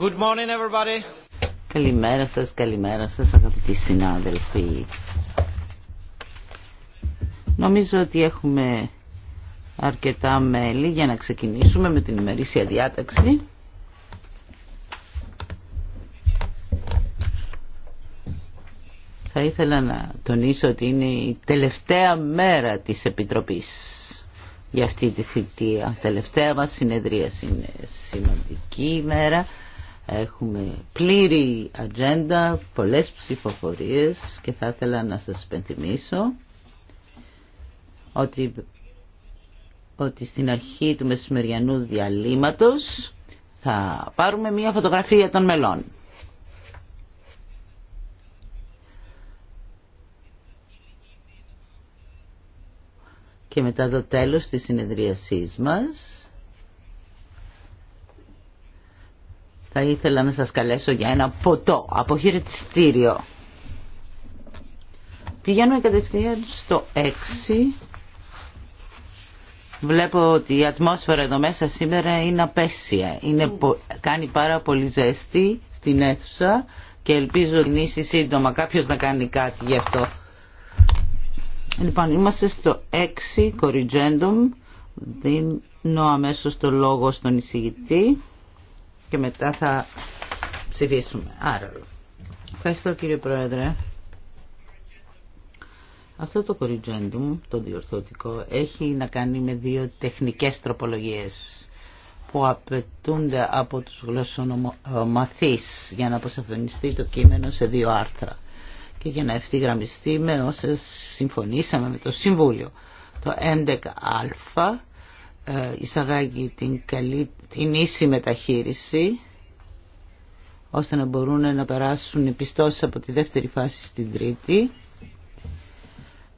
Good morning everybody. Καλημέρα σας, καλημέρα σας αγαπητοί συνάδελφοι. Νομίζω ότι έχουμε αρκετά μέλη για να ξεκινήσουμε με την ημερήσια διάταξη. Θα ήθελα να τονίσω ότι είναι η τελευταία μέρα της Επιτροπής για αυτή τη θητεία. Τελευταία μας συνεδρία είναι σημαντική ημέρα Έχουμε πλήρη ατζέντα, πολλές ψηφοφορίες και θα ήθελα να σας πενθυμίσω ότι, ότι στην αρχή του μεσημεριανού διαλύματος θα πάρουμε μία φωτογραφία των μελών. Και μετά το τέλος της συνεδρίασής μας θα ήθελα να σας καλέσω για ένα ποτό από χαιρετιστήριο. Πηγαίνουμε κατευθείαν στο 6. Βλέπω ότι η ατμόσφαιρα εδώ μέσα σήμερα είναι απέσια. Είναι, κάνει πάρα πολύ ζέστη στην αίθουσα και ελπίζω να γίνει σύντομα κάποιος να κάνει κάτι γι' αυτό. Λοιπόν, είμαστε στο 6 Corrigendum. Δίνω αμέσως το λόγο στον εισηγητή και μετά θα ψηφίσουμε. Άρα, ευχαριστώ κύριε Πρόεδρε. Αυτό το κοριτζέντουμ, το διορθωτικό, έχει να κάνει με δύο τεχνικές τροπολογίες που απαιτούνται από τους γλωσσονομαθείς για να αποσαφενιστεί το κείμενο σε δύο άρθρα και για να ευθυγραμμιστεί με όσες συμφωνήσαμε με το Συμβούλιο. Το 11α ε, εισαγάγει την, καλή, την ίση μεταχείριση ώστε να μπορούν να περάσουν οι από τη δεύτερη φάση στην τρίτη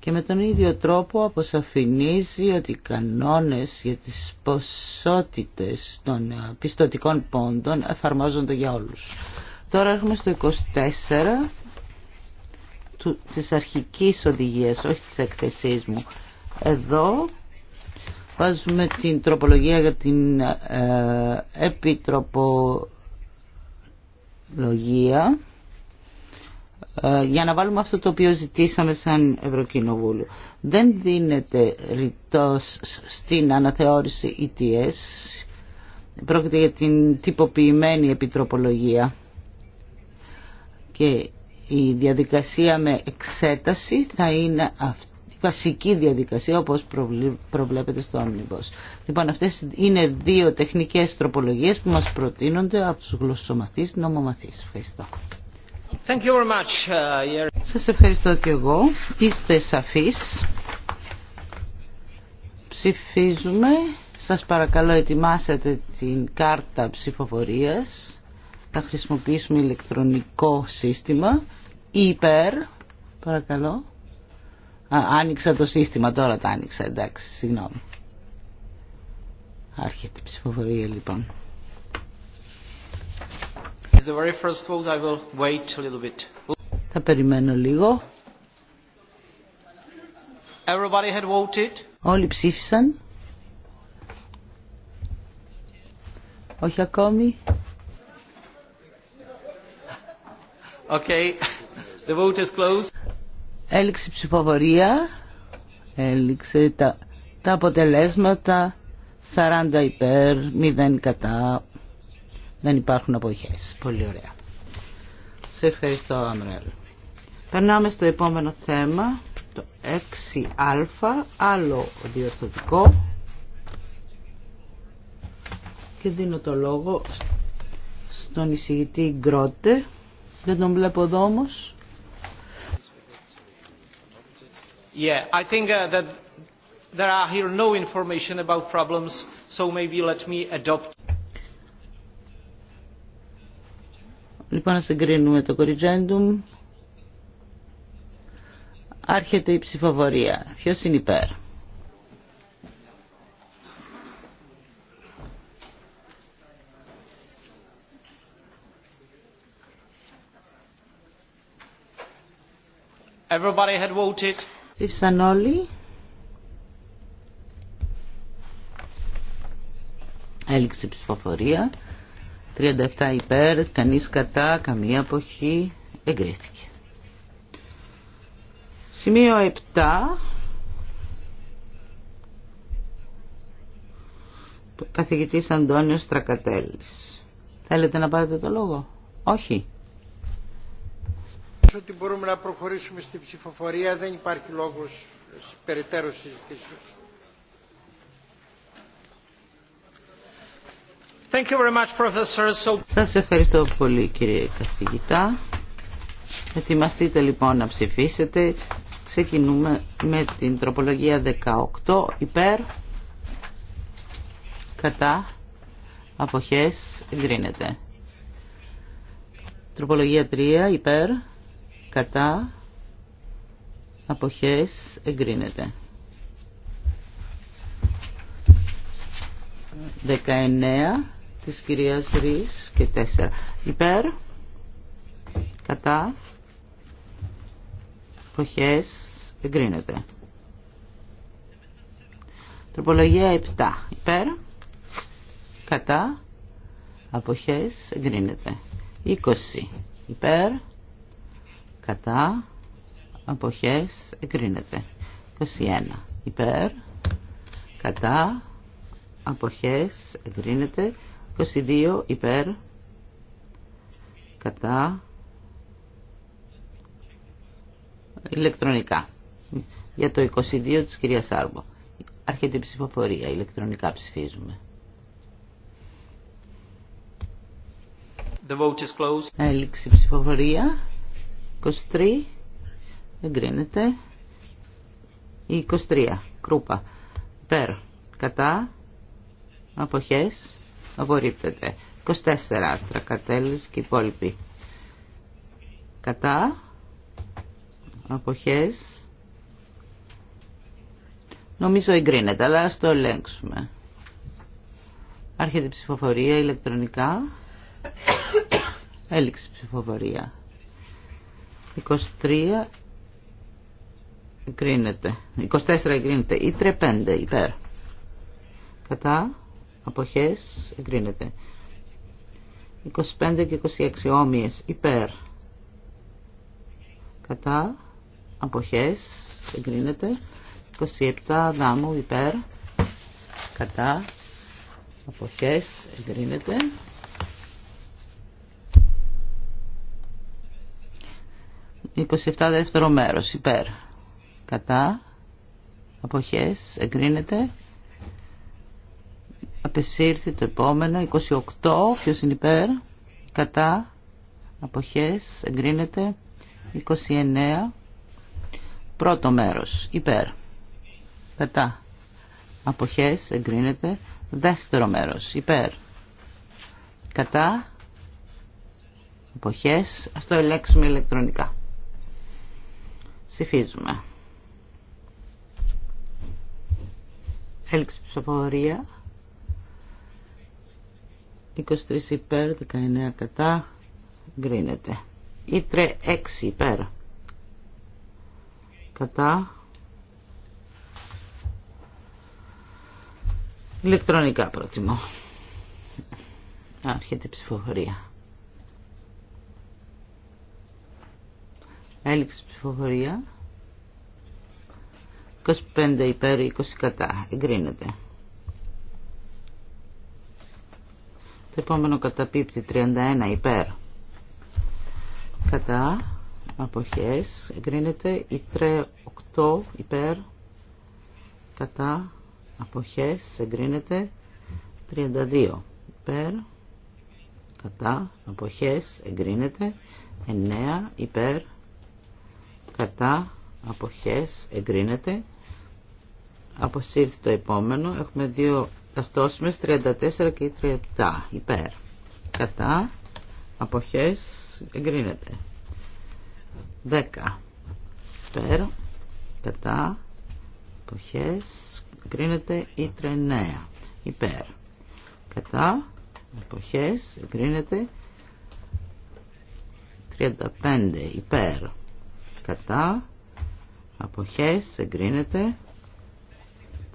και με τον ίδιο τρόπο αποσαφηνίζει ότι οι κανόνες για τις ποσότητες των ε, πιστοτικών πόντων εφαρμόζονται για όλους. Τώρα έχουμε στο 24 του, της αρχικής οδηγίας, όχι της εκθεσής μου. Εδώ Βάζουμε την τροπολογία για την ε, επιτροπολογία ε, για να βάλουμε αυτό το οποίο ζητήσαμε σαν Ευρωκοινοβούλιο. Δεν δίνεται ρητός στην αναθεώρηση ETS. Πρόκειται για την τυποποιημένη επιτροπολογία και η διαδικασία με εξέταση θα είναι αυτή βασική διαδικασία όπως προβλέπεται στο Omnibus. Λοιπόν αυτές είναι δύο τεχνικές τροπολογίες που μας προτείνονται από τους γλωσσομαθείς νομομαθείς. Ευχαριστώ. Thank uh, Σας ευχαριστώ και εγώ. Είστε σαφείς. Ψηφίζουμε. Σας παρακαλώ ετοιμάσετε την κάρτα ψηφοφορίας. Θα χρησιμοποιήσουμε ηλεκτρονικό σύστημα. Υπέρ. Παρακαλώ. Α, άνοιξα το σύστημα, τώρα τα άνοιξα, εντάξει, συγγνώμη. Άρχεται η ψηφοφορία λοιπόν. The very first vote, I will wait a little bit. Θα περιμένω λίγο. Everybody had voted. Όλοι ψήφισαν. Όχι ακόμη. Okay. The vote is closed. Έληξε ψηφοφορία. Έληξε τα, αποτελέσματα. 40 υπέρ, 0 κατά. Δεν υπάρχουν αποχές. Πολύ ωραία. Σε ευχαριστώ, Αμρέλ. Περνάμε στο επόμενο θέμα, το 6α, άλλο διορθωτικό. Και δίνω το λόγο στον εισηγητή Γκρότε. Δεν τον βλέπω εδώ όμως. Yeah, I think that there are here no information about problems, so maybe let me adopt. Λοιπόν, να συγκρίνουμε το κοριτζέντουμ. Άρχεται η ψηφοφορία. Ποιος είναι υπέρ. Everybody had voted. Ψήφισαν όλοι. Έληξε ψηφοφορία. 37 υπέρ, κανείς κατά, καμία αποχή. Εγκρίθηκε. Σημείο 7. Καθηγητής Αντώνιος Τρακατέλης. Θέλετε να πάρετε το λόγο. Όχι ότι μπορούμε να προχωρήσουμε στη ψηφοφορία. Δεν υπάρχει λόγος περαιτέρω συζητήσεως. Thank you very much, Professor. Σας ευχαριστώ πολύ κύριε καθηγητά. Ετοιμαστείτε λοιπόν να ψηφίσετε. Ξεκινούμε με την τροπολογία 18 υπέρ κατά αποχές εγκρίνεται. Τροπολογία 3 υπέρ κατά αποχές εγκρίνεται 19 της κυρίας Ρης και 4 υπέρ κατά αποχές εγκρίνεται τροπολογία 7 υπέρ κατά αποχές εγκρίνεται 20 υπέρ κατά, αποχές, εγκρίνεται. 21. Υπέρ, κατά, αποχές, εγκρίνεται. 22. Υπέρ, κατά, ηλεκτρονικά. Για το 22 της κυρία Σάρμπο. Άρχεται η ψηφοφορία, ηλεκτρονικά ψηφίζουμε. The vote is closed. Έληξη ψηφοφορία. 23 εγκρίνεται. 23 κρούπα Περ, κατά αποχές απορρίπτεται. 24 τρακατέλης και υπόλοιποι κατά αποχές νομίζω εγκρίνεται αλλά ας το ελέγξουμε άρχεται η ψηφοφορία ηλεκτρονικά έληξη ψηφοφορία 23 εγκρίνεται. 24 εγκρίνεται. Ήτρε 5 υπέρ. Κατά αποχές εγκρίνεται. 25 και 26 όμοιες υπέρ. Κατά αποχές εγκρίνεται. 27 δάμου υπέρ. Κατά αποχές εγκρίνεται. 27 δεύτερο μέρος υπέρ κατά αποχές εγκρίνεται απεσύρθη το επόμενο 28 ποιος είναι υπέρ κατά αποχές εγκρίνεται 29 πρώτο μέρος υπέρ κατά αποχές εγκρίνεται δεύτερο μέρος υπέρ κατά αποχές ας το ελέγξουμε ηλεκτρονικά Ψηφίζουμε. Έλξη ψηφοφορία. 23 υπέρ, 19 κατά. Γκρίνεται. Ήτρε 6 υπέρ. Κατά. Ηλεκτρονικά προτιμώ. Άρχεται η ψηφοφορία. Έλλειψη ψηφοφορία. 25 υπέρ, 20 κατά. Εγκρίνεται. Το επόμενο καταπίπτει 31 υπέρ. Κατά. Αποχές. Εγκρίνεται. Η 3, 8 υπέρ. Κατά. Αποχές. Εγκρίνεται. 32 υπέρ. Κατά. Αποχές. Εγκρίνεται. 9 υπέρ κατά αποχές εγκρίνεται αποσύρθη το επόμενο έχουμε δύο ταυτόσιμες 34 και 37 υπέρ κατά αποχές εγκρίνεται 10 υπέρ κατά αποχές εγκρίνεται η 39 υπέρ κατά αποχές εγκρίνεται 35 υπέρ κατά αποχές εγκρίνεται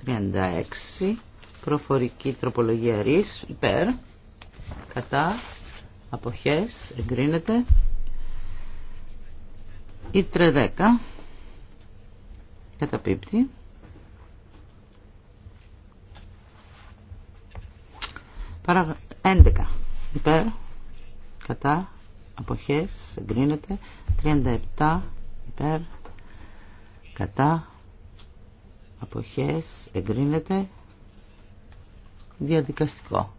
36 προφορική τροπολογία ρης υπέρ κατά αποχές εγκρίνεται η 310 καταπίπτει Παρα... 11 υπέρ κατά αποχές εγκρίνεται 37 υπέρ κατά αποχές εγκρίνεται διαδικαστικό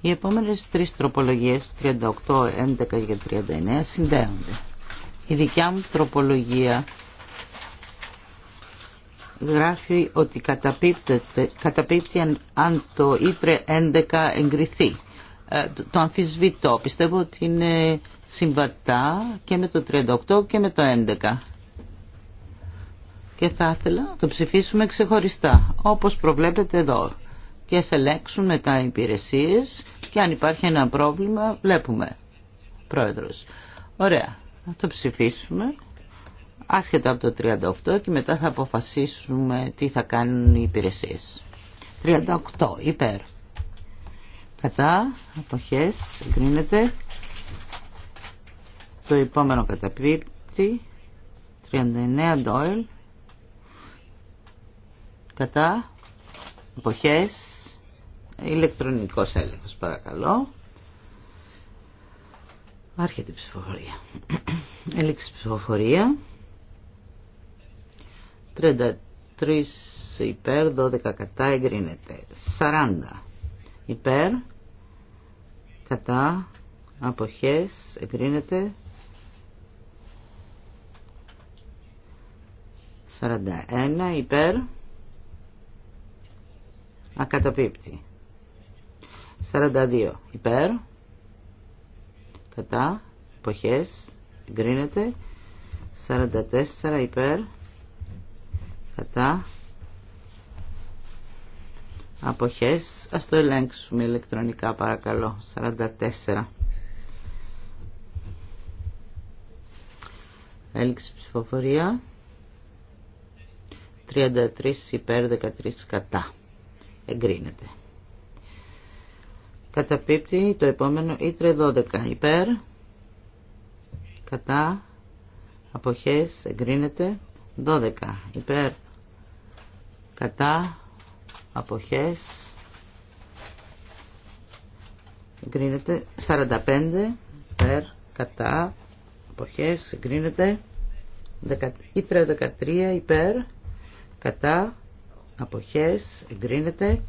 οι επόμενες τρεις τροπολογίες 38, 11 και 39 συνδέονται η δικιά μου τροπολογία γράφει ότι καταπίπτει αν το ΙΤΡΕ 11 εγκριθεί ε, το αμφισβητώ. Πιστεύω ότι είναι συμβατά και με το 38 και με το 11. Και θα ήθελα να το ψηφίσουμε ξεχωριστά, όπως προβλέπετε εδώ. Και σε λέξουν μετά οι υπηρεσίες και αν υπάρχει ένα πρόβλημα βλέπουμε. Πρόεδρος. Ωραία. Θα το ψηφίσουμε άσχετα από το 38 και μετά θα αποφασίσουμε τι θα κάνουν οι υπηρεσίες. 38 υπέρ κατά αποχές εγκρίνεται το επόμενο καταπίπτει 39 ντόιλ κατά αποχές ηλεκτρονικός έλεγχος παρακαλώ άρχεται η ψηφοφορία έλεξη ψηφοφορία 33 υπέρ 12 κατά εγκρίνεται 40 υπέρ κατά αποχές εγκρίνεται 41 υπέρ ακαταπίπτει 42 υπέρ κατά αποχές εγκρίνεται 44 υπέρ κατά αποχές. Ας το ελέγξουμε ηλεκτρονικά παρακαλώ. 44. Έλξη ψηφοφορία. 33 υπέρ 13 κατά. Εγκρίνεται. Καταπίπτει το επόμενο ήτρε 12 υπέρ. Κατά. Αποχές εγκρίνεται. 12 υπέρ. Κατά αποχές εγκρίνεται 45 περ κατά αποχές εγκρίνεται 13 υπέρ κατά αποχές εγκρίνεται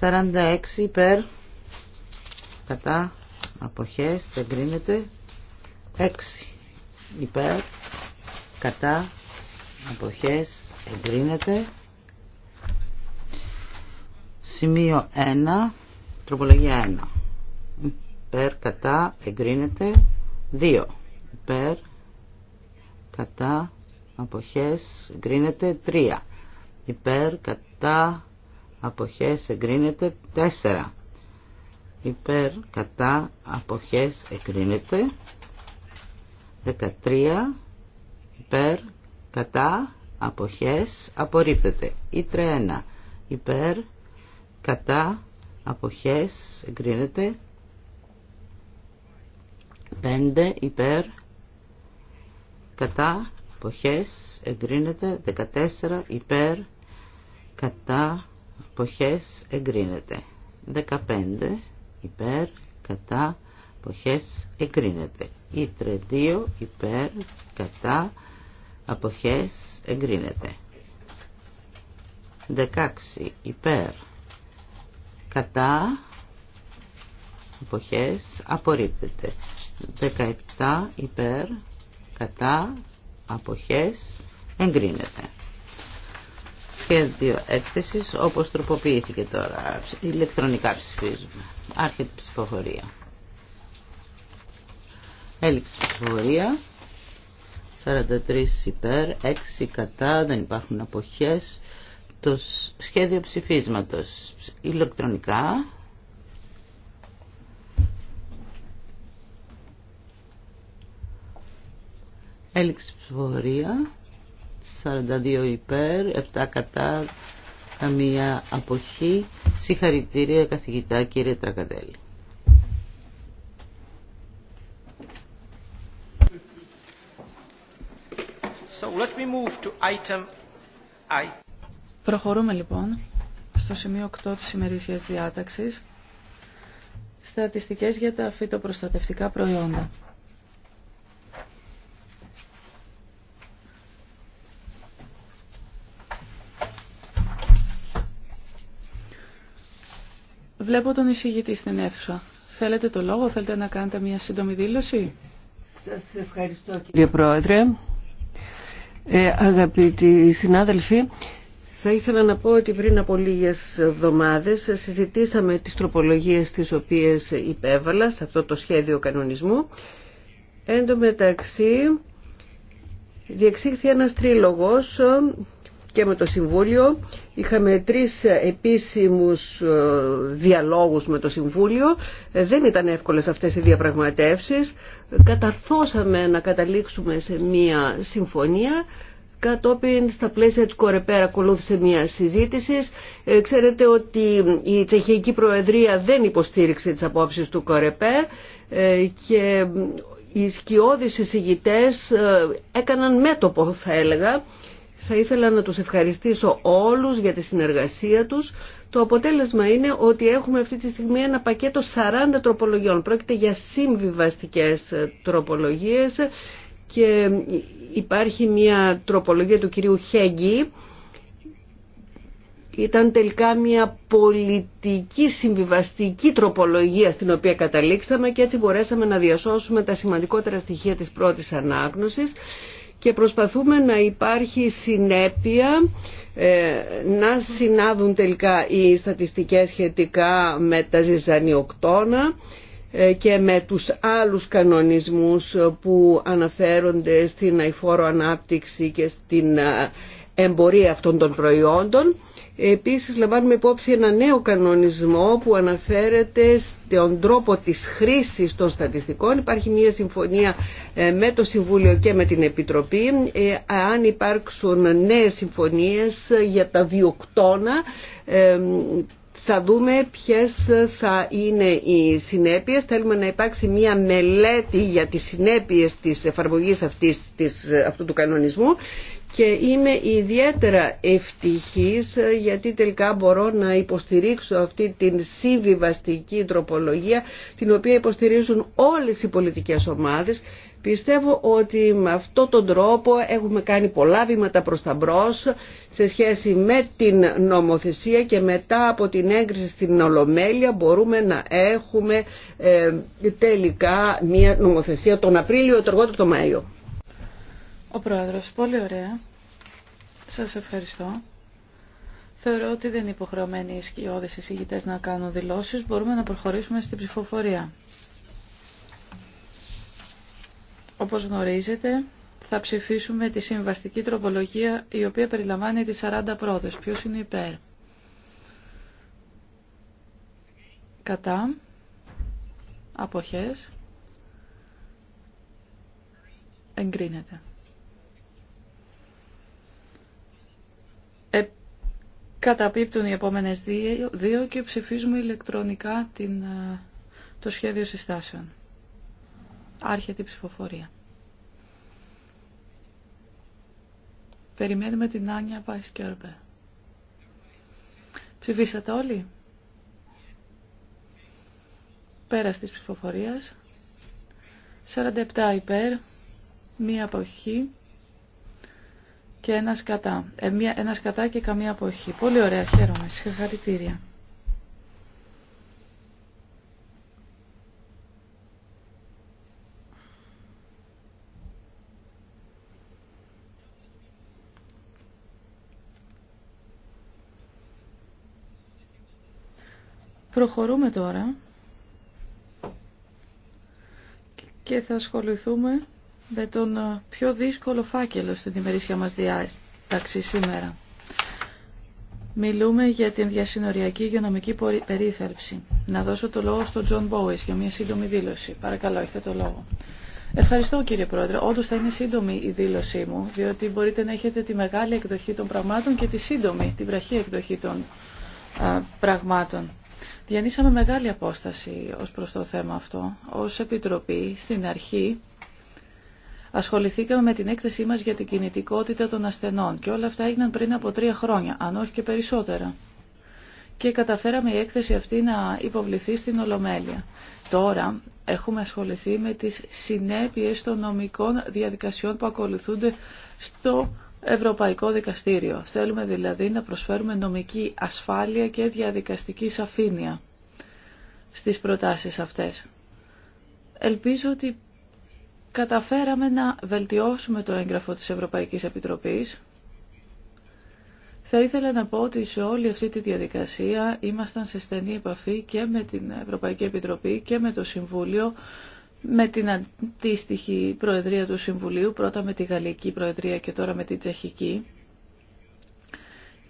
46 υπέρ κατά αποχές εγκρίνεται 6 υπέρ κατά αποχές εγκρίνεται Σημείο 1, τροπολογία 1. Υπέρ, κατά, εγκρίνεται. 2. Υπέρ, κατά, αποχές, εγκρίνεται. 3. Υπέρ, κατά, αποχές, εγκρίνεται. 4. Υπέρ, κατά, αποχές, εγκρίνεται. 13. Υπέρ, κατά, αποχές, απορρίπτεται. Ήτρε 1. Υπέρ, κατά αποχές εγκρίνεται 5 υπέρ κατά αποχές εγκρίνεται 14 υπέρ κατά αποχές εγκρίνεται 15 υπέρ κατά αποχές εγκρίνεται ήτρε 2 υπέρ κατά αποχές εγκρίνεται 16 υπέρ κατά εποχές απορρίπτεται 17 υπέρ κατά αποχές εγκρίνεται σχέδιο έκθεσης όπως τροποποιήθηκε τώρα ηλεκτρονικά ψηφίζουμε άρχεται ψηφοφορία έληξη ψηφοφορία 43 υπέρ 6 κατά δεν υπάρχουν αποχές το σχέδιο ψηφίσματος ηλεκτρονικά. Έληξη ψηφοφορία, 42 υπέρ, 7 κατά, καμία αποχή. Συγχαρητήρια καθηγητά κύριε Τρακατέλη. So let me move to item I. Προχωρούμε λοιπόν στο σημείο 8 της ημερήσιας διάταξης. Στατιστικές για τα φυτοπροστατευτικά προϊόντα. Βλέπω τον εισηγητή στην αίθουσα. Θέλετε το λόγο, θέλετε να κάνετε μια σύντομη δήλωση. Σας ευχαριστώ κύριε Πρόεδρε. Ε, αγαπητοί συνάδελφοι, θα ήθελα να πω ότι πριν από λίγες εβδομάδες συζητήσαμε τις τροπολογίες τις οποίες υπέβαλα σε αυτό το σχέδιο κανονισμού. Εν τω μεταξύ διεξήχθη ένα τρίλογος και με το Συμβούλιο. Είχαμε τρεις επίσημους ε, διαλόγους με το Συμβούλιο. Ε, δεν ήταν εύκολες αυτές οι διαπραγματεύσεις. Καταρθώσαμε να καταλήξουμε σε μία συμφωνία κατόπιν στα πλαίσια της Κορεπέρα ακολούθησε μια συζήτηση. Ε, ξέρετε ότι η Τσεχική Προεδρία δεν υποστήριξε τις απόψεις του Κορεπέρ ε, και οι σκιώδεις εισηγητές ε, έκαναν μέτωπο θα έλεγα. Θα ήθελα να τους ευχαριστήσω όλους για τη συνεργασία τους. Το αποτέλεσμα είναι ότι έχουμε αυτή τη στιγμή ένα πακέτο 40 τροπολογιών. Πρόκειται για συμβιβαστικές τροπολογίες και υπάρχει μια τροπολογία του κυρίου Χέγγι ήταν τελικά μια πολιτική συμβιβαστική τροπολογία στην οποία καταλήξαμε και έτσι μπορέσαμε να διασώσουμε τα σημαντικότερα στοιχεία της πρώτης ανάγνωσης και προσπαθούμε να υπάρχει συνέπεια ε, να συνάδουν τελικά οι στατιστικές σχετικά με τα ζυζανιοκτώνα ε, και με τους άλλους κανονισμούς που αναφέρονται στην αηφόρο ανάπτυξη και στην ε, εμπορία αυτών των προϊόντων. Επίσης λαμβάνουμε υπόψη ένα νέο κανονισμό που αναφέρεται στον τρόπο της χρήσης των στατιστικών. Υπάρχει μια συμφωνία ε, με το Συμβούλιο και με την Επιτροπή. Αν υπάρξουν νέες συμφωνίες για τα βιοκτώνα θα δούμε ποιες θα είναι οι συνέπειες. Θέλουμε να υπάρξει μια μελέτη για τις συνέπειες της εφαρμογής αυτής, της, αυτού του κανονισμού και είμαι ιδιαίτερα ευτυχής γιατί τελικά μπορώ να υποστηρίξω αυτή την συμβιβαστική τροπολογία την οποία υποστηρίζουν όλες οι πολιτικές ομάδες Πιστεύω ότι με αυτόν τον τρόπο έχουμε κάνει πολλά βήματα προς τα μπρος σε σχέση με την νομοθεσία και μετά από την έγκριση στην Ολομέλεια μπορούμε να έχουμε ε, τελικά μια νομοθεσία τον Απρίλιο, το αργότερο τον Μάιο. Ο Πρόεδρος, πολύ ωραία. Σας ευχαριστώ. Θεωρώ ότι δεν είναι υποχρεωμένοι οι σκιώδες εισηγητές να κάνουν δηλώσεις. Μπορούμε να προχωρήσουμε στην ψηφοφορία. Όπως γνωρίζετε, θα ψηφίσουμε τη συμβαστική τροπολογία η οποία περιλαμβάνει τις 40 πρώτες. Ποιος είναι υπέρ. Κατά. Αποχές. Εγκρίνεται. Ε, καταπίπτουν οι επόμενες δύο, και ψηφίζουμε ηλεκτρονικά την, ε, το σχέδιο συστάσεων. Άρχεται η ψηφοφορία. Περιμένουμε την Άνια Πασκιόρμπε. Ψηφίσατε όλοι. Πέρα τη ψηφοφορίας. 47 υπέρ, μία αποχή και ένας κατά. Ε, ένας κατά και καμία αποχή. Πολύ ωραία, χαίρομαι. Συγχαρητήρια. Προχωρούμε τώρα και θα ασχοληθούμε με τον πιο δύσκολο φάκελο στην ημερήσια μας διάταξη σήμερα. Μιλούμε για την διασυνοριακή υγειονομική περίθαλψη. Να δώσω το λόγο στον Τζον Μπόις για μια σύντομη δήλωση. Παρακαλώ, έχετε το λόγο. Ευχαριστώ κύριε Πρόεδρε. Όντω θα είναι σύντομη η δήλωσή μου, διότι μπορείτε να έχετε τη μεγάλη εκδοχή των πραγμάτων και τη σύντομη, την βραχή εκδοχή των πραγμάτων. Διανύσαμε μεγάλη απόσταση ως προς το θέμα αυτό. Ως Επιτροπή στην αρχή ασχοληθήκαμε με την έκθεσή μας για την κινητικότητα των ασθενών και όλα αυτά έγιναν πριν από τρία χρόνια, αν όχι και περισσότερα. Και καταφέραμε η έκθεση αυτή να υποβληθεί στην Ολομέλεια. Τώρα έχουμε ασχοληθεί με τις συνέπειες των νομικών διαδικασιών που ακολουθούνται στο Ευρωπαϊκό Δικαστήριο. Θέλουμε δηλαδή να προσφέρουμε νομική ασφάλεια και διαδικαστική σαφήνεια στις προτάσεις αυτές. Ελπίζω ότι καταφέραμε να βελτιώσουμε το έγγραφο της Ευρωπαϊκής Επιτροπής. Θα ήθελα να πω ότι σε όλη αυτή τη διαδικασία ήμασταν σε στενή επαφή και με την Ευρωπαϊκή Επιτροπή και με το Συμβούλιο με την αντίστοιχη Προεδρία του Συμβουλίου, πρώτα με τη Γαλλική Προεδρία και τώρα με την Τσεχική.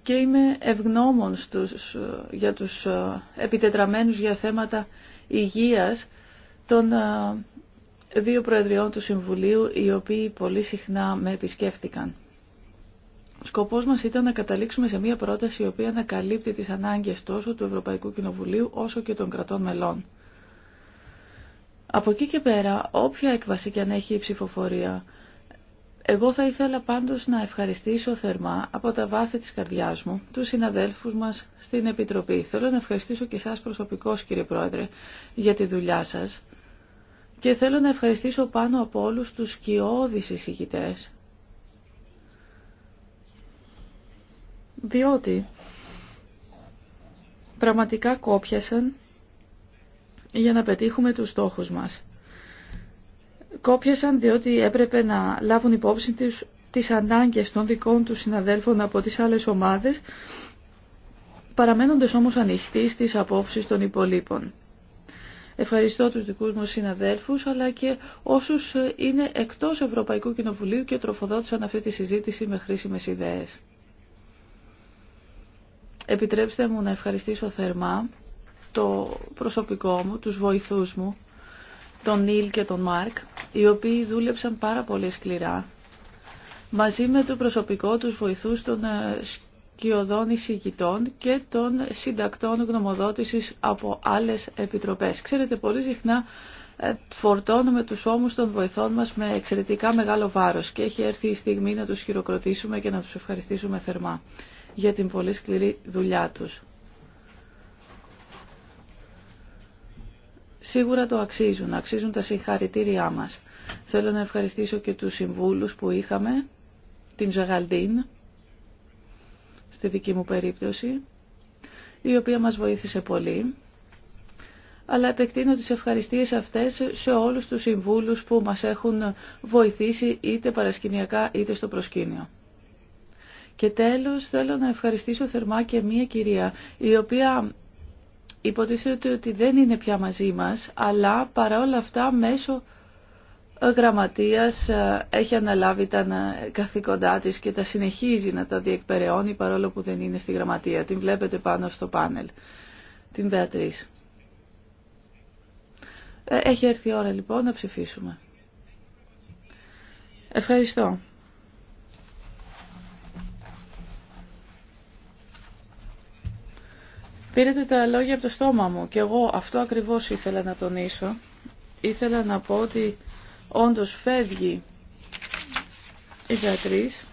Και είμαι ευγνώμων στους, για τους ε, επιτετραμένους για θέματα υγείας των ε, δύο Προεδριών του Συμβουλίου, οι οποίοι πολύ συχνά με επισκέφτηκαν. Ο σκοπός μας ήταν να καταλήξουμε σε μια πρόταση η οποία να καλύπτει τις ανάγκες τόσο του Ευρωπαϊκού Κοινοβουλίου όσο και των κρατών μελών. Από εκεί και πέρα, όποια έκβαση και αν έχει η ψηφοφορία, εγώ θα ήθελα πάντως να ευχαριστήσω θερμά από τα βάθη της καρδιάς μου τους συναδέλφους μας στην Επιτροπή. Θέλω να ευχαριστήσω και εσάς προσωπικώς κύριε Πρόεδρε για τη δουλειά σας και θέλω να ευχαριστήσω πάνω από όλους τους σκιώδεις εισηγητές διότι πραγματικά κόπιασαν για να πετύχουμε τους στόχους μας. Κόπιασαν διότι έπρεπε να λάβουν υπόψη τους τις ανάγκες των δικών τους συναδέλφων από τις άλλες ομάδες, παραμένοντας όμως ανοιχτοί στις απόψεις των υπολείπων. Ευχαριστώ τους δικούς μου συναδέλφους, αλλά και όσους είναι εκτός Ευρωπαϊκού Κοινοβουλίου και τροφοδότησαν αυτή τη συζήτηση με χρήσιμες ιδέες. Επιτρέψτε μου να ευχαριστήσω θερμά το προσωπικό μου, τους βοηθούς μου, τον Νίλ και τον Μάρκ, οι οποίοι δούλεψαν πάρα πολύ σκληρά, μαζί με το προσωπικό τους βοηθούς των ε, σκιωδών εισηγητών και των συντακτών γνωμοδότησης από άλλες επιτροπές. Ξέρετε, πολύ συχνά ε, φορτώνουμε τους ώμους των βοηθών μας με εξαιρετικά μεγάλο βάρος και έχει έρθει η στιγμή να τους χειροκροτήσουμε και να τους ευχαριστήσουμε θερμά για την πολύ σκληρή δουλειά τους. σίγουρα το αξίζουν, αξίζουν τα συγχαρητήριά μας. Θέλω να ευχαριστήσω και τους συμβούλους που είχαμε, την Ζαγαλντίν, στη δική μου περίπτωση, η οποία μας βοήθησε πολύ. Αλλά επεκτείνω τις ευχαριστίες αυτές σε όλους τους συμβούλους που μας έχουν βοηθήσει είτε παρασκηνιακά είτε στο προσκήνιο. Και τέλος θέλω να ευχαριστήσω θερμά και μία κυρία η οποία υποτίθεται ότι δεν είναι πια μαζί μας, αλλά παρόλα αυτά μέσω ε, γραμματείας ε, έχει αναλάβει τα καθήκοντά της και τα συνεχίζει να τα διεκπεραιώνει παρόλο που δεν είναι στη γραμματεία. Την βλέπετε πάνω στο πάνελ, την Βεατρής. Ε, έχει έρθει η ώρα λοιπόν να ψηφίσουμε. Ευχαριστώ. Πήρετε τα λόγια από το στόμα μου και εγώ αυτό ακριβώς ήθελα να τονίσω. Ήθελα να πω ότι όντως φεύγει η γιατρής.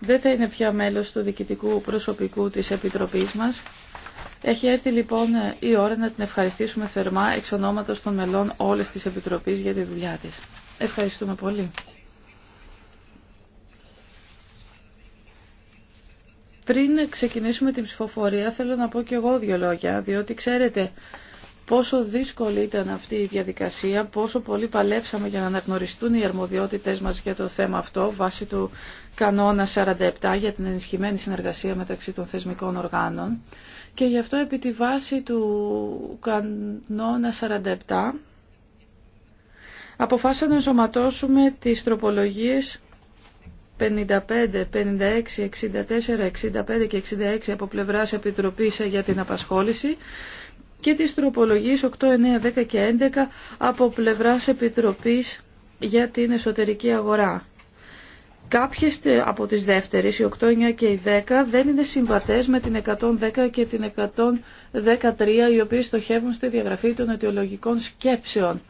Δεν θα είναι πια μέλος του διοικητικού προσωπικού της Επιτροπής μας. Έχει έρθει λοιπόν η ώρα να την ευχαριστήσουμε θερμά εξ ονόματος των μελών όλες της Επιτροπής για τη δουλειά της. Ευχαριστούμε πολύ. Πριν ξεκινήσουμε την ψηφοφορία θέλω να πω και εγώ δύο λόγια, διότι ξέρετε πόσο δύσκολη ήταν αυτή η διαδικασία, πόσο πολύ παλέψαμε για να αναγνωριστούν οι αρμοδιότητες μας για το θέμα αυτό βάσει του κανόνα 47 για την ενισχυμένη συνεργασία μεταξύ των θεσμικών οργάνων. Και γι' αυτό επί τη βάση του κανόνα 47 αποφάσισα να ενσωματώσουμε τις τροπολογίες 55, 56, 64, 65 και 66 από πλευράς Επιτροπής για την απασχόληση και τις τροπολογίες 8, 9, 10 και 11 από πλευράς Επιτροπής για την εσωτερική αγορά. Κάποιες από τις δεύτερες, οι 8, 9 και οι 10, δεν είναι συμβατές με την 110 και την 113, οι οποίες στοχεύουν στη διαγραφή των αιτιολογικών σκέψεων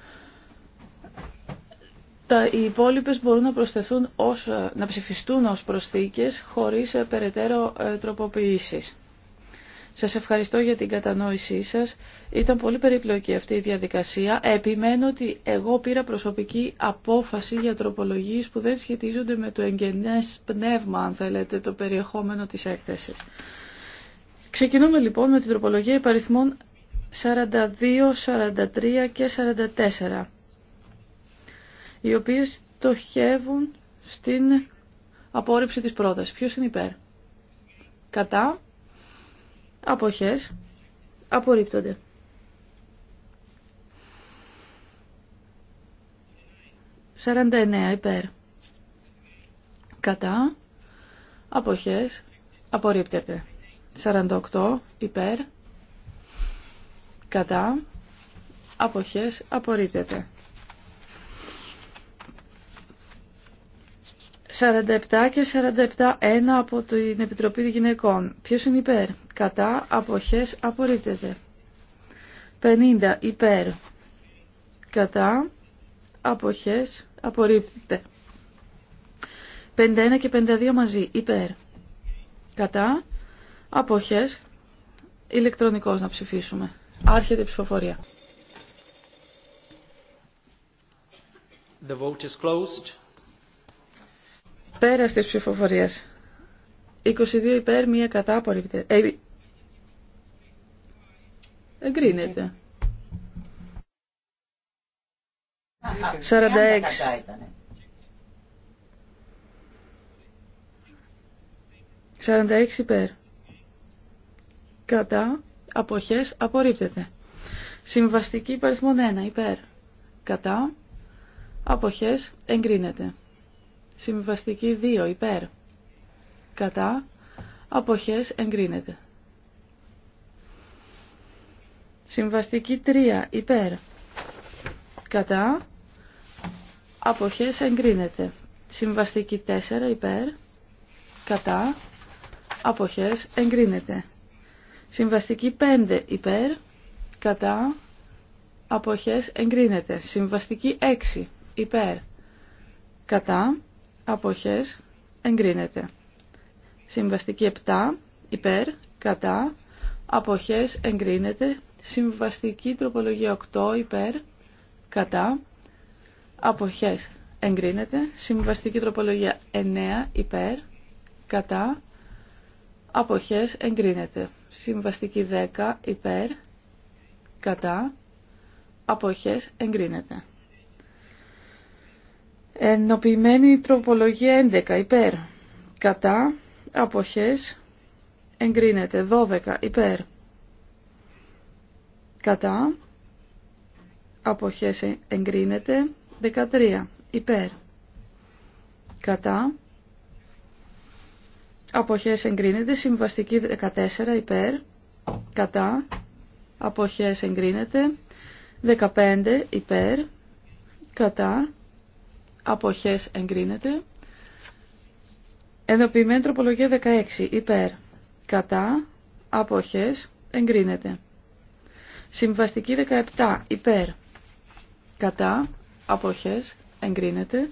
τα, οι υπόλοιπε μπορούν να, προσθεθούν ως, να ψηφιστούν ως προσθήκες χωρίς ε, περαιτέρω ε, τροποποιήσεις. Σας ευχαριστώ για την κατανόησή σας. Ήταν πολύ περίπλοκη αυτή η διαδικασία. Επιμένω ότι εγώ πήρα προσωπική απόφαση για τροπολογίες που δεν σχετίζονται με το εγγενές πνεύμα, αν θέλετε, το περιεχόμενο της έκθεσης. Ξεκινούμε λοιπόν με την τροπολογία υπαριθμών 42, 43 και 44 οι οποίες στοχεύουν στην απόρριψη της πρότασης. Ποιος είναι υπέρ. Κατά. Αποχές. Απορρίπτονται. Σαρανταεννέα υπέρ. Κατά. Αποχές. Απορρίπτεται. 48 υπέρ. Κατά. Αποχές. Απορρίπτεται. 47 και 47-1 από την Επιτροπή Γυναικών. Ποιος είναι υπέρ. Κατά αποχές απορρίπτεται. 50 υπέρ. Κατά αποχές απορρίπτεται. 51 και 52 μαζί υπέρ. Κατά αποχές ηλεκτρονικός να ψηφίσουμε. Άρχεται η ψηφοφορία. The vote is closed. Πέρα της ψηφοφορίας. 22 υπέρ, μία κατά απορρίπτε. Ε, εγκρίνεται. 46. 46 υπέρ. Κατά. Αποχές. Απορρίπτεται. Συμβαστική υπαριθμόν 1 υπέρ. Κατά. Αποχές. Εγκρίνεται. Συμβαστική 2 υπέρ. Κατά. Αποχές εγκρίνεται. Συμβαστική 3 υπέρ. Κατά. Αποχές εγκρίνεται. Συμβαστική 4 υπέρ. Κατά. Αποχές εγκρίνεται. Συμβαστική 5 υπέρ. Κατά. Αποχές εγκρίνεται. Συμβαστική 6 υπέρ. Κατά αποχές εγκρίνεται. Συμβαστική 7 υπέρ κατά αποχές εγκρίνεται. Συμβαστική τροπολογία 8 υπέρ κατά αποχές εγκρίνεται. Συμβαστική τροπολογία 9 υπέρ κατά αποχές εγκρίνεται. Συμβαστική 10 υπέρ κατά αποχές εγκρίνεται. Ενοποιημένη τροπολογία 11 υπέρ. Κατά. Αποχές. Εγκρίνεται. 12 υπέρ. Κατά. Αποχές εγκρίνεται. 13 υπέρ. Κατά. Αποχές εγκρίνεται. Συμβαστική 14 υπέρ. Κατά. Αποχές εγκρίνεται. 15 υπέρ. Κατά αποχές εγκρίνεται. Ενοποιημένη τροπολογία 16 υπέρ κατά αποχές εγκρίνεται. Συμβαστική 17 υπέρ κατά αποχές εγκρίνεται.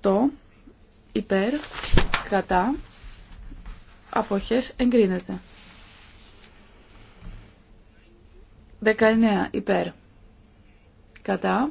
18 υπέρ κατά αποχές εγκρίνεται. 19 υπέρ κατά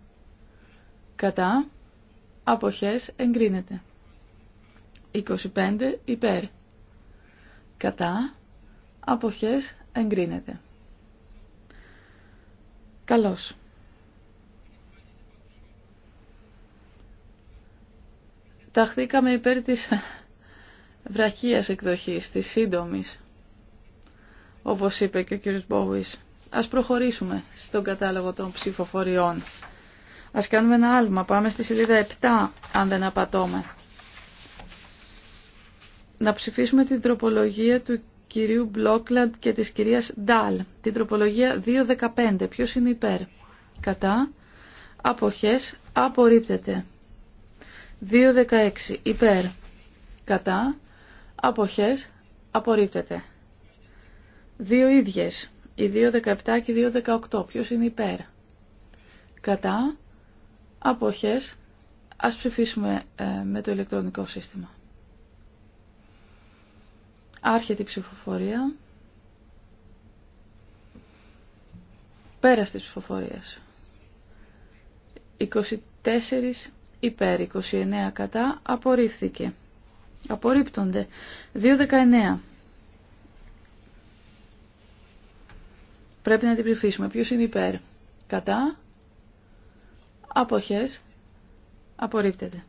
κατά, αποχές εγκρίνεται. 25 υπέρ, κατά, αποχές εγκρίνεται. Καλώς. Ταχθήκαμε υπέρ της βραχίας εκδοχής, της σύντομης, όπως είπε και ο κ. Μπόβης. Ας προχωρήσουμε στον κατάλογο των ψηφοφοριών. Ας κάνουμε ένα άλμα. Πάμε στη σελίδα 7, αν δεν απατώμε. Να ψηφίσουμε την τροπολογία του κυρίου Μπλόκλαντ και της κυρίας Ντάλ. Την τροπολογία 2.15. Ποιος είναι υπέρ. Κατά. Αποχές. Απορρίπτεται. 2.16. Υπέρ. Κατά. Αποχές. Απορρίπτεται. Δύο ίδιες. Οι 2.17 και οι 2.18. Ποιος είναι υπέρ. Κατά αποχές, ας ψηφίσουμε ε, με το ηλεκτρονικό σύστημα. Άρχεται η ψηφοφορία. Πέρα της ψηφοφορίας. 24 υπέρ, 29 κατά, απορρίφθηκε. Απορρίπτονται. 2.19. Πρέπει να την ψηφίσουμε. Ποιος είναι υπέρ. Κατά. Αποχές. Απορρίπτεται.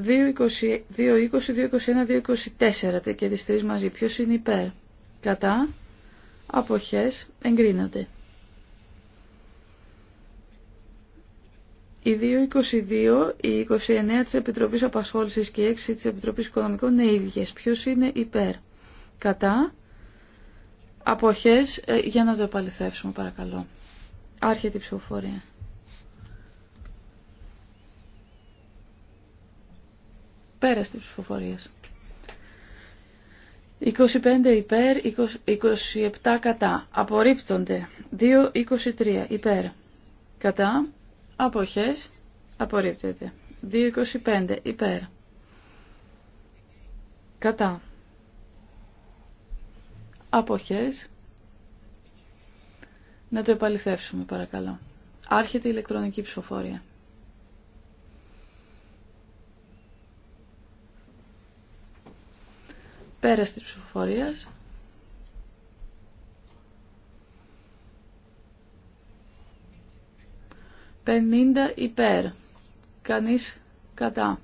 2.20, 2.21, 2.24 και τις τρεις μαζί. Ποιος είναι υπέρ. Κατά. Αποχές. Εγκρίνονται. Οι 2.22, οι 29 της Επιτροπής Απασχόλησης και οι 6 της Επιτροπής Οικονομικών είναι ίδιες. Ποιος είναι υπέρ. Κατά. Αποχές. Ε, για να το επαληθεύσουμε παρακαλώ. Άρχεται η ψηφοφορία. Πέραστη της ψηφοφορίας. 25 υπέρ, 20, 27 κατά. Απορρίπτονται. 2, 23 υπέρ. Κατά. Αποχές. Απορρίπτεται. 2, 25 υπέρ. Κατά. Αποχές. Να το επαληθεύσουμε παρακαλώ. Άρχεται η ηλεκτρονική ψηφοφορία. Πέρας της ψηφοφορίας. Πενήντα υπέρ. Κανείς κατά.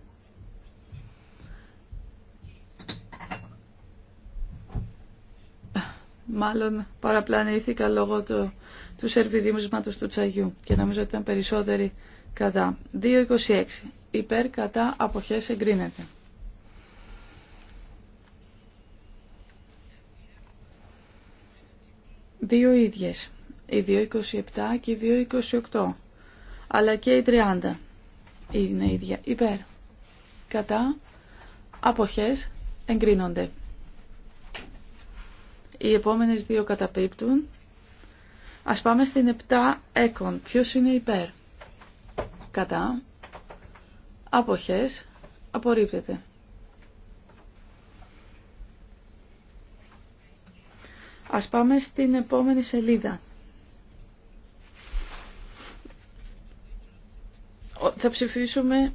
Μάλλον παραπλανήθηκα λόγω του του σερβιρίμισματος του τσαγιού και νομίζω ότι ήταν περισσότεροι κατά. 2.26. Υπέρ κατά αποχές εγκρίνεται. Δύο ίδιες. Οι 2.27 και οι 2.28. Αλλά και οι 30 είναι ίδια. Υπέρ. Κατά αποχές εγκρίνονται. Οι επόμενες δύο καταπίπτουν Ας πάμε στην 7 έκον. Ποιος είναι υπέρ. Κατά. Αποχές. Απορρίπτεται. Ας πάμε στην επόμενη σελίδα. Θα ψηφίσουμε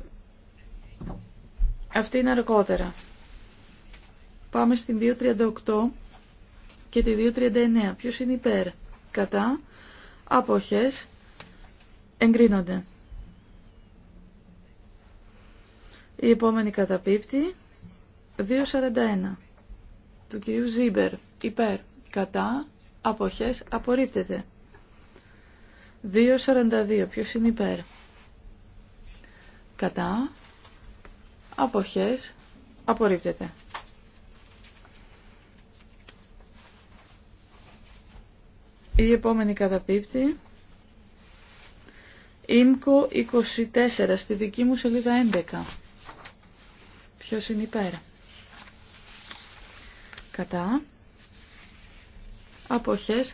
αυτή είναι αργότερα. Πάμε στην 2.38 και τη 2.39. Ποιος είναι υπέρ κατά αποχές εγκρίνονται. Η επόμενη καταπίπτη 2.41 του κυρίου Ζίμπερ υπέρ κατά αποχές απορρίπτεται. 2.42 ποιος είναι υπέρ κατά αποχές απορρίπτεται. Η επόμενη καταπίπτη. Ήμκο 24 στη δική μου σελίδα 11. Ποιος είναι υπέρ. Κατά. Αποχές.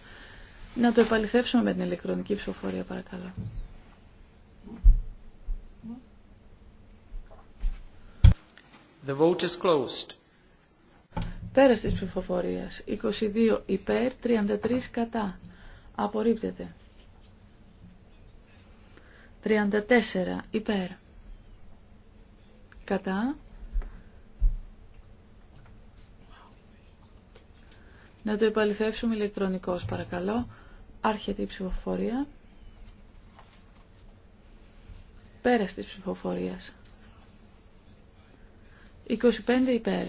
Να το επαληθεύσουμε με την ηλεκτρονική ψηφοφορία παρακαλώ. The vote is closed. Πέρας της ψηφοφορίας. 22 υπέρ, 33 κατά. Απορρίπτεται. 34. Υπέρ. Κατά. Να το επαληθεύσουμε ηλεκτρονικώς παρακαλώ. Άρχεται η ψηφοφορία. Πέρας της ψηφοφορίας. 25 υπέρ.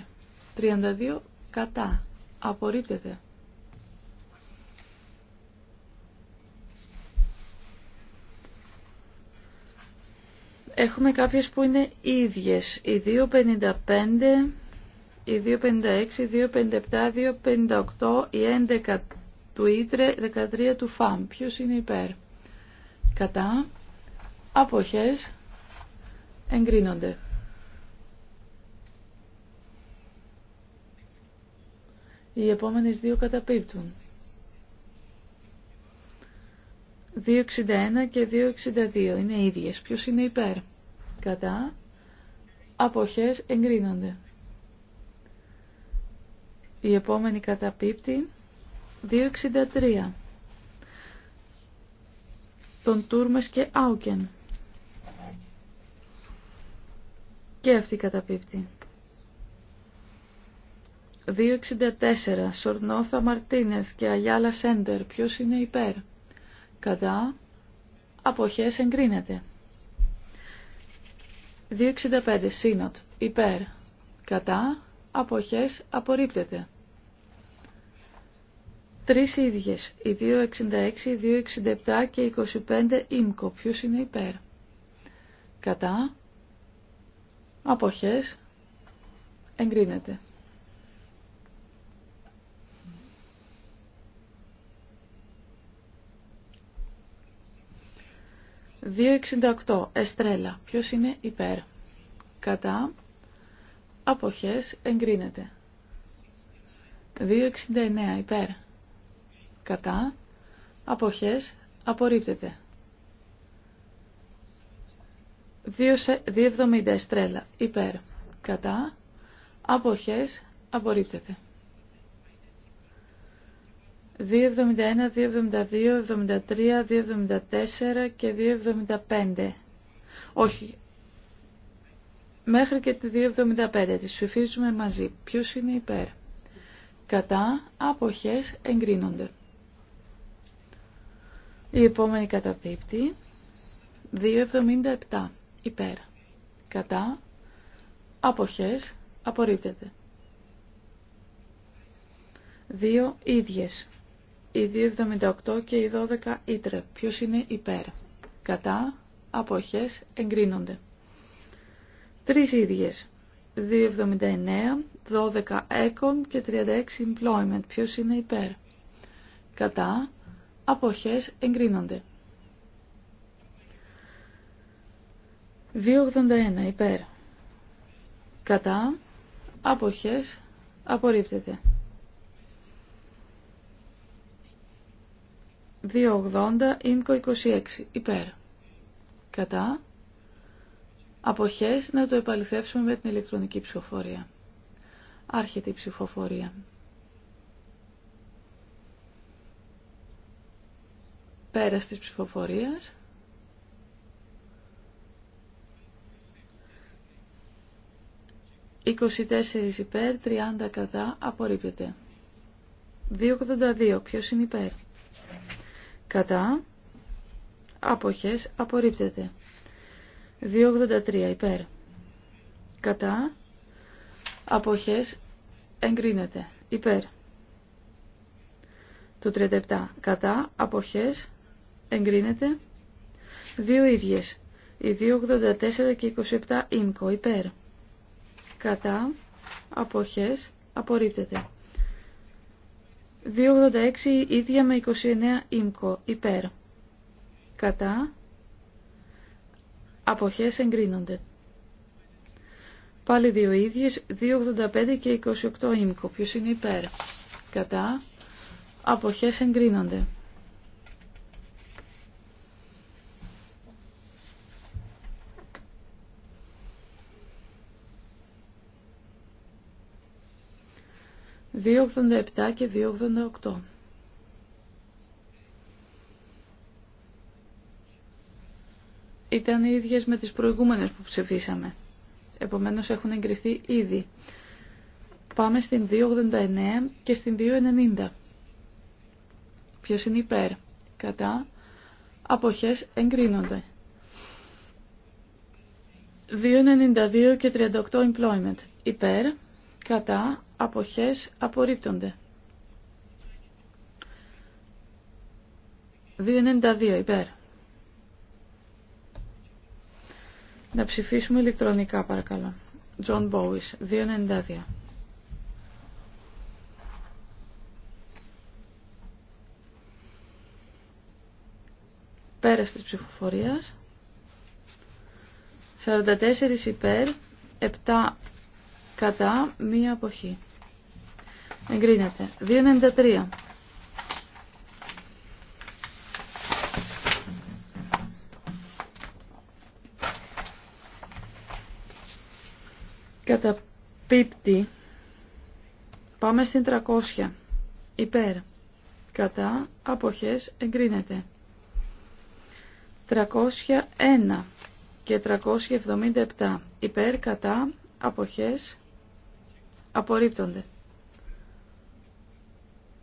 32 κατά. Απορρίπτεται. Έχουμε κάποιες που είναι ίδιες. Η 255, η 256, η 257, η 258, η 11 του Ήτρε, 13 του ΦΑΜ. Ποιος είναι υπέρ. Κατά. Αποχές. Εγκρίνονται. Οι επόμενες δύο καταπίπτουν. 2.61 και 2.62 είναι ίδιες. Ποιος είναι υπέρ κατά, αποχές εγκρίνονται. Η επόμενη καταπίπτη 263 των Τούρμες και Άουκεν. Και αυτή καταπίπτη 264 Σορνόθα Μαρτίνεθ και Αγιάλα Σέντερ. Ποιος είναι υπέρ. Κατά. Αποχές εγκρίνεται. 265 σύνοτ υπέρ κατά αποχές απορρίπτεται. Τρεις ίδιες, οι 266, οι 267 και 25 ίμκο, ποιος είναι υπέρ. Κατά αποχές εγκρίνεται. 268. Εστρέλα. Ποιος είναι υπέρ. Κατά. Αποχές. Εγκρίνεται. 269. Υπέρ. Κατά. Αποχές. Απορρίπτεται. 270. Εστρέλα. Υπέρ. Κατά. Αποχές. Απορρίπτεται. 271, 272, 2.73, 274 και 275. Όχι. Μέχρι και τη 275. Τις ψηφίζουμε μαζί. Ποιος είναι υπέρ. Κατά αποχές εγκρίνονται. Η επόμενη καταπίπτει. 277. Υπέρ. Κατά αποχές απορρίπτεται. Δύο ίδιες οι 2.78 και οι 12 ήτρε. Ποιο είναι υπέρ. Κατά, αποχές, εγκρίνονται. Τρεις ίδιες. 2.79, 12 έκον και 36 employment. Ποιο είναι υπέρ. Κατά, αποχές, εγκρίνονται. 2.81 υπέρ. Κατά, αποχές, απορρίπτεται. 280, ΙΜΚΟ 26, υπέρ. Κατά. Αποχές να το επαληθεύσουμε με την ηλεκτρονική ψηφοφορία. Άρχεται η ψηφοφορία. Πέρας της ψηφοφορίας. «24 υπέρ, 30 κατά, απορρίπτεται». «282, ποιος είναι υπέρ» κατά, αποχές, απορρίπτεται. 283 υπέρ, κατά, αποχές, εγκρίνεται, υπέρ. Το 37 κατά, αποχές, εγκρίνεται, δύο ίδιες. Οι 284 και 27 ΙΜΚΟ υπέρ. Κατά, αποχές, απορρίπτεται. 286 ίδια με 29 ΙΜΚΟ υπέρ. Κατά. Αποχές εγκρίνονται. Πάλι δύο ίδιες, 2,85 και 28 ΙΜΚΟ. Ποιος είναι υπέρ. Κατά. Αποχές εγκρίνονται. 2,87 και 2,88. Ήταν οι ίδιες με τις προηγούμενες που ψηφίσαμε. Επομένως έχουν εγκριθεί ήδη. Πάμε στην 2,89 και στην 2,90. Ποιος είναι υπέρ. Κατά. Αποχές εγκρίνονται. 2,92 και 38 employment. Υπέρ κατά, αποχές, απορρίπτονται. 2.92 υπέρ. Να ψηφίσουμε ηλεκτρονικά παρακαλώ. John Bowies, 2.92. Πέρας της ψηφοφορίας. 44 υπέρ, 7 κατά μία αποχή. Εγκρίνεται. 2.93. Καταπίπτει. Πάμε στην 300. Υπέρ. Κατά αποχές εγκρίνεται. 301 και 377. Υπέρ κατά αποχές απορρίπτονται.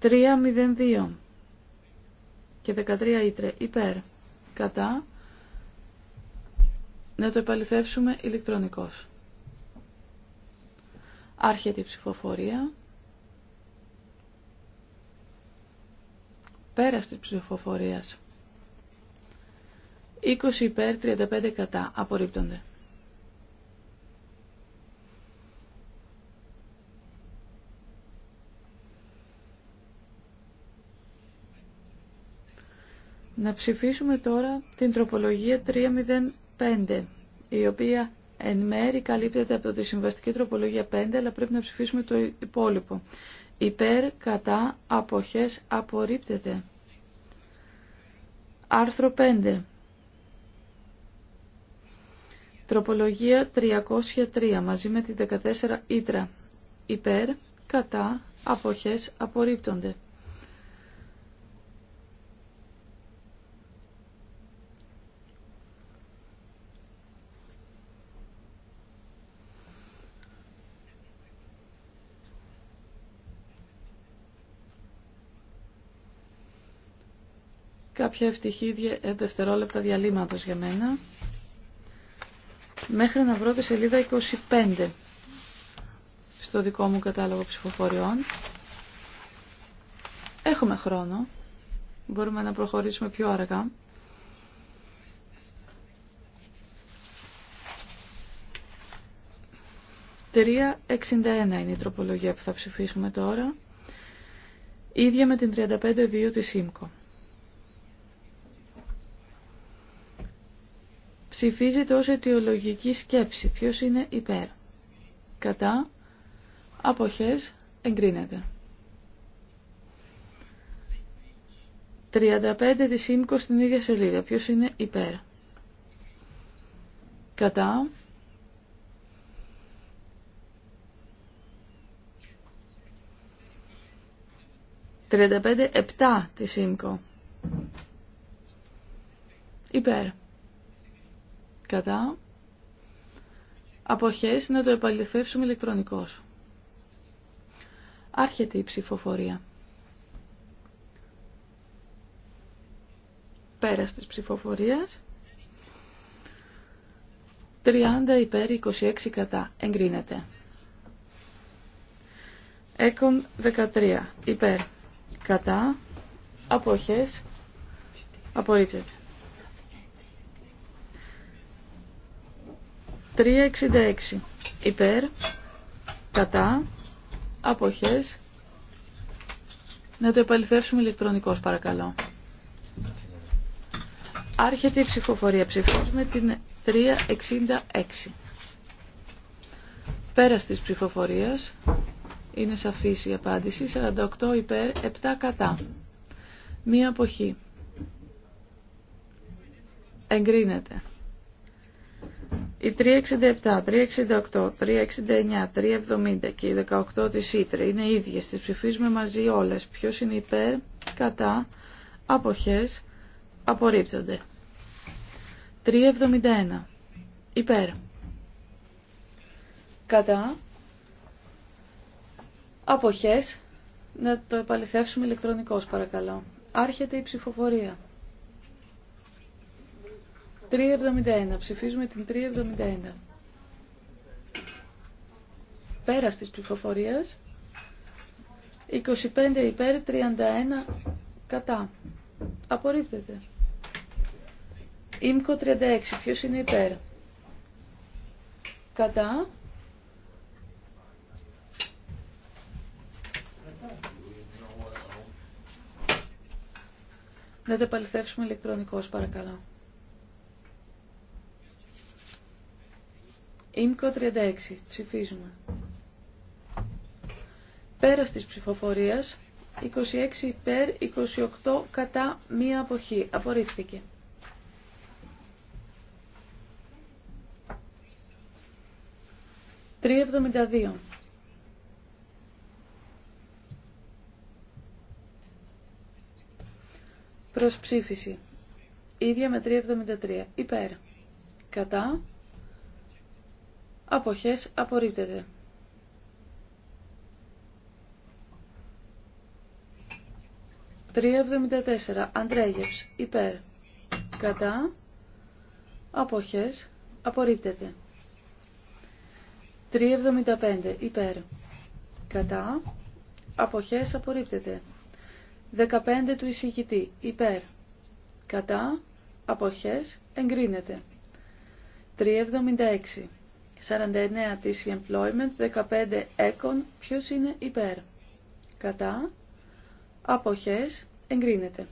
3.02 και 13 ήτρε υπέρ κατά να το επαληθεύσουμε ηλεκτρονικός. Άρχεται η ψηφοφορία. Πέραστη ψηφοφορίας. 20 υπέρ, 35 κατά. Απορρίπτονται. Να ψηφίσουμε τώρα την τροπολογία 305, η οποία εν μέρη καλύπτεται από τη συμβαστική τροπολογία 5, αλλά πρέπει να ψηφίσουμε το υπόλοιπο. Υπέρ, κατά, αποχές, απορρίπτεται. Άρθρο 5. Τροπολογία 303 μαζί με τη 14 Ήτρα. Υπέρ, κατά, αποχές, απορρίπτονται. Κάποια ευτυχή ε, δευτερόλεπτα διαλύματος για μένα. Μέχρι να βρω τη σελίδα 25 στο δικό μου κατάλογο ψηφοφοριών. Έχουμε χρόνο. Μπορούμε να προχωρήσουμε πιο αργά. Τρία 61 είναι η τροπολογία που θα ψηφίσουμε τώρα. Ίδια με την 35.2 της ΣΥΜΚΟ. ψηφίζεται ως αιτιολογική σκέψη. Ποιος είναι υπέρ. Κατά. Αποχές. Εγκρίνεται. 35 της στην ίδια σελίδα. Ποιος είναι υπέρ. Κατά. Κατά 35-7 της ΙΜΚΟ. Υπέρ κατά αποχές να το επαληθεύσουμε ηλεκτρονικώς. Άρχεται η ψηφοφορία. Πέρας της ψηφοφορίας. 30 υπέρ 26 κατά. Εγκρίνεται. Έκον 13 υπέρ κατά. Αποχές. Απορρίπτεται. 366 υπέρ, κατά, αποχές. Να το επαληθεύσουμε ηλεκτρονικώς παρακαλώ. Άρχεται η ψηφοφορία. Ψηφίζουμε την 366. Πέρας της ψηφοφορίας είναι σαφής η απάντηση. 48 υπέρ, 7 κατά. Μία αποχή. Εγκρίνεται. Η 367, 368, 369, 370 και οι 18 της Ήτρε είναι ίδιες. Τις ψηφίζουμε μαζί όλες. Ποιος είναι υπέρ, κατά, αποχές, απορρίπτονται. 371. Υπέρ. Κατά. Αποχές. Να το επαληθεύσουμε ηλεκτρονικώς παρακαλώ. Άρχεται η ψηφοφορία. 371. Ψηφίζουμε την 371. Πέρα της ψηφοφορίας. 25 υπέρ, 31 κατά. Απορρίπτεται. Ήμκο 36. Ποιο είναι υπέρ. Κατά. Να τα επαληθεύσουμε ηλεκτρονικώς παρακαλώ. ΙΜΚΟ 36. Ψηφίζουμε. Πέρας της ψηφοφορίας, 26 υπέρ, 28 κατά μία αποχή. Απορρίφθηκε. Προς Προσψήφιση. Ίδια με 373. Υπέρ. Κατά. Αποχές απορρίπτεται. «3.74. Αντρέγευς. Υπέρ. Κατά. Αποχές. Απορρίπτεται. 3.75. Υπέρ. Κατά. Αποχές. Απορρίπτεται. 15 του εισηγητή. Υπέρ. Κατά. Αποχές. Εγκρίνεται. 3.76. 49 της employment, 15 έκον, ποιος είναι υπέρ. Κατά, αποχές, εγκρίνεται.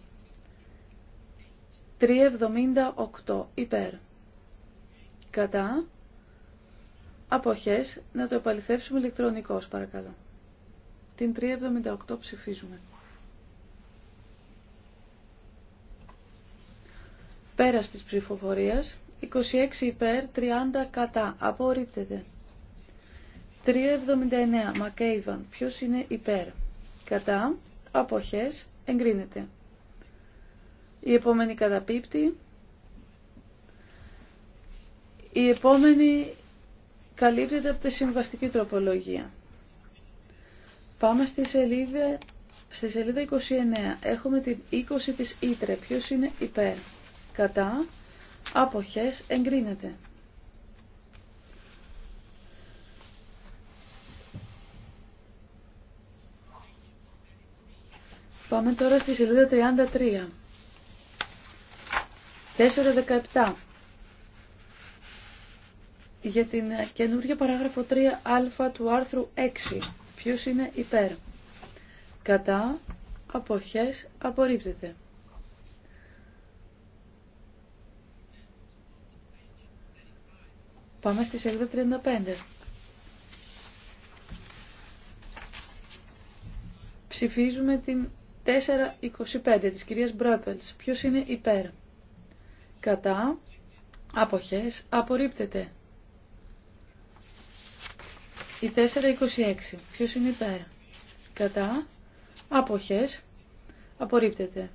378 υπέρ. Κατά, αποχές, να το επαληθεύσουμε ηλεκτρονικώς παρακαλώ. Την 378 ψηφίζουμε. Πέρα της ψηφοφορίας 26 υπέρ, 30 κατά. Απορρίπτεται. 379 Μακέιβαν. Ποιος είναι υπέρ. Κατά. Αποχές. Εγκρίνεται. Η επόμενη καταπίπτει. Η επόμενη καλύπτεται από τη συμβαστική τροπολογία. Πάμε στη σελίδα, στη σελίδα 29. Έχουμε την 20 της Ήτρε. Ποιος είναι υπέρ. Κατά. Αποχές εγκρίνεται. Πάμε τώρα στη σελίδα 33. 4.17 για την καινούργια παράγραφο 3α του άρθρου 6. Ποιος είναι υπέρ. Κατά αποχές απορρίπτεται. Πάμε στη σελίδα 35. Ψηφίζουμε την 425 της κυρίας Μπρόπελς. Ποιος είναι υπέρ. Κατά. Αποχές. Απορρίπτεται. Η 426. Ποιος είναι υπέρ. Κατά. Αποχές. Απορρίπτεται.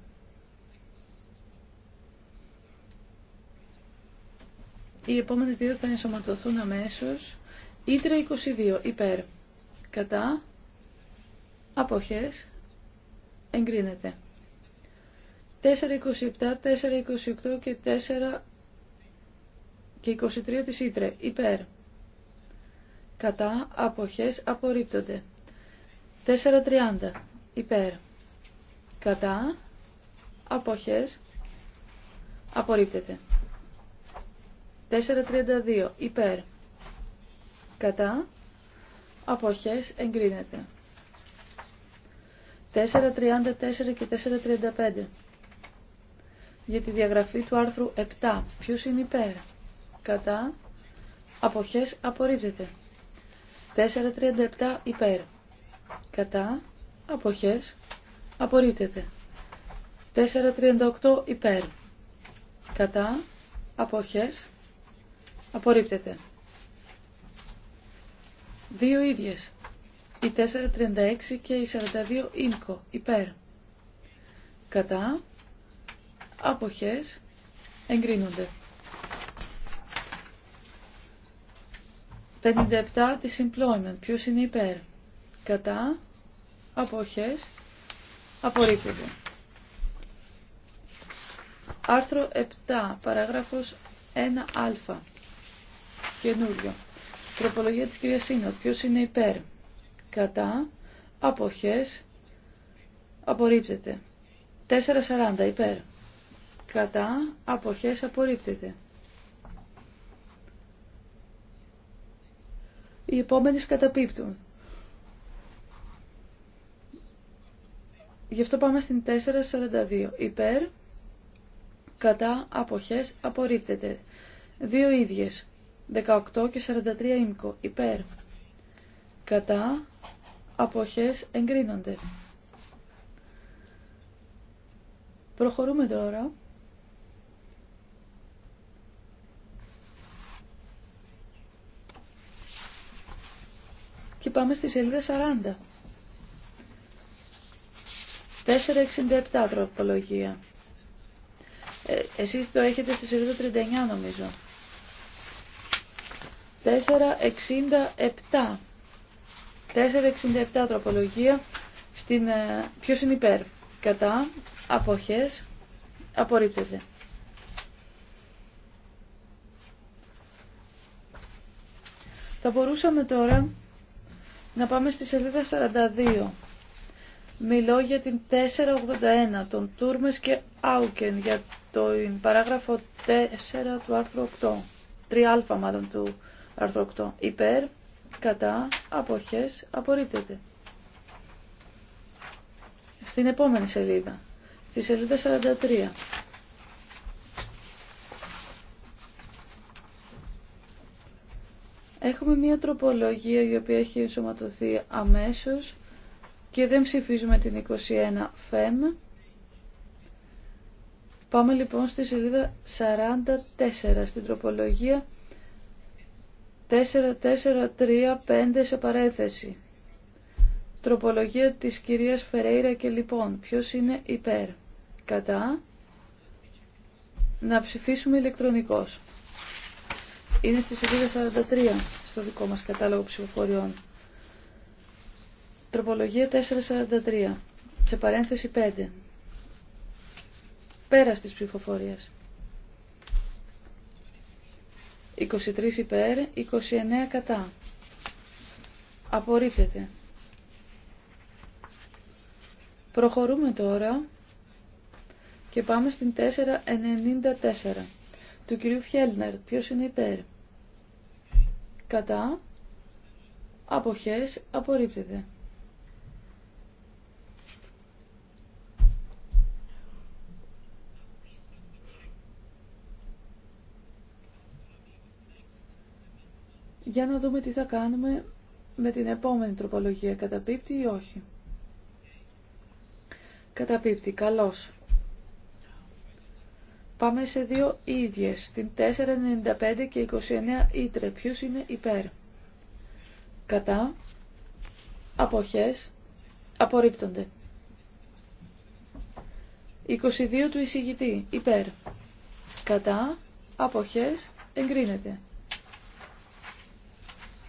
Οι επόμενες δύο θα ενσωματωθούν αμέσως. Ήτρε 22 υπέρ. Κατά. Αποχές. Εγκρίνεται. 4.27, 4.28 και 4 και 23 της Ήτρε υπέρ. Κατά. Αποχές. Απορρίπτονται. 4.30 υπέρ. Κατά. Αποχές. Απορρίπτεται. 4.32 υπέρ κατά αποχές εγκρίνεται 4.34 και 4.35 για τη διαγραφή του άρθρου 7 ποιος είναι υπέρ κατά αποχές απορρίπτεται 4.37 υπέρ κατά αποχές απορρίπτεται 4.38 υπέρ κατά αποχές Απορρίπτεται. Δύο ίδιες. Η 436 και η 42 ΙΜΚΟ. Υπέρ. Κατά. Αποχές. Εγκρίνονται. 57 της employment. Ποιος είναι υπέρ. Κατά. Αποχές. Απορρίπτεται. Άρθρο 7. Παράγραφος 1α καινούριο. Τροπολογία της κυρίας Σίνω. Ποιος είναι υπέρ. Κατά. Αποχές. Απορρίπτεται. 4.40 υπέρ. Κατά. Αποχές. Απορρίπτεται. Οι επόμενες καταπίπτουν. Γι' αυτό πάμε στην 4.42. Υπέρ. Κατά. Αποχές. Απορρίπτεται. Δύο ίδιες. 18 και 43 ήμικο υπέρ κατά αποχές εγκρίνονται. Προχωρούμε τώρα. Και πάμε στη σελίδα 40. 467 τροπολογία. Ε, εσείς το έχετε στη σελίδα 39 νομίζω. 467. 467 τροπολογία. Στην, ε, ποιος είναι υπέρ. Κατά. Αποχές. Απορρίπτεται. Θα μπορούσαμε τώρα να πάμε στη σελίδα 42. Μιλώ για την 481 των Τούρμες και Άουκεν για το παράγραφο 4 του άρθρου 8. 3α μάλλον του Άρθρο 8. Υπέρ, κατά, αποχές, απορρίπτεται. Στην επόμενη σελίδα. Στη σελίδα 43. Έχουμε μία τροπολογία η οποία έχει ενσωματωθεί αμέσως και δεν ψηφίζουμε την 21 ΦΕΜ. Πάμε λοιπόν στη σελίδα 44, στην τροπολογία 4-4-3-5 σε παρέθεση. Τροπολογία της κυρίας Φερέιρα και λοιπόν, ποιος είναι υπέρ. Κατά. Να ψηφίσουμε ηλεκτρονικός. Είναι στη σελίδα 43 στο δικό μας κατάλογο ψηφοφοριών. Τροπολογία 443. Σε παρένθεση 5. Πέρα της ψηφοφορίας. 23 υπέρ, 29 κατά. Απορρίπτεται. Προχωρούμε τώρα και πάμε στην 494 του κυρίου Φιέλνερ. Ποιος είναι υπέρ. Κατά. Αποχές απορρίπτεται. Για να δούμε τι θα κάνουμε με την επόμενη τροπολογία. Καταπίπτει ή όχι. Καταπίπτει. Καλώς. Πάμε σε δύο ίδιες. Την 495 και 29 ήτρε. Ποιος είναι υπέρ. Κατά. Αποχές. Απορρίπτονται. 22 του εισηγητή. Υπέρ. Κατά. Αποχές. Εγκρίνεται.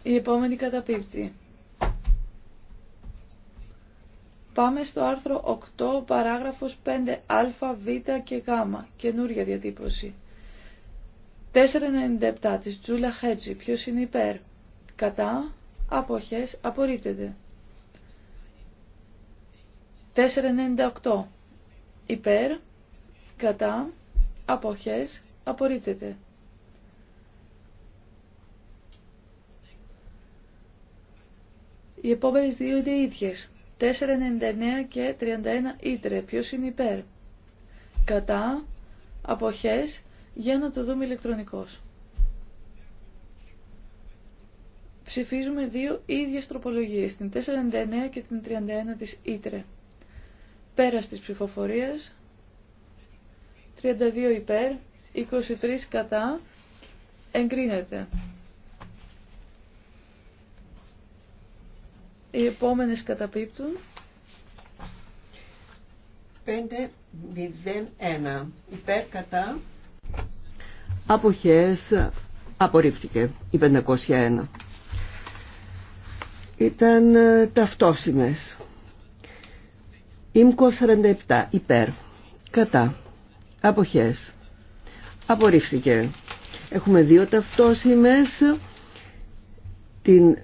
Η επόμενη καταπίπτει. Πάμε στο άρθρο 8, παράγραφος 5α, β και γ. Καινούρια διατύπωση. 497 της Τζούλα Χέτζη. Ποιος είναι υπέρ. Κατά. Αποχές. Απορρίπτεται. 498. Υπέρ. Κατά. Αποχές. Απορρίπτεται. Οι επόμενε δύο είναι ίδιε. 4,99 και 31 ήτρε. Ποιο είναι υπέρ. Κατά. Αποχές. Για να το δούμε ηλεκτρονικώ. Ψηφίζουμε δύο ίδιε τροπολογίε, Την 4,99 και την 31 τη ήτρε. Πέρα τη ψηφοφορία, 32 υπέρ. 23 κατά. Εγκρίνεται. Οι επόμενες καταπίπτουν. 5.01. Υπέρ κατά. Αποχές απορρίφθηκε η 501. Ήταν ε, ταυτόσιμες. Ήμκο 47. Υπέρ. Κατά. Αποχές. Απορρίφθηκε. Έχουμε δύο ταυτόσιμες. Την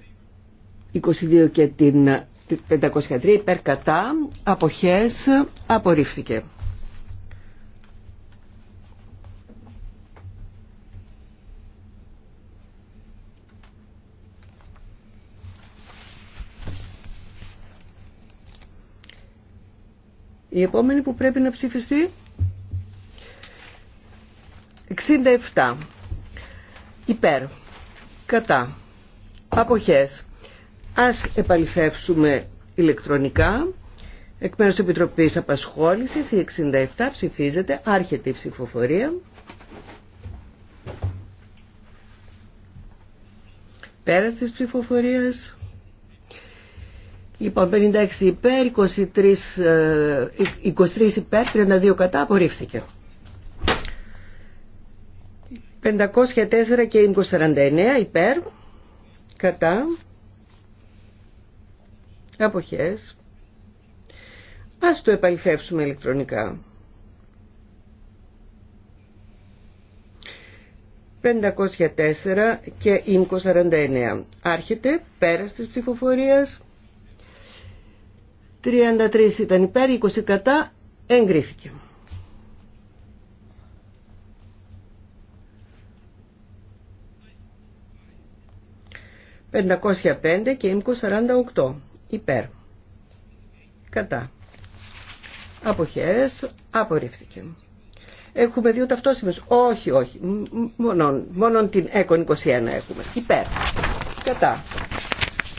22 και την 503 υπέρ κατά αποχές απορρίφθηκε. Η επόμενη που πρέπει να ψηφιστεί 67 υπέρ κατά αποχές Ας επαληθεύσουμε ηλεκτρονικά. Εκ μέρους της Επιτροπής Απασχόλησης, η 67 ψηφίζεται, άρχεται η ψηφοφορία. Πέρας της ψηφοφορίας. Λοιπόν, 56 υπέρ, 23, 23 ε, υπέρ, 32 κατά, απορρίφθηκε. 504 και 249 υπέρ, κατά, αποχές ας το επαληθεύσουμε ηλεκτρονικά 504 και ΙΜΚΟ 49 άρχεται πέρας της ψηφοφορίας 33 ήταν υπέρ 20 κατά εγκρίθηκε ...505 και ΙΜΚΟ υπέρ κατά αποχές απορρίφθηκε έχουμε δύο ταυτόσημες όχι όχι μόνον, την έκον 21 έχουμε υπέρ κατά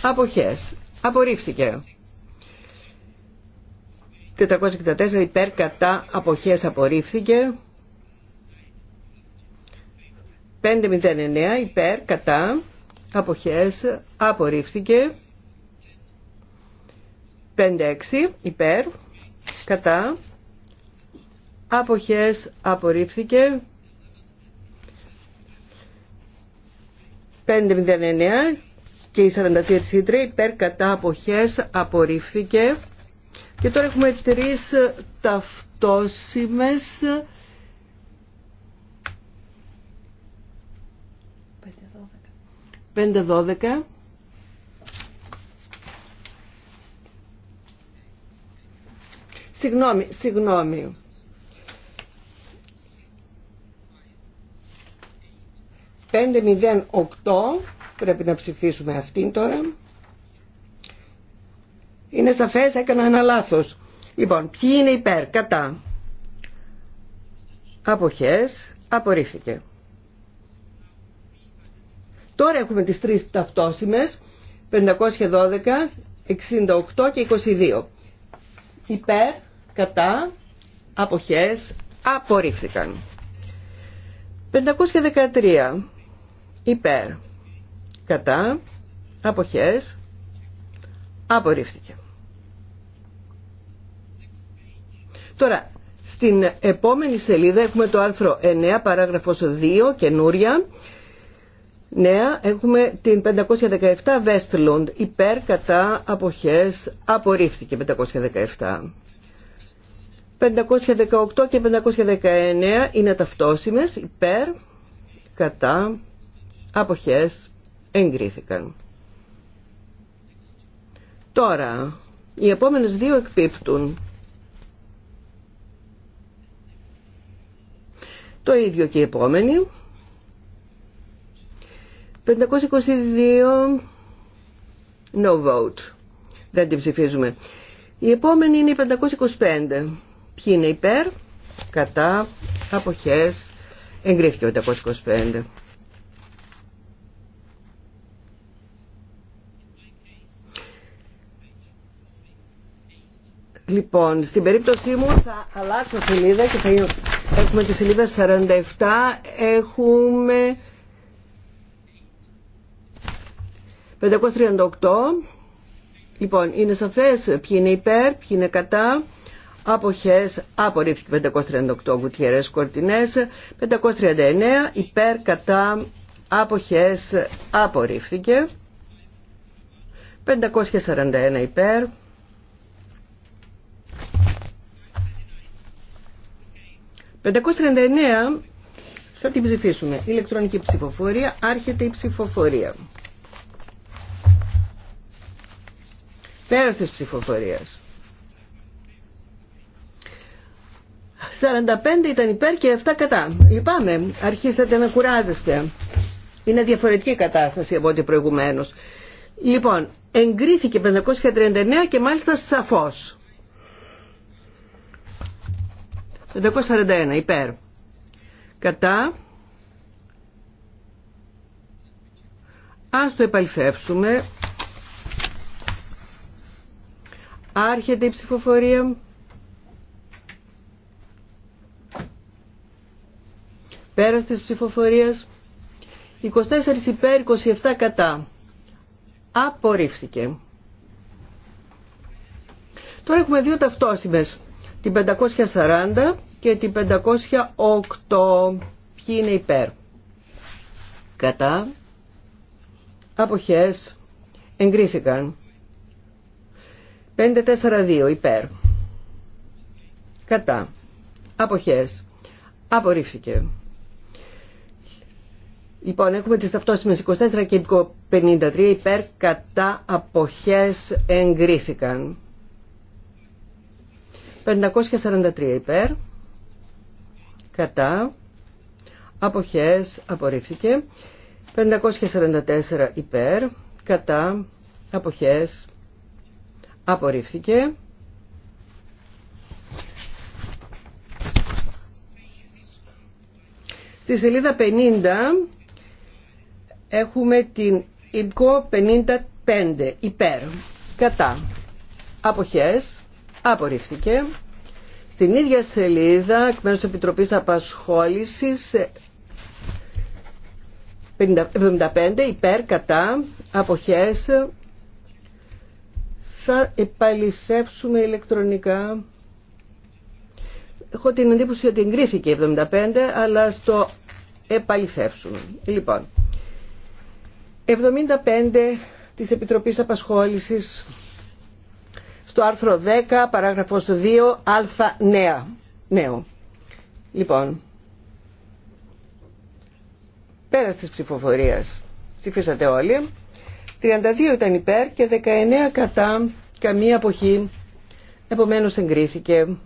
αποχές απορρίφθηκε 464 υπέρ κατά αποχές απορρίφθηκε 509 υπέρ κατά αποχές απορρίφθηκε 5-6 υπέρ κατά αποχές απορρίφθηκε 5-0-9 και η 43 υπέρ κατά αποχές απορρίφθηκε και τώρα έχουμε τρεις ταυτόσιμες Πέντε δώδεκα. Συγγνώμη, συγγνώμη. 5.08 πρέπει να ψηφίσουμε αυτήν τώρα. Είναι σαφές, έκανα ένα λάθος. Λοιπόν, ποιοι είναι υπέρ, κατά. Αποχές, απορρίφθηκε. Τώρα έχουμε τις τρεις ταυτόσημες, 512, 68 και 22. Υπέρ, κατά, αποχές, απορρίφθηκαν. 513 υπέρ, κατά, αποχές, απορρίφθηκε. Τώρα, στην επόμενη σελίδα έχουμε το άρθρο 9, παράγραφος 2, καινούρια. Νέα, έχουμε την 517 Βέστλοντ υπέρ κατά αποχές, απορρίφθηκε 517. 518 και 519 είναι ταυτόσιμες υπέρ, κατά, αποχές, εγκρίθηκαν. Τώρα, οι επόμενες δύο εκπίπτουν. Το ίδιο και οι επόμενοι. 522 no vote. Δεν την ψηφίζουμε. Η επόμενη είναι η 525. Ποιοι είναι υπέρ, κατά, αποχές, εγκρίθηκε ο 825. Λοιπόν, στην περίπτωσή μου θα αλλάξω σελίδα και θα έχουμε τη σελίδα 47, έχουμε 538, λοιπόν είναι σαφές ποιοι είναι υπέρ, ποιοι είναι κατά, αποχές απορρίφθηκε 538 βουτιερές Κορτινές 539 υπέρ κατά αποχές απορρίφθηκε 541 υπέρ «539 θα την ψηφίσουμε. Ηλεκτρονική ψηφοφορία. Άρχεται η ψηφοφορία. Πέρας της ψηφοφορίας. 45 ήταν υπέρ και 7 κατά. Λυπάμαι, αρχίσατε να κουράζεστε. Είναι διαφορετική κατάσταση από ό,τι προηγουμένως. Λοιπόν, εγκρίθηκε 539 και μάλιστα σαφώς. 541 υπέρ. Κατά. Ας το επαληθεύσουμε. Άρχεται η ψηφοφορία. Πέρας της ψηφοφορίας 24 υπέρ 27 κατά. Απορρίφθηκε. Τώρα έχουμε δύο ταυτόσημες. Την 540 και την 508. Ποιοι είναι υπέρ. Κατά. Αποχές. Εγκρίθηκαν. 542 υπέρ. Κατά. Αποχές. Απορρίφθηκε. Λοιπόν, έχουμε τις ταυτόσημε 24 και 53 υπέρ κατά αποχές εγκρίθηκαν. 543 υπέρ κατά αποχές απορρίφθηκε. 544 υπέρ κατά αποχές απορρίφθηκε. Στη σελίδα 50 Έχουμε την ΙΜΚΟ 55 υπέρ. Κατά. Αποχές. Απορρίφθηκε. Στην ίδια σελίδα, εκ μέρους της Επιτροπής Απασχόλησης, 75 υπέρ, κατά, αποχές. Θα επαληθεύσουμε ηλεκτρονικά. Έχω την εντύπωση ότι εγκρίθηκε 75, αλλά στο επαληθεύσουμε. Λοιπόν, 75 της Επιτροπής Απασχόλησης στο άρθρο 10, παράγραφος 2, α νέα. Νέο. Λοιπόν, πέρα της ψηφοφορίας ψηφίσατε όλοι. 32 ήταν υπέρ και 19 κατά καμία αποχή. Επομένως εγκρίθηκε.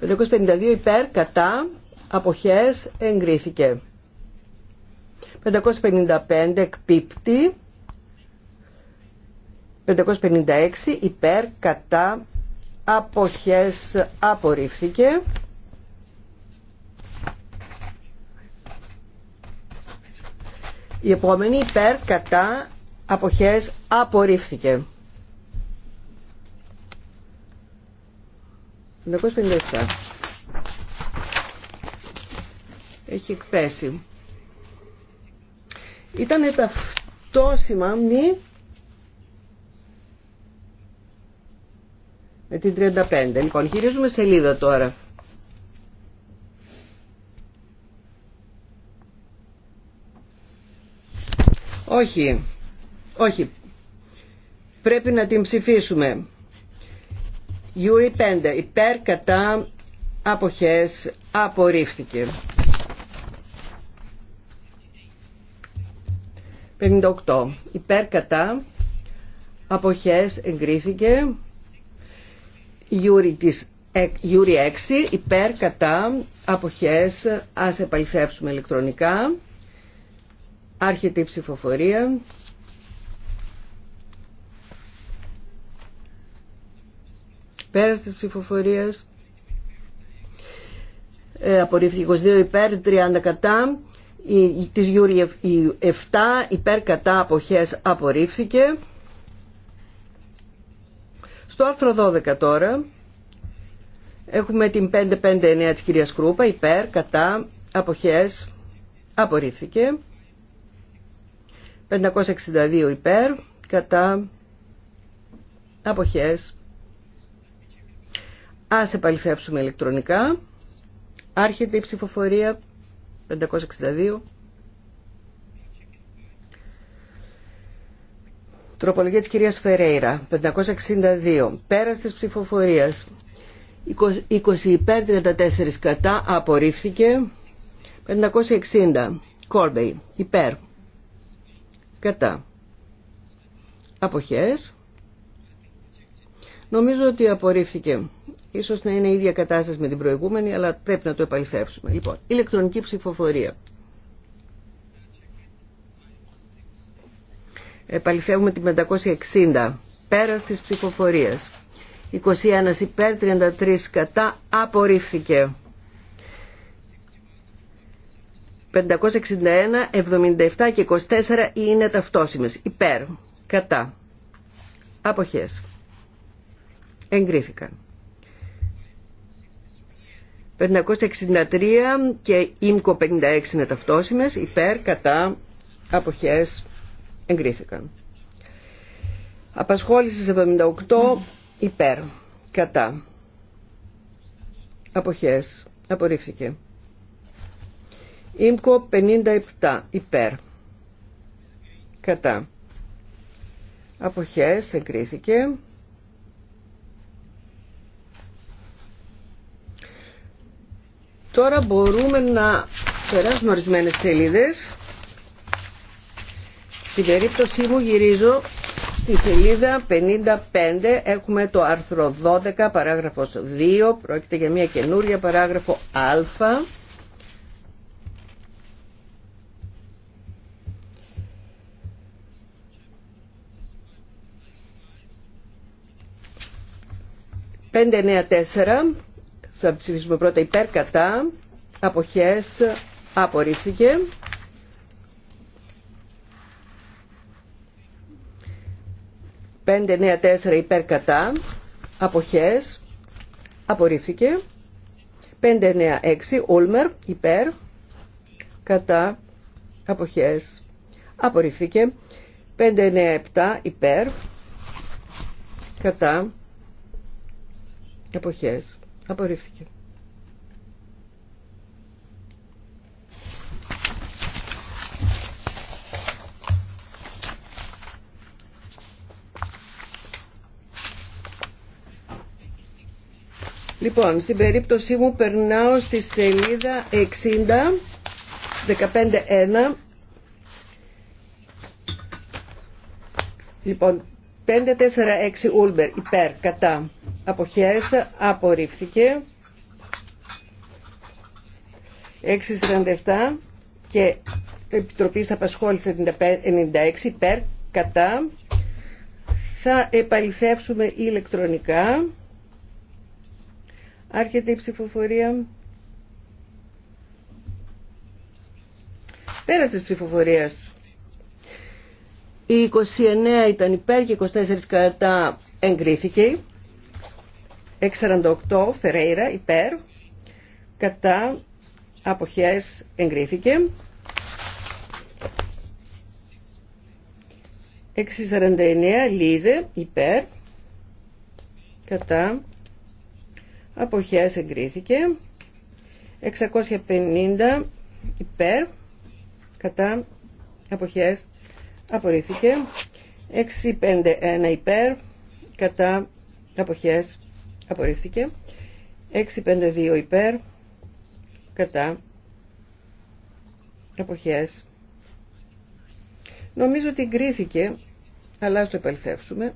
252 υπέρ, κατά, αποχές εγκρίθηκε. 555 εκπίπτει. 556 υπέρ κατά αποχές απορρίφθηκε. Η επόμενη υπέρ κατά αποχές απορρίφθηκε. 557 έχει εκπέσει. Ήτανε ταυτόσημα μη με την 35. Λοιπόν, γυρίζουμε σελίδα τώρα. Όχι, όχι. Πρέπει να την ψηφίσουμε. Γιούρι 5. Υπέρ κατά αποχές απορρίφθηκε. 58. Υπέρ κατά αποχές εγκρίθηκε. Γιούρι, της, 6. Υπέρ κατά αποχές. Ας επαληθεύσουμε ηλεκτρονικά. Άρχεται η ψηφοφορία. Πέρας της ψηφοφορίας. Ε, απορρίφθηκε 22 υπέρ, 30 κατά η, της Γιούρι 7 υπέρ κατά αποχές απορρίφθηκε. Στο άρθρο 12 τώρα έχουμε την 559 της κυρίας Κρούπα υπέρ κατά αποχές απορρίφθηκε. 562 υπέρ κατά αποχές. Ας επαληθεύσουμε ηλεκτρονικά. Άρχεται η ψηφοφορία 562. Τροπολογία της κυρίας Φερέιρα, 562. Πέρας της ψηφοφορίας, 25-34 κατά απορρίφθηκε, 560. Κόρμπεϊ, υπέρ, κατά. Αποχές. Νομίζω ότι απορρίφθηκε, Ίσως να είναι η ίδια κατάσταση με την προηγούμενη, αλλά πρέπει να το επαληθεύσουμε. Λοιπόν, ηλεκτρονική ψηφοφορία. Επαληθεύουμε την 560. Πέρας της ψηφοφορίας. 21 υπέρ, 33 κατά, απορρίφθηκε. 561, 77 και 24 είναι ταυτόσιμες. Υπέρ, κατά, αποχές. Εγκρίθηκαν. 563 και ΙΜΚΟ 56 είναι ταυτόσιμες, υπέρ, κατά, αποχές, εγκρίθηκαν. Απασχόληση 78, υπέρ, κατά, αποχές, απορρίφθηκε. ΙΜΚΟ 57, υπέρ, κατά, αποχές, εγκρίθηκε. Τώρα μπορούμε να περάσουμε ορισμένες σελίδες. Στην περίπτωσή μου γυρίζω στη σελίδα 55 έχουμε το άρθρο 12 παράγραφος 2 πρόκειται για μια καινούρια παράγραφο α πέντε θα ψηφίσουμε πρώτα υπέρ κατά. Αποχές απορρίφθηκε. Πέντε νέα τέσσερα υπέρ κατά. Αποχές απορρίφθηκε. 596 Ούλμερ υπέρ κατά αποχές απορρίφθηκε 597 υπέρ κατά αποχές Απορρίφθηκε. Λοιπόν, στην περίπτωσή μου περνάω στη σελίδα 60, 15 1. Λοιπόν, 5 5-4-6 Ούλμπερ, υπέρ, κατά. Αποχέσα απορρίφθηκε 6.47 και επιτροπή Απασχόληση 96 υπέρ κατά θα επαληθεύσουμε ηλεκτρονικά άρχεται η ψηφοφορία πέρας της ψηφοφορίας η 29 ήταν υπέρ και 24 κατά εγκρίθηκε 648 Φερέιρα υπέρ κατά αποχές εγκρίθηκε 649 Λίζε υπέρ κατά αποχές εγκρίθηκε 650 υπέρ κατά αποχές απορρίφθηκε 651 υπέρ κατά αποχές απορρίφθηκε. 652 υπέρ, κατά, εποχές. Νομίζω ότι εγκρίθηκε, αλλά ας το επαληθεύσουμε.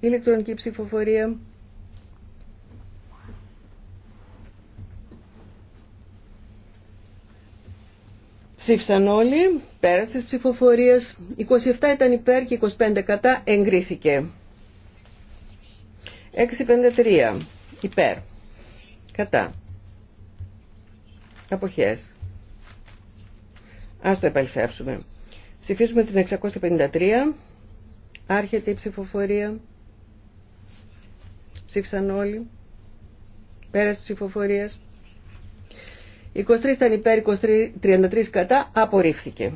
Ηλεκτρονική ψηφοφορία. Ψήφισαν όλοι, πέρασε τις ψηφοφορίας, 27 ήταν υπέρ και 25 κατά, εγκρίθηκε. 653 υπέρ κατά αποχές ας το επαληθεύσουμε ψηφίσουμε την 653 άρχεται η ψηφοφορία ψήφισαν όλοι πέρας ψηφοφορίας 23 ήταν υπέρ 23, 33 κατά απορρίφθηκε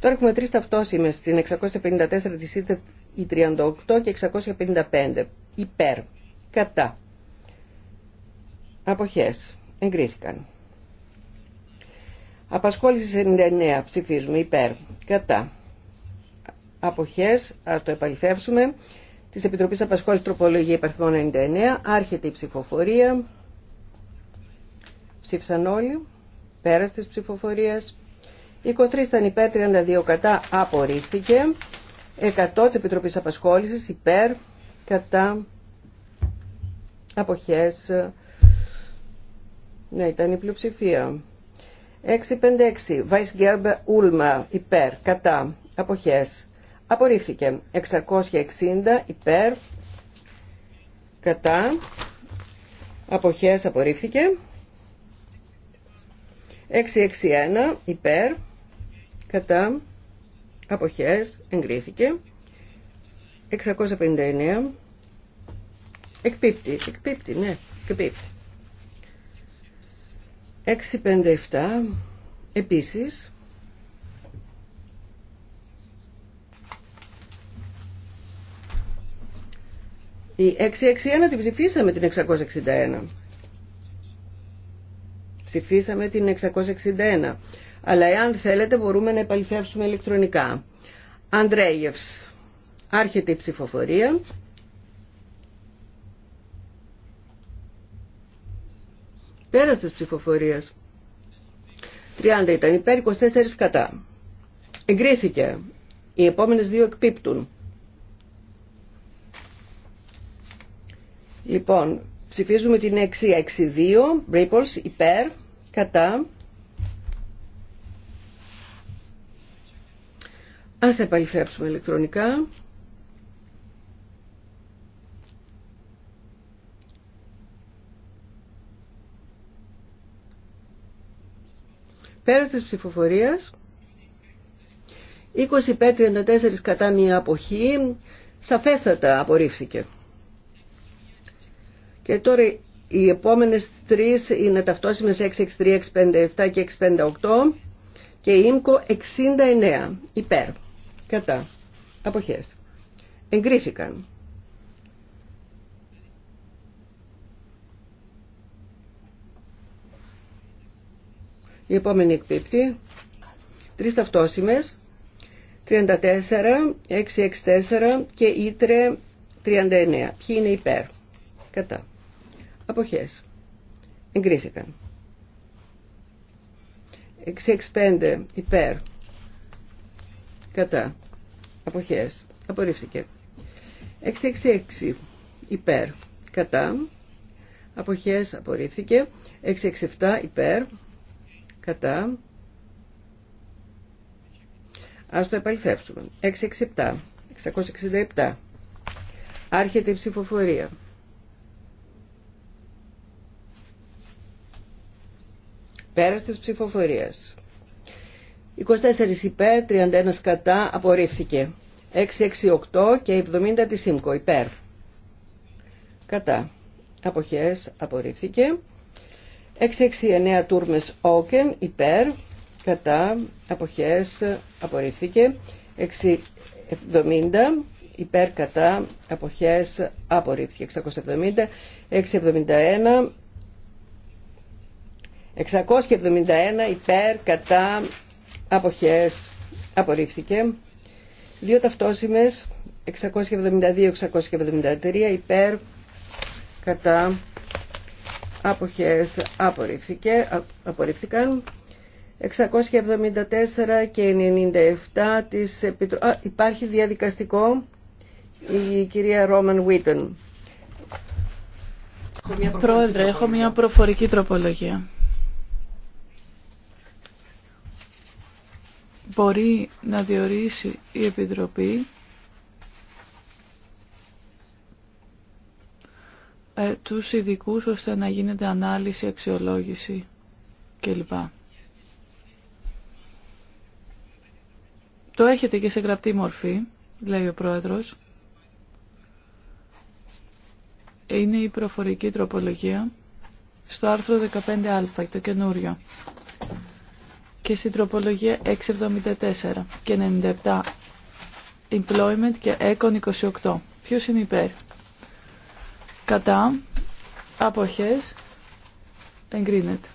Τώρα έχουμε τρεις ταυτόσημες, την 654 της 38 και 655. Υπέρ. Κατά. Αποχές. Εγκρίθηκαν. Απασχόληση 99. Ψηφίζουμε υπέρ. Κατά. Αποχές. Ας το επαληθεύσουμε. Της Επιτροπής Απασχόλησης Τροπολογία Υπερθμών 99. Άρχεται η ψηφοφορία. Ψήφισαν όλοι. Πέρας της ψηφοφορίας. 23 ήταν υπέρ, 32 κατά, απορρίφθηκε. 100 της Επιτροπής Απασχόλησης υπέρ, κατά, αποχές. Ναι, ήταν η πλειοψηφία. 656. Weisgerber Ulmer, υπέρ, κατά, αποχές. Απορρίφθηκε. 660 υπέρ, κατά, αποχές απορρίφθηκε. 661 υπέρ, κατά αποχές εγκρίθηκε 659 εκπίπτει, εκπίπτει, ναι, εκπίπτει 657 επίσης Η 661 την ψηφίσαμε την 661. Ψηφίσαμε την 661 αλλά εάν θέλετε μπορούμε να επαληθεύσουμε ηλεκτρονικά. Αντρέγευς. άρχεται η ψηφοφορία. Πέρας της ψηφοφορίας. 30 ήταν υπέρ, 24 κατά. Εγκρίθηκε. Οι επόμενες δύο εκπίπτουν. Λοιπόν, ψηφίζουμε την Ρίπορς Ripples, υπέρ, κατά, Ας επαληθεύσουμε ηλεκτρονικά. Πέρας της ψηφοφορίας, 25-34 κατά μία αποχή, σαφέστατα απορρίφθηκε. Και τώρα οι επόμενες τρεις είναι ταυτόσιμες 663, 657 και 658 και ΙΜΚΟ 69 υπέρ. Κατά. Αποχές. Εγκρίθηκαν. Η επόμενη εκπίπτει. Τρεις ταυτόσημες. 34, 664 και ήτρε 39. Ποιοι είναι υπέρ. Κατά. Αποχές. Εγκρίθηκαν. 665 υπέρ. Κατά. Αποχές. Απορρίφθηκε. 666 υπέρ. Κατά. Αποχές. Απορρίφθηκε. 667 υπέρ. Κατά. Ας το επαληθεύσουμε. 667. 667. Άρχεται η ψηφοφορία. Πέρας της ψηφοφορίας. 24 υπέρ, 31 κατά, απορρίφθηκε. 668 και 70 τη ΣΥΜΚΟ, υπέρ. Κατά. Αποχές, απορρίφθηκε. 669 τούρμες όκεν, υπέρ. Κατά. Αποχές, απορρίφθηκε. 670 υπέρ κατά αποχές απορρίφθηκε 670 671 671 υπέρ κατά αποχές απορρίφθηκε. Δύο ταυτόσημες 672-673 υπέρ κατά αποχές απορρίφθηκε, απορρίφθηκαν. 674 και 97 της Επιτρο... υπάρχει διαδικαστικό η κυρία Ρόμαν Βίτεν. Πρόεδρε, έχω μια προφορική τροπολογία. μπορεί να διορίσει η Επιτροπή ε, τους ειδικού ώστε να γίνεται ανάλυση, αξιολόγηση κλπ. Το έχετε και σε γραπτή μορφή, λέει ο Πρόεδρος. Είναι η προφορική τροπολογία στο άρθρο 15α, το καινούριο και στην τροπολογία 674 και 97 employment και έκον 28 ποιος είναι υπέρ κατά αποχές εγκρίνεται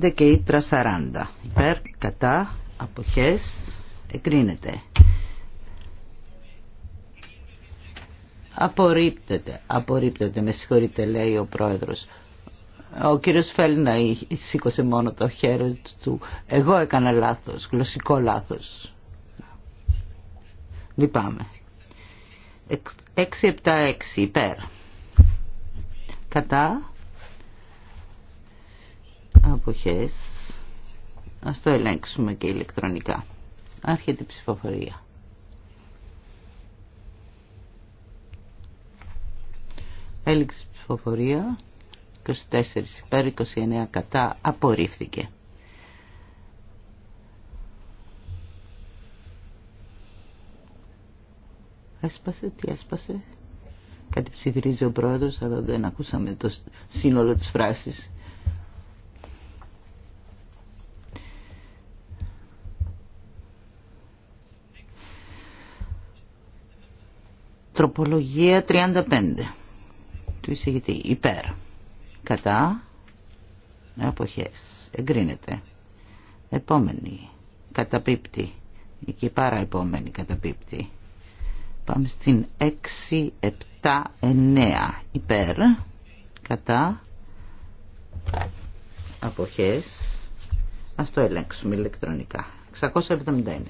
675 και ήτρα 40 υπέρ κατά αποχές εγκρίνεται Απορρίπτεται, απορρίπτεται, με συγχωρείτε λέει ο πρόεδρος. Ο κύριος Φέλνα σήκωσε μόνο το χέρι του. Εγώ έκανα λάθος, γλωσσικό λάθος. Λυπάμαι. 6-7-6 υπέρ. Κατά. Αποχές. Ας το ελέγξουμε και ηλεκτρονικά. Άρχεται η ψηφοφορία. Έληξη ψηφοφορία. 24 υπέρ 29 κατά απορρίφθηκε. Έσπασε, τι έσπασε. Κάτι ψιθυρίζει ο πρόεδρος, αλλά δεν ακούσαμε το σύνολο της φράσης. Τροπολογία 35 του εισηγητή υπέρ κατά αποχές εγκρίνεται επόμενη καταπίπτη και πάρα επόμενη καταπίπτη. πάμε στην 6, 7, 9 υπέρ κατά αποχές ας το ελέγξουμε ηλεκτρονικά 679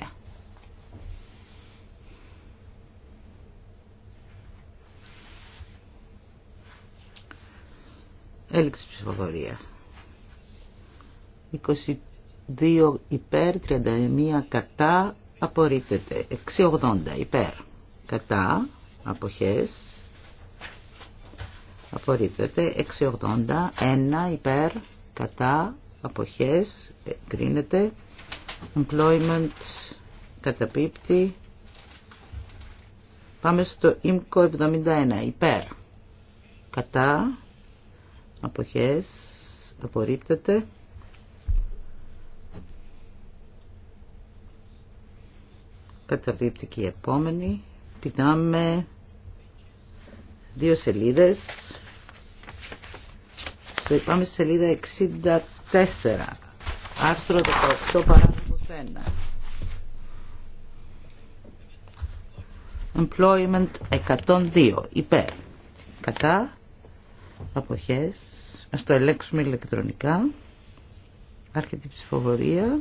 Έληξη ψηφοφορία. 22 υπέρ, 31 κατά, απορρίπτεται. 680 υπέρ, κατά, αποχές, απορρίπτεται. 1 υπέρ, κατά, αποχές, κρίνεται. Employment, καταπίπτει. Πάμε στο ΙΜΚΟ 71 υπέρ, κατά, αποχές απορρίπτεται καταπίπτει και η επόμενη πηδάμε δύο σελίδες στο πάμε στη σελίδα 64 άρθρο 18 παράγραφος 1 employment 102 υπέρ κατά αποχές Ας το ελέγξουμε ηλεκτρονικά. Άρχεται η ψηφοφορία.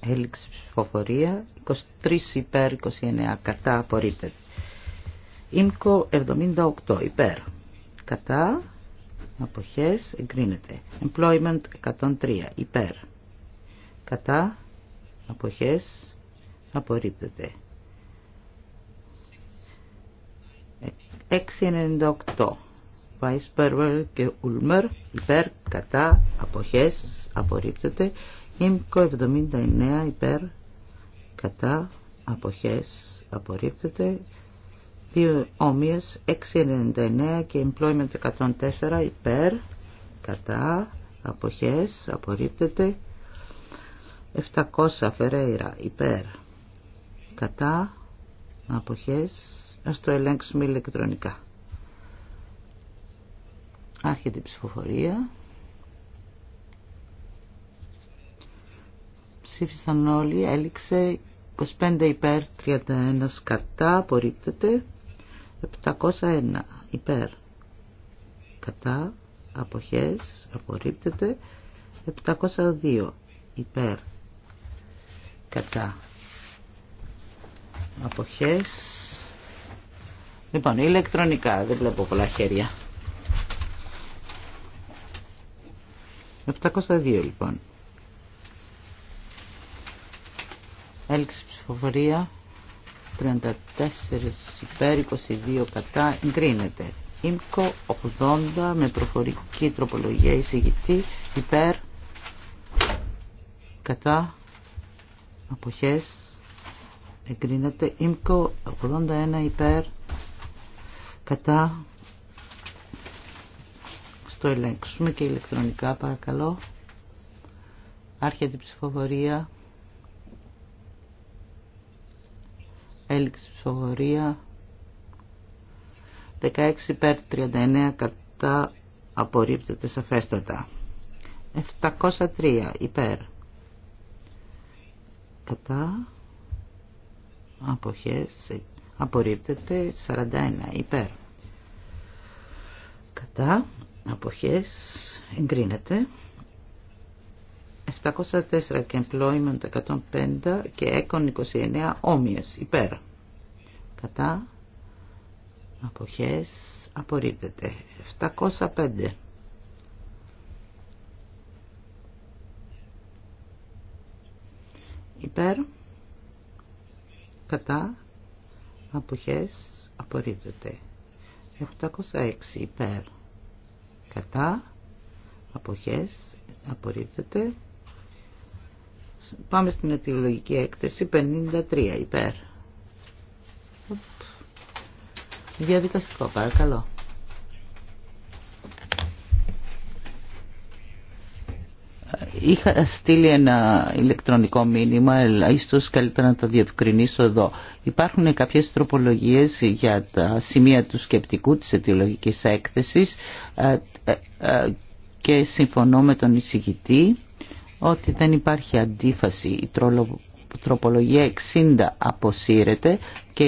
Έληξη ψηφοφορία. 23 υπέρ, 29 κατά απορρίπτεται. Ήμκο 78 υπέρ. Κατά. Αποχές εγκρίνεται. Employment 103 υπέρ. Κατά. Αποχές απορρίπτεται. 698. Βάις Πέρβερ και Ουλμερ υπέρ κατά αποχές απορρίπτεται. ήμκο 79 υπέρ κατά αποχές απορρίπτεται. Δύο όμοιες 699 και employment 104 υπέρ κατά αποχές απορρίπτεται. 700 Φερέιρα υπέρ κατά αποχές Ας το ελέγξουμε ηλεκτρονικά. Άρχεται η ψηφοφορία. Ψήφισαν όλοι, έληξε 25 υπέρ, 31 κατά, απορρίπτεται. 701 υπέρ, κατά, αποχές, απορρίπτεται. 702 υπέρ, κατά, αποχές, Λοιπόν, ηλεκτρονικά, δεν βλέπω πολλά χέρια. 702 λοιπόν. Έλξη ψηφοφορία. 34 υπέρ, 22 κατά. Εγκρίνεται. Ήμκο 80 με προφορική τροπολογία εισηγητή υπέρ κατά αποχές εγκρίνεται ημκο 81 υπέρ κατά στο ελέγξουμε και ηλεκτρονικά παρακαλώ άρχεται η ψηφοφορία έληξη ψηφοφορία 16 υπέρ 39 κατά απορρίπτεται σαφέστατα 703 υπέρ κατά αποχές απορρίπτεται 41 υπέρ κατά αποχές εγκρίνεται 704 και employment 105 και έκον 29 όμοιες υπέρ κατά αποχές απορρίπτεται 705 υπέρ κατά αποχές απορρίπτεται 706 υπέρ κατά αποχές απορρίπτεται πάμε στην αιτιολογική έκθεση 53 υπέρ διαδικαστικό παρακαλώ Είχα στείλει ένα ηλεκτρονικό μήνυμα, αλλά ίσω καλύτερα να το διευκρινίσω εδώ. Υπάρχουν κάποιε τροπολογίες για τα σημεία του σκεπτικού της αιτιολογικής έκθεσης ε, ε, ε, και συμφωνώ με τον εισηγητή ότι δεν υπάρχει αντίφαση. Η τροπολογία 60 αποσύρεται και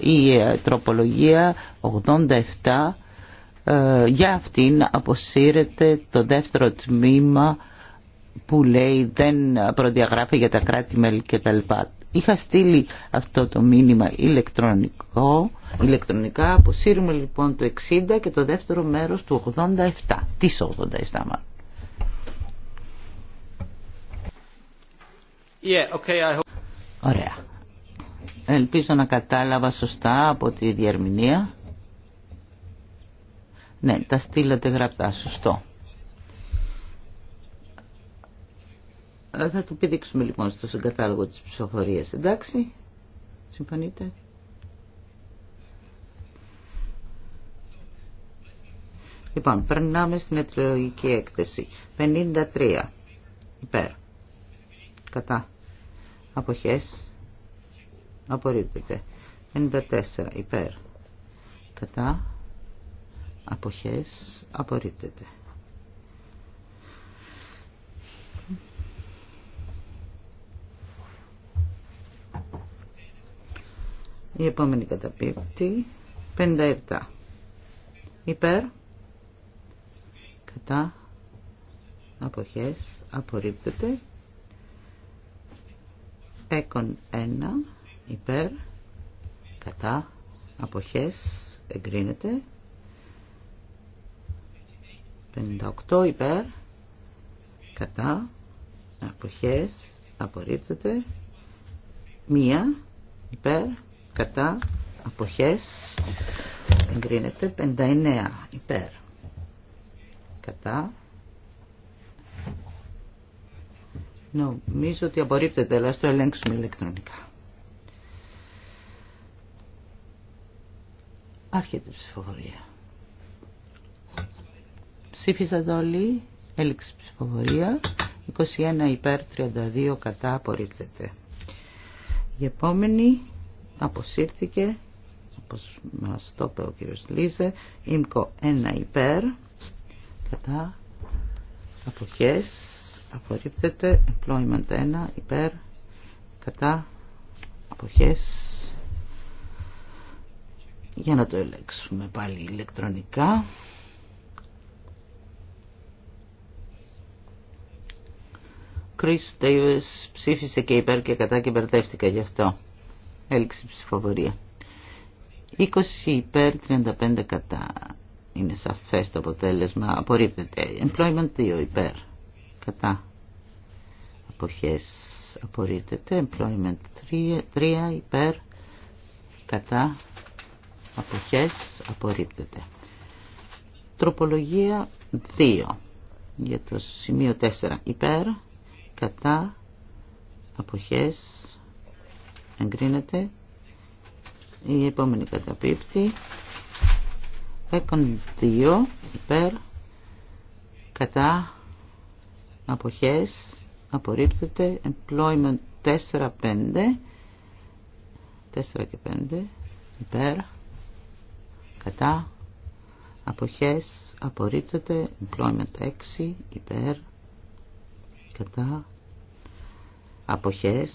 η τροπολογία 87 ε, για αυτήν αποσύρεται το δεύτερο τμήμα που λέει δεν προδιαγράφει για τα κράτη-μέλη κτλ. Είχα στείλει αυτό το μήνυμα ηλεκτρονικό, ηλεκτρονικά, αποσύρουμε λοιπόν το 60 και το δεύτερο μέρος του 87, της 87 μάλλον. Yeah, okay, Ωραία. Ελπίζω να κατάλαβα σωστά από τη διερμηνία. Ναι, τα στείλατε γραπτά, σωστό. Ε, θα του πηδήξουμε λοιπόν στο συγκατάλογο της ψηφοφορίας, εντάξει. Συμφωνείτε. Λοιπόν, περνάμε στην ετρολογική έκθεση. 53. Υπέρ. Κατά. Αποχές. Απορρίπτεται. 54. Υπέρ. Κατά αποχές απορρίπτεται. Η επόμενη καταπίπτη 57. Υπέρ, κατά, αποχές, απορρίπτεται. Έκον 1, υπέρ, κατά, αποχές, εγκρίνεται. 58 υπέρ κατά αποχές απορρίπτεται μία υπέρ κατά αποχές εγκρίνεται 59 υπέρ κατά νομίζω ότι απορρίπτεται αλλά στο ελέγξουμε ηλεκτρονικά άρχεται η ψηφοφορία Ψήφισαν όλοι. Έλεξη ψηφοφορία. 21 υπέρ 32 κατά απορρίπτεται. Η επόμενη αποσύρθηκε, όπως μας το είπε ο κύριος Λίζε, ΙΜΚΟ 1 υπέρ κατά αποχές απορρίπτεται. Employment 1 υπέρ κατά αποχές για να το ελέγξουμε πάλι ηλεκτρονικά. Chris Davis ψήφισε και υπέρ και κατά και μπερδεύτηκα γι' αυτό. Έλξη ψηφοφορία. 20 υπέρ, 35 κατά. Είναι σαφές το αποτέλεσμα. Απορρίπτεται. Employment 2 υπέρ. Κατά. Αποχές. Απορρίπτεται. Employment 3, 3 υπέρ. Κατά. Αποχές. Απορρίπτεται. Τροπολογία 2 για το σημείο 4 υπέρ κατά αποχές εγκρίνεται η επόμενη καταπίπτει έκον 2 υπέρ κατά αποχές απορρίπτεται employment 4-5 4 και 5 υπέρ κατά αποχές απορρίπτεται employment 6 υπέρ κατά αποχές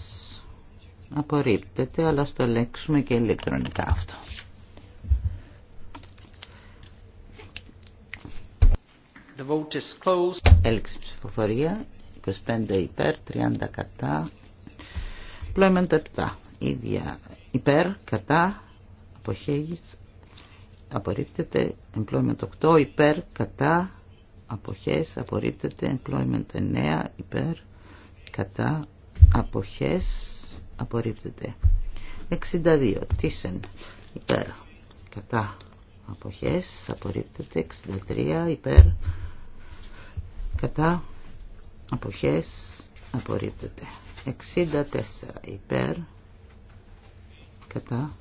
απορρίπτεται αλλά στο λέξουμε και ηλεκτρονικά αυτό The vote is closed. ψηφοφορία 25 υπέρ 30 κατά Employment 7 ίδια υπέρ κατά αποχές απορρίπτεται Employment 8 υπέρ κατά αποχές απορρίπτεται Employment 9 υπέρ κατά αποχές απορρίπτεται 62 τίσεν υπέρ κατά αποχές απορρίπτεται 63 υπέρ κατά αποχές απορρίπτεται 64 υπέρ κατά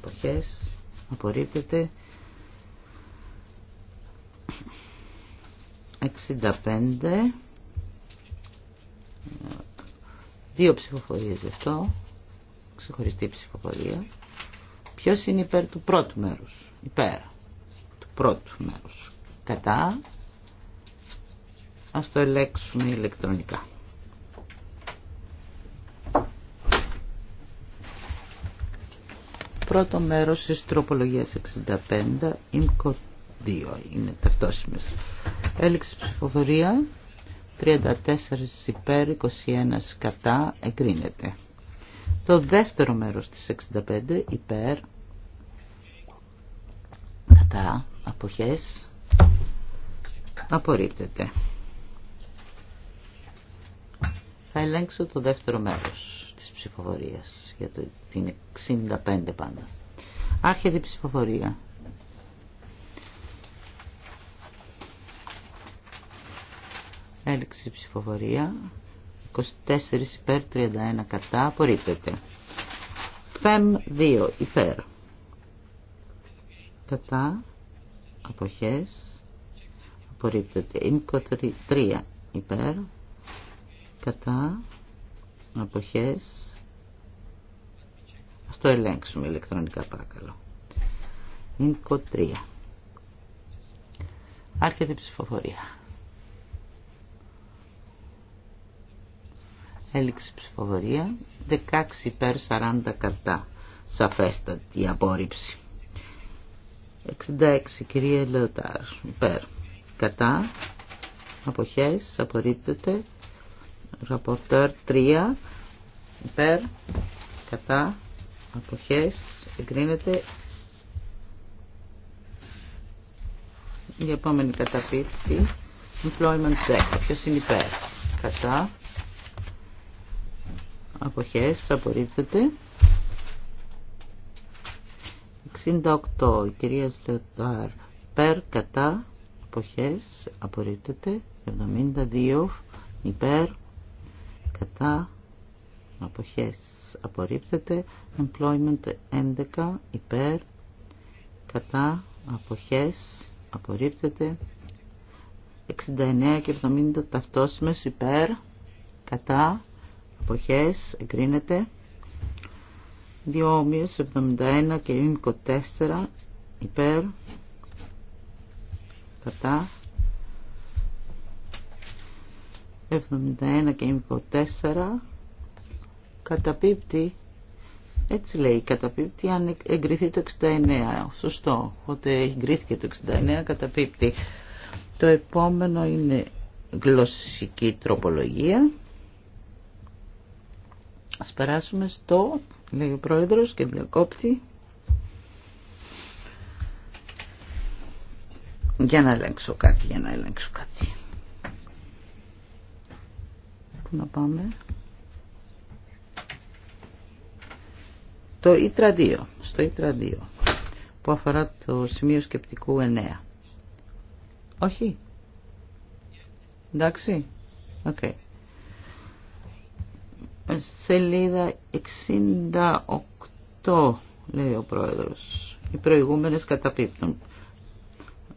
αποχές απορρίπτεται 65 Δύο ψηφοφορίες γι' αυτό. Ξεχωριστή ψηφοφορία. Ποιος είναι υπέρ του πρώτου μέρους. Υπέρ του πρώτου μέρους. Κατά. Ας το ελέξουμε ηλεκτρονικά. Πρώτο μέρος της τροπολογίας 65, ΙΜΚΟ 2, είναι ταυτόσιμες. Έλεξη ψηφοφορία. 34 υπέρ, 21 κατά, εγκρίνεται. Το δεύτερο μέρος της 65 υπέρ, κατά, αποχές, απορρίπτεται. Θα ελέγξω το δεύτερο μέρος της ψηφοφορίας για το, την 65 πάντα. Άρχεται η ψηφοφορία. Έληξη ψηφοφορία. 24 υπέρ, 31 κατά. Απορρίπτεται. ΦΕΜ 2 υπέρ. Κατά. Αποχές. Απορρίπτεται. ΙΜΚΟ 3 υπέρ. Κατά. Αποχές. Ας το ελέγξουμε ηλεκτρονικά παρακαλώ. ΙΜΚΟ 3. Άρχεται η ψηφοφορία. Έληξη ψηφοφορία. 16 υπέρ 40 κατά. Σαφέστατη απόρριψη. 66 κυρία Λεωτάρ. Υπέρ. Κατά. Αποχές. Απορρίπτεται. Ραπορτέρ 3. Υπέρ. Κατά. Αποχές. Εγκρίνεται. Η επόμενη καταπίπτει. Employment check. Ποιος είναι υπέρ. Κατά αποχές απορρίπτεται 68 κυρία Λεωτάρ υπέρ κατά αποχές απορρίπτεται 72 υπέρ κατά αποχές απορρίπτεται employment 11 υπέρ κατά αποχές απορρίπτεται 69 και 70 ταυτόσιμες υπέρ κατά αποχές εγκρίνεται. 2,71 71 και 24 4 υπέρ κατά 71 και 24 4 καταπίπτει έτσι λέει, καταπίπτει αν εγκριθεί το 69. Σωστό, ότι εγκρίθηκε το 69, καταπίπτει. Το επόμενο είναι γλωσσική τροπολογία. Ας περάσουμε στο, λέει ο πρόεδρος και διακόπτη, για να ελέγξω κάτι, για να ελέγξω κάτι. Πού να πάμε. Το ΙΤΡΑ 2, στο ΙΤΡΑ 2, που αφορά το σημείο σκεπτικού 9. Όχι. Εντάξει. Οκ. Okay. Σελίδα 68 λέει ο πρόεδρος. Οι προηγούμενες καταπίπτουν.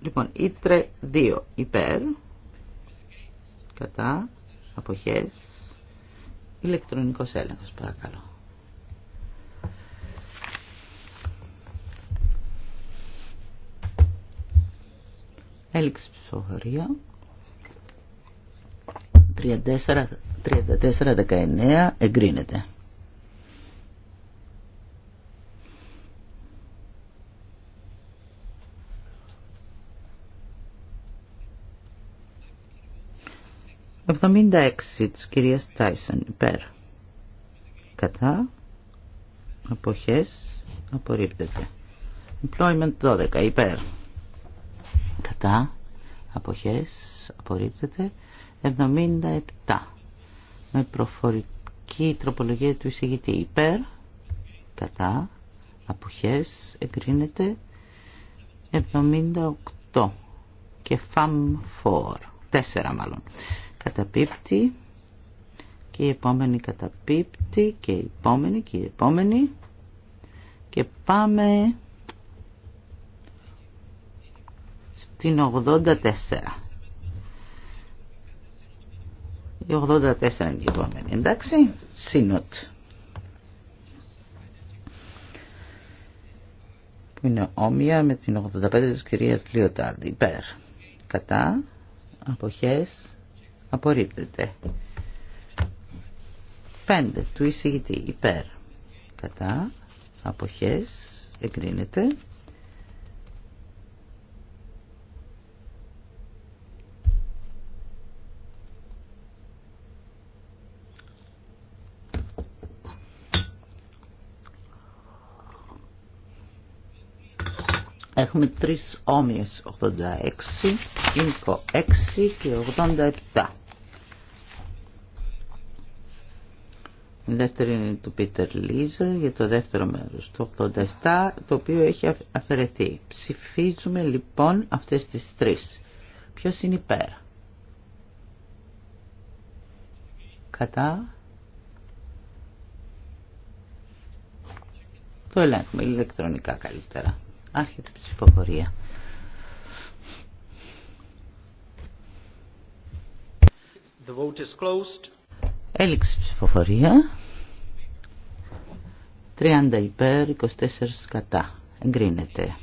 Λοιπόν, ήτρε 2 υπέρ, κατά, αποχές, ηλεκτρονικός έλεγχος παρακαλώ. Έληξη ψηφοφορία. 34 34-19 εγκρίνεται. 76 έξι της κυρίας Τάισον υπέρ. Κατά. Αποχές. Απορρίπτεται. Employment 12 υπέρ. Κατά. Αποχές. Απορρίπτεται. 77 με προφορική τροπολογία του εισηγητή υπέρ, κατά, αποχές, εγκρίνεται 78 και φαμ 4, 4 μάλλον, καταπίπτει και η επόμενη καταπίπτει και η επόμενη και η επόμενη και πάμε στην 84 η 84 είναι η Εντάξει. Σύνοτ. Που είναι όμοια με την 85 της κυρίας Λιωτάρδη. Υπέρ. Κατά. Αποχές. Απορρίπτεται. 5 του εισηγητή. Υπέρ. Κατά. Αποχές. Εγκρίνεται. Έχουμε τρεις όμοιες 86, 6 και 87. Η δεύτερη είναι του Πίτερ Λίζα για το δεύτερο μέρος, του 87, το οποίο έχει αφαιρεθεί. Ψηφίζουμε λοιπόν αυτές τις τρεις. Ποιος είναι υπέρ. Κατά. Το ελέγχουμε ηλεκτρονικά καλύτερα. Άρχεται η ψηφοφορία. The vote is closed. Έληξη ψηφοφορία. 30 υπέρ, 24 κατά. Εγκρίνεται.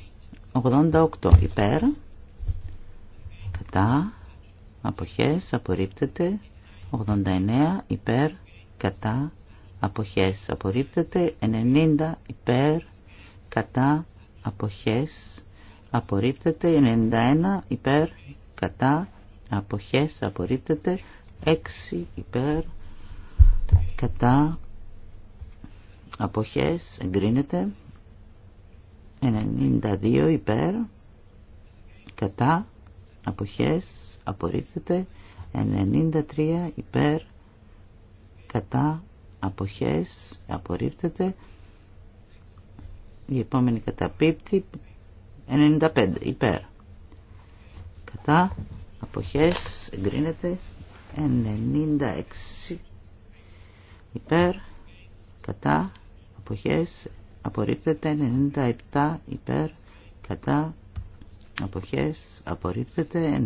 88 υπέρ, κατά, αποχές, απορρίπτεται. 89 υπέρ, κατά, αποχές, απορρίπτεται. 90 υπέρ, κατά, αποχές απορρίπτεται 91 υπέρ κατά αποχές απορρίπτεται 6 υπέρ κατά αποχές εγκρίνεται 92 υπέρ κατά αποχές απορρίπτεται 93 υπέρ κατά αποχές απορρίπτεται η επόμενη καταπίπτει 95 υπέρ. Κατά αποχές εγκρίνεται 96 υπέρ. Κατά αποχές απορρίπτεται 97 υπέρ. Κατά αποχές απορρίπτεται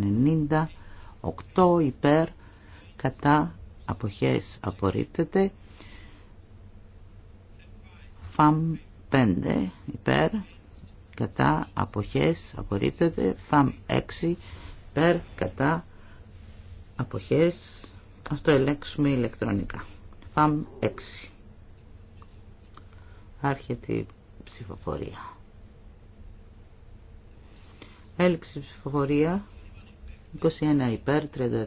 98 υπέρ. Κατά αποχές απορρίπτεται. Φαμ 5 υπέρ κατά αποχές απορρίπτεται φαμ 6 υπέρ κατά αποχές ας το ελέγξουμε ηλεκτρονικά φαμ 6 άρχεται η ψηφοφορία έλεξη ψηφοφορία 21 υπέρ 34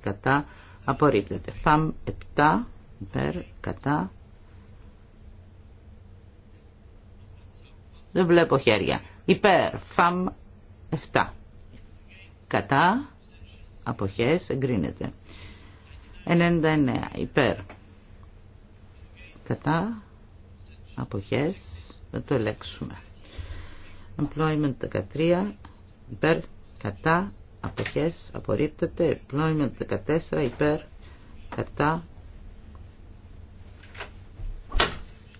κατά απορρίπτεται φαμ 7 υπέρ κατά Δεν βλέπω χέρια. Υπέρ. Φαμ 7. Κατά. Αποχές. Εγκρίνεται. 99. Υπέρ. Κατά. Αποχές. Θα το ελέξουμε. Employment 13. Υπέρ. Κατά. Αποχές. Απορρίπτεται. Employment 14. Υπέρ. Κατά.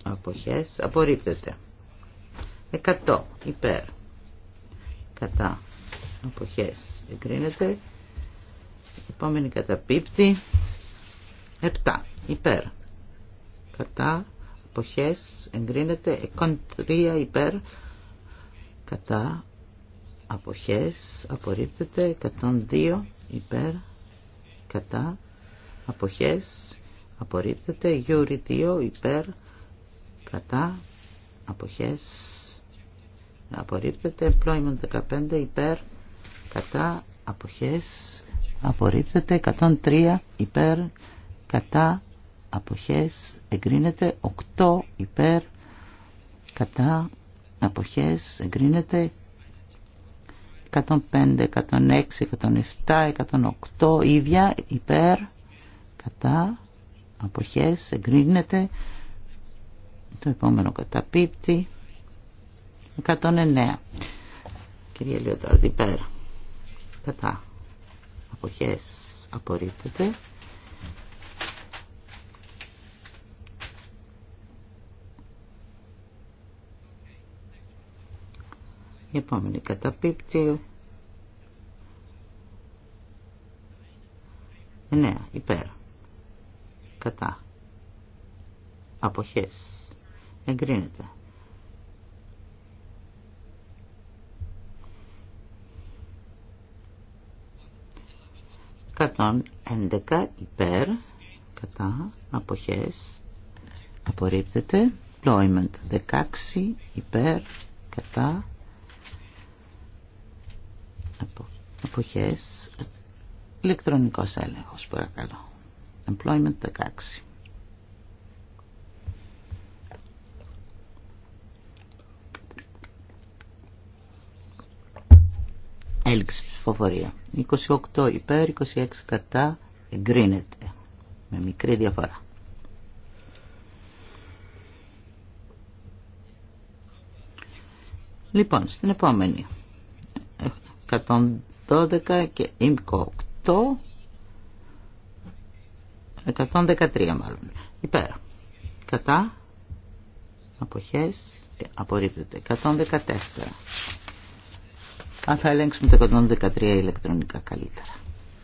Αποχές. Απορρίπτεται. 100 υπέρ κατά αποχές εγκρίνεται επόμενη καταπίπτει 7 υπέρ κατά αποχές εγκρίνεται εκόν 3 υπέρ κατά αποχές απορρίπτεται 102 υπέρ κατά αποχές απορρίπτεται γιούρι 2 υπέρ κατά αποχές απορρίπτεται employment 15 υπέρ κατά αποχές απορρίπτεται 103 υπέρ κατά αποχές εγκρίνεται 8 υπέρ κατά αποχές εγκρίνεται 105, 106, 107, 108 ίδια υπέρ κατά αποχές εγκρίνεται το επόμενο καταπίπτει 109. Κυρία Λιωτάρδη, πέρα. Κατά. Αποχές απορρίπτεται. Η επόμενη καταπίπτει. 9. Υπέρ. Κατά. Αποχές. Εγκρίνεται. 111 υπέρ κατά αποχές απορρίπτεται employment 16 υπέρ κατά απο, αποχές ηλεκτρονικός έλεγχος παρακαλώ employment 16 28 υπέρ, 26 κατά, εγκρίνεται. Με μικρή διαφορά. Λοιπόν, στην επόμενη. 112 και ΙΜΚΟ 113 μάλλον. Υπέρ. Κατά. Αποχές. Απορρίπτεται. 114. Αν θα ελέγξουμε το 113 ηλεκτρονικά καλύτερα.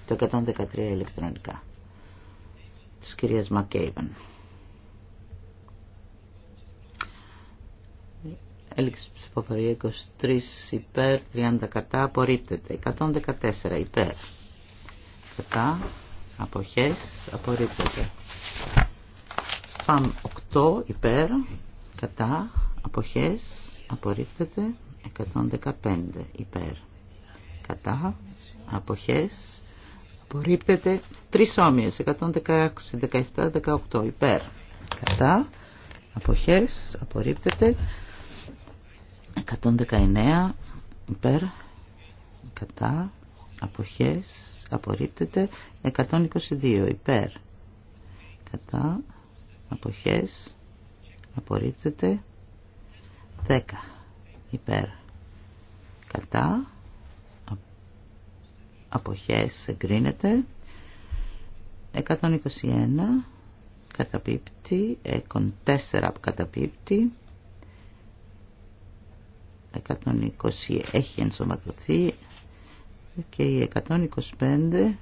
Το 113 ηλεκτρονικά. Της κυρίας Μακέιβεν. Έλεξη ψηφοφορία 23 υπέρ, 30 κατά, απορρίπτεται. 114 υπέρ. Κατά, αποχές, απορρίπτεται. Πάμε 8 υπέρ, κατά, αποχές, απορρίπτεται. 115 υπέρ. Κατά αποχές απορρίπτεται τρεις όμοιες 116, 17, 18 υπέρ. Κατά αποχές απορρίπτεται 119 υπέρ. Κατά αποχές απορρίπτεται 122 υπέρ. Κατά αποχές απορρίπτεται 10 υπέρ κατά αποχές εγκρίνεται 121 καταπίπτει 4 καταπίπτει 120 έχει ενσωματωθεί και η 125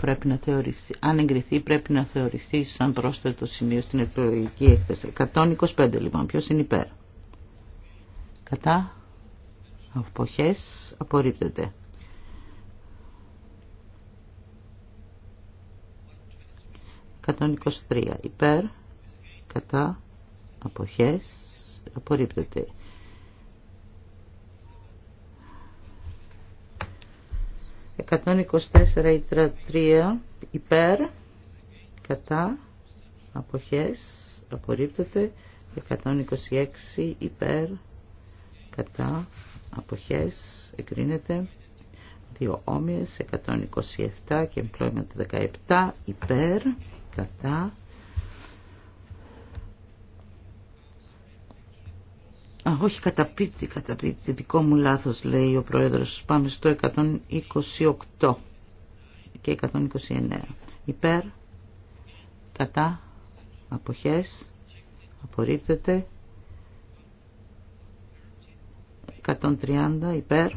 πρέπει να θεωρηθεί, αν εγκριθεί πρέπει να θεωρηθεί σαν πρόσθετο σημείο στην εκλογική έκθεση. 125 λοιπόν, ποιος είναι υπέρ. Κατά αποχές απορρίπτεται. 123 υπέρ, κατά αποχές απορρίπτεται. 124 ή 3 υπέρ, κατά, αποχές, απορρίπτεται. 126 υπέρ, κατά, αποχές, εγκρίνεται. Δύο όμοιες, 127 και employment 17 υπέρ, κατά, Α, όχι καταπίπτει, καταπίπτει, δικό μου λάθος λέει ο Πρόεδρος. Πάμε στο 128 και 129. Υπέρ, κατά, αποχές, απορρίπτεται. 130 υπέρ.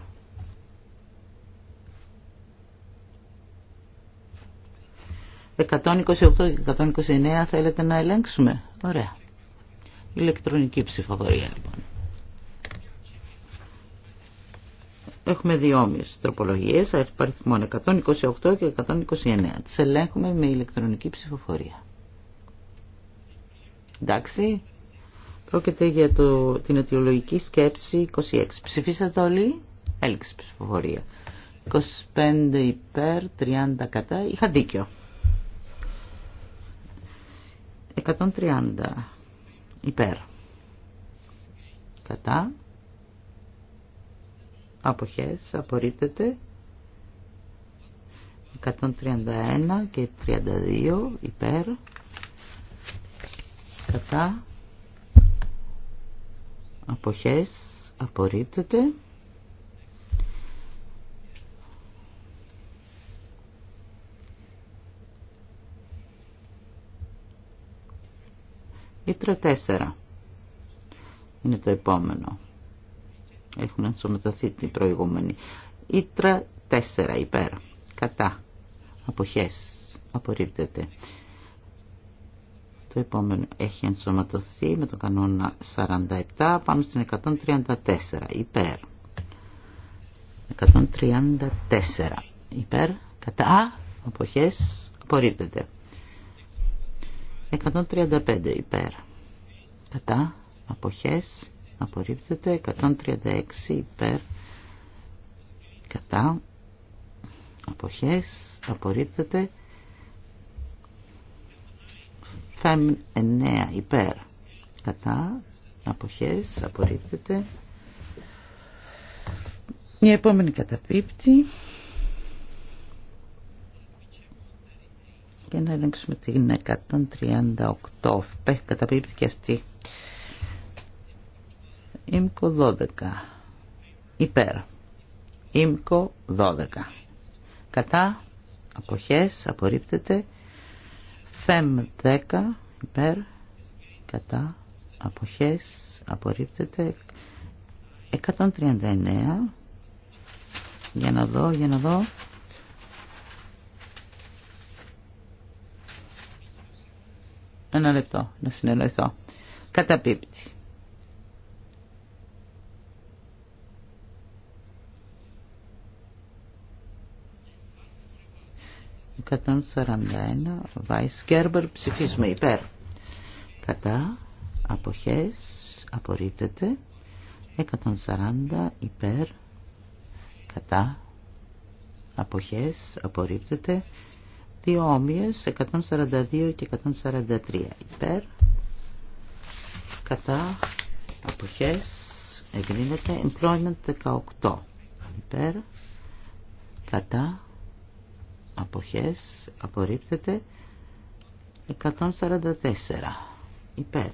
128 και 129 θέλετε να ελέγξουμε. Ωραία. Ηλεκτρονική ψηφοφορία λοιπόν. Έχουμε δύο όμοιες τροπολογίες, αριθμών 128 και 129. Τις ελέγχουμε με ηλεκτρονική ψηφοφορία. Εντάξει, πρόκειται για την αιτιολογική σκέψη 26. Ψηφίσατε όλοι, έλξη ψηφοφορία. 25 υπέρ, 30 κατά, είχα δίκιο. 130 υπέρ. Κατά αποχές απορρίπτεται 131 και 32 υπέρ κατά αποχές απορρίπτεται Ήτρα 4 είναι το επόμενο. Έχουν ενσωματωθεί την προηγούμενη. Ήτρα 4 υπέρ. Κατά. Αποχές. Απορρίπτεται. Το επόμενο έχει ενσωματωθεί με τον κανόνα 47. Πάμε στην 134 υπέρ. 134 υπέρ. Κατά. Αποχές. Απορρίπτεται. 135 υπέρ. Κατά. Αποχές απορρίπτεται 136 υπέρ κατά αποχές απορρίπτεται φέμ 9 υπέρ κατά αποχές απορρίπτεται η επόμενη καταπίπτει και να ελέγξουμε την 138 καταπίπτει και αυτή Ήμκο 12. Υπέρ. Ήμκο 12. Κατά. Αποχές. Απορρίπτεται. Φεμ 10. Υπέρ. Κατά. Αποχές. Απορρίπτεται. 139. Για να δω, για να δω. Ένα λεπτό, να συνεννοηθώ. Καταπίπτει. 141 Βάις Κέρμπερ ψηφίσουμε υπέρ κατά αποχές απορρίπτεται 140 υπέρ κατά αποχές απορρίπτεται δύο όμοιες 142 και 143 υπέρ κατά αποχές εγκρίνεται employment 18 υπέρ κατά αποχές απορρίπτεται 144 υπέρ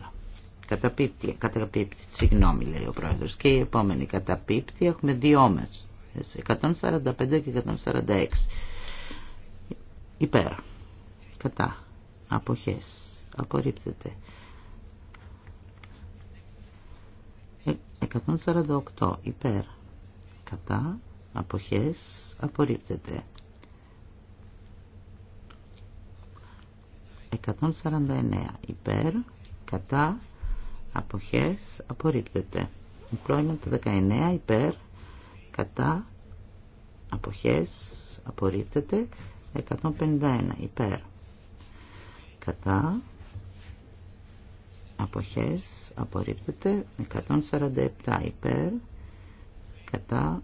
καταπίπτει, καταπίπτει συγγνώμη λέει ο πρόεδρος και η επόμενη καταπίπτει έχουμε δύο όμες 145 και 146 υπέρ κατά αποχές απορρίπτεται 148 ε, υπέρ κατά αποχές απορρίπτεται 149 υπέρ κατά αποχές απορρίπτεται employment 19 υπέρ κατά αποχές απορρίπτεται 151 υπέρ κατά αποχές απορρίπτεται 147 υπέρ κατά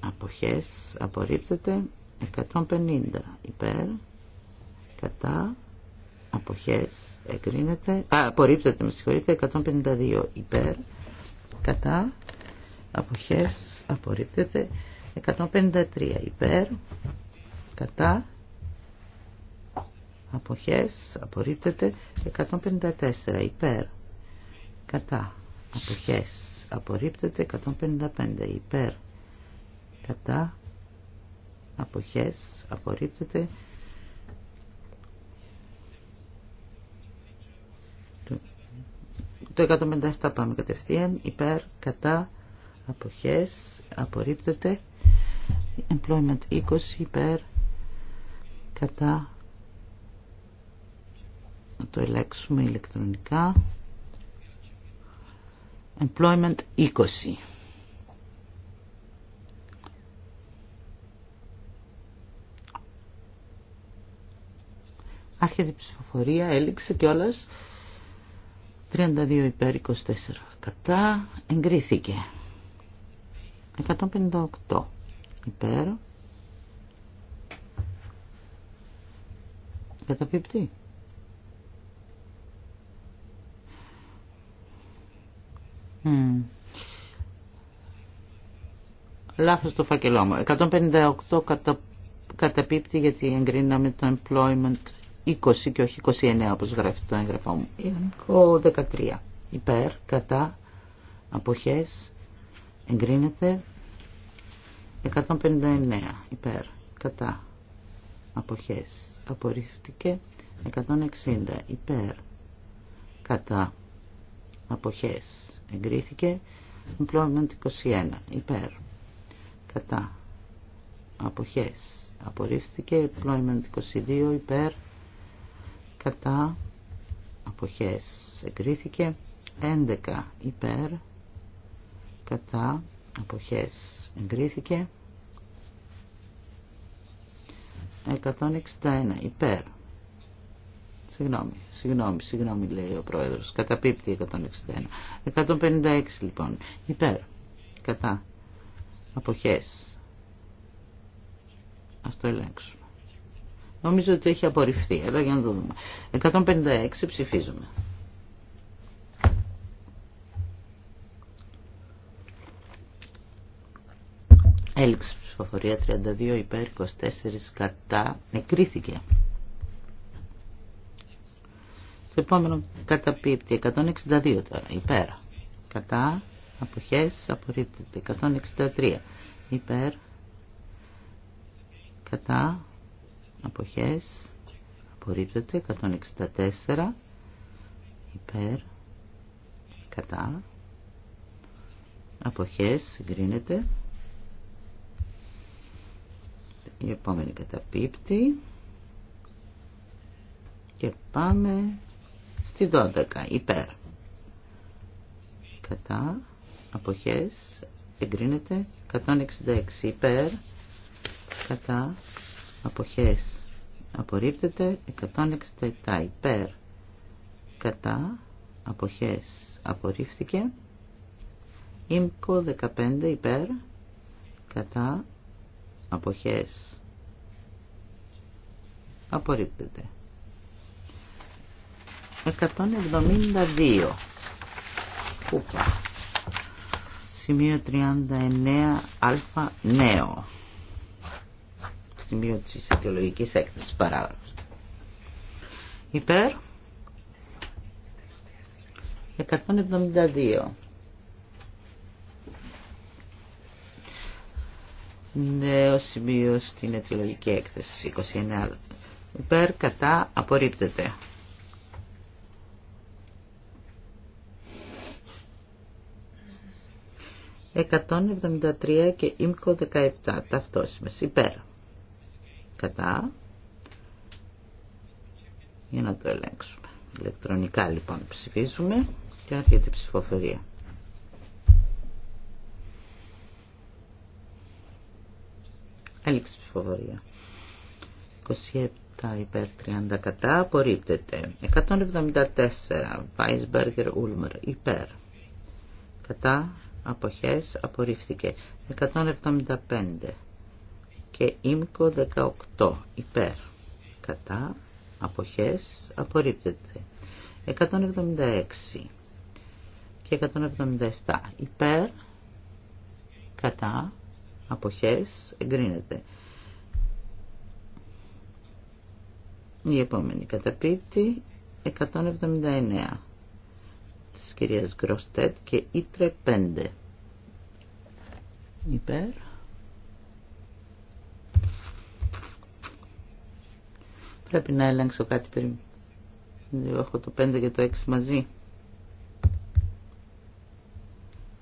αποχές απορρίπτεται 150 υπέρ κατά αποχές εγκρίνεται, α, απορρίπτεται με συγχωρείτε 152 υπέρ κατά αποχές απορρίπτεται 153 υπέρ κατά αποχές απορρίπτεται 154 υπέρ κατά αποχές απορρίπτεται 155 υπέρ κατά αποχές απορρίπτεται Το 157 πάμε κατευθείαν. Υπέρ, κατά, αποχές, απορρίπτεται. Employment 20, υπέρ, κατά. Να το ελέγξουμε ηλεκτρονικά. Employment 20. Άρχεται η ψηφοφορία, έληξε κιόλας. 32 υπέρ 24 κατά εγκρίθηκε 158 υπέρ καταπίπτει mm. λάθος το φακελό μου 158 κατα... καταπίπτει γιατί εγκρίναμε το employment 20 και όχι 29 όπως γράφει το έγγραφό μου. 13. Υπέρ, κατά, αποχές, εγκρίνεται. 159. Υπέρ, κατά, αποχές, απορρίφθηκε. 160. Υπέρ, κατά, αποχές, εγκρίθηκε. Employment 21. Υπέρ, κατά, αποχές, απορρίφθηκε. Employment 22. Υπέρ, κατά αποχές εγκρίθηκε 11 υπέρ κατά αποχές εγκρίθηκε 161 υπέρ Συγγνώμη, συγγνώμη, συγγνώμη λέει ο πρόεδρος. Καταπίπτει 161. 156 λοιπόν. Υπέρ. Κατά. Αποχές. Ας το ελέγξουμε. Νομίζω ότι έχει απορριφθεί. Εδώ για να το δούμε. 156 ψηφίζουμε. Έληξη ψηφοφορία 32 υπέρ 24 κατά. νεκρήθηκε. Το επόμενο καταπίπτει 162 τώρα υπέρ. Κατά. Αποχές απορρίπτεται. 163 υπέρ. Κατά αποχές απορρίπτεται 164 υπέρ κατά αποχές συγκρίνεται η επόμενη καταπίπτει και πάμε στη 12 υπέρ κατά αποχές εγκρίνεται 166 υπέρ κατά αποχές απορρίπτεται 167 υπέρ κατά αποχές απορρίφθηκε ΙΜΚΟ 15 υπέρ κατά αποχές απορρίπτεται 172 σημείο 39 α νέο Πανεπιστημίου της αιτιολογικής έκθεσης παράγραφος. Υπέρ 172. Νέο σημείο στην αιτιολογική έκθεση 29. Υπέρ κατά απορρίπτεται. «173 και ΙΜΚΟ 17 ταυτόσιμες υπέρ» κατά για να το ελέγξουμε. Ηλεκτρονικά λοιπόν ψηφίζουμε και έρχεται η ψηφοφορία. Έληξη ψηφοφορία. 27 υπέρ 30 κατά απορρίπτεται. 174 Weisberger Ulmer υπέρ. Κατά αποχές απορρίφθηκε. 175 και ΙΜΚΟ 18 υπέρ κατά αποχές απορρίπτεται 176 και 177 υπέρ κατά αποχές εγκρίνεται η επόμενη καταπίπτει 179 της κυρίας Γκροστέτ και Ήτρε 5 υπέρ Πρέπει να έλεγξω κάτι πριν. Έχω το 5 και το 6 μαζί.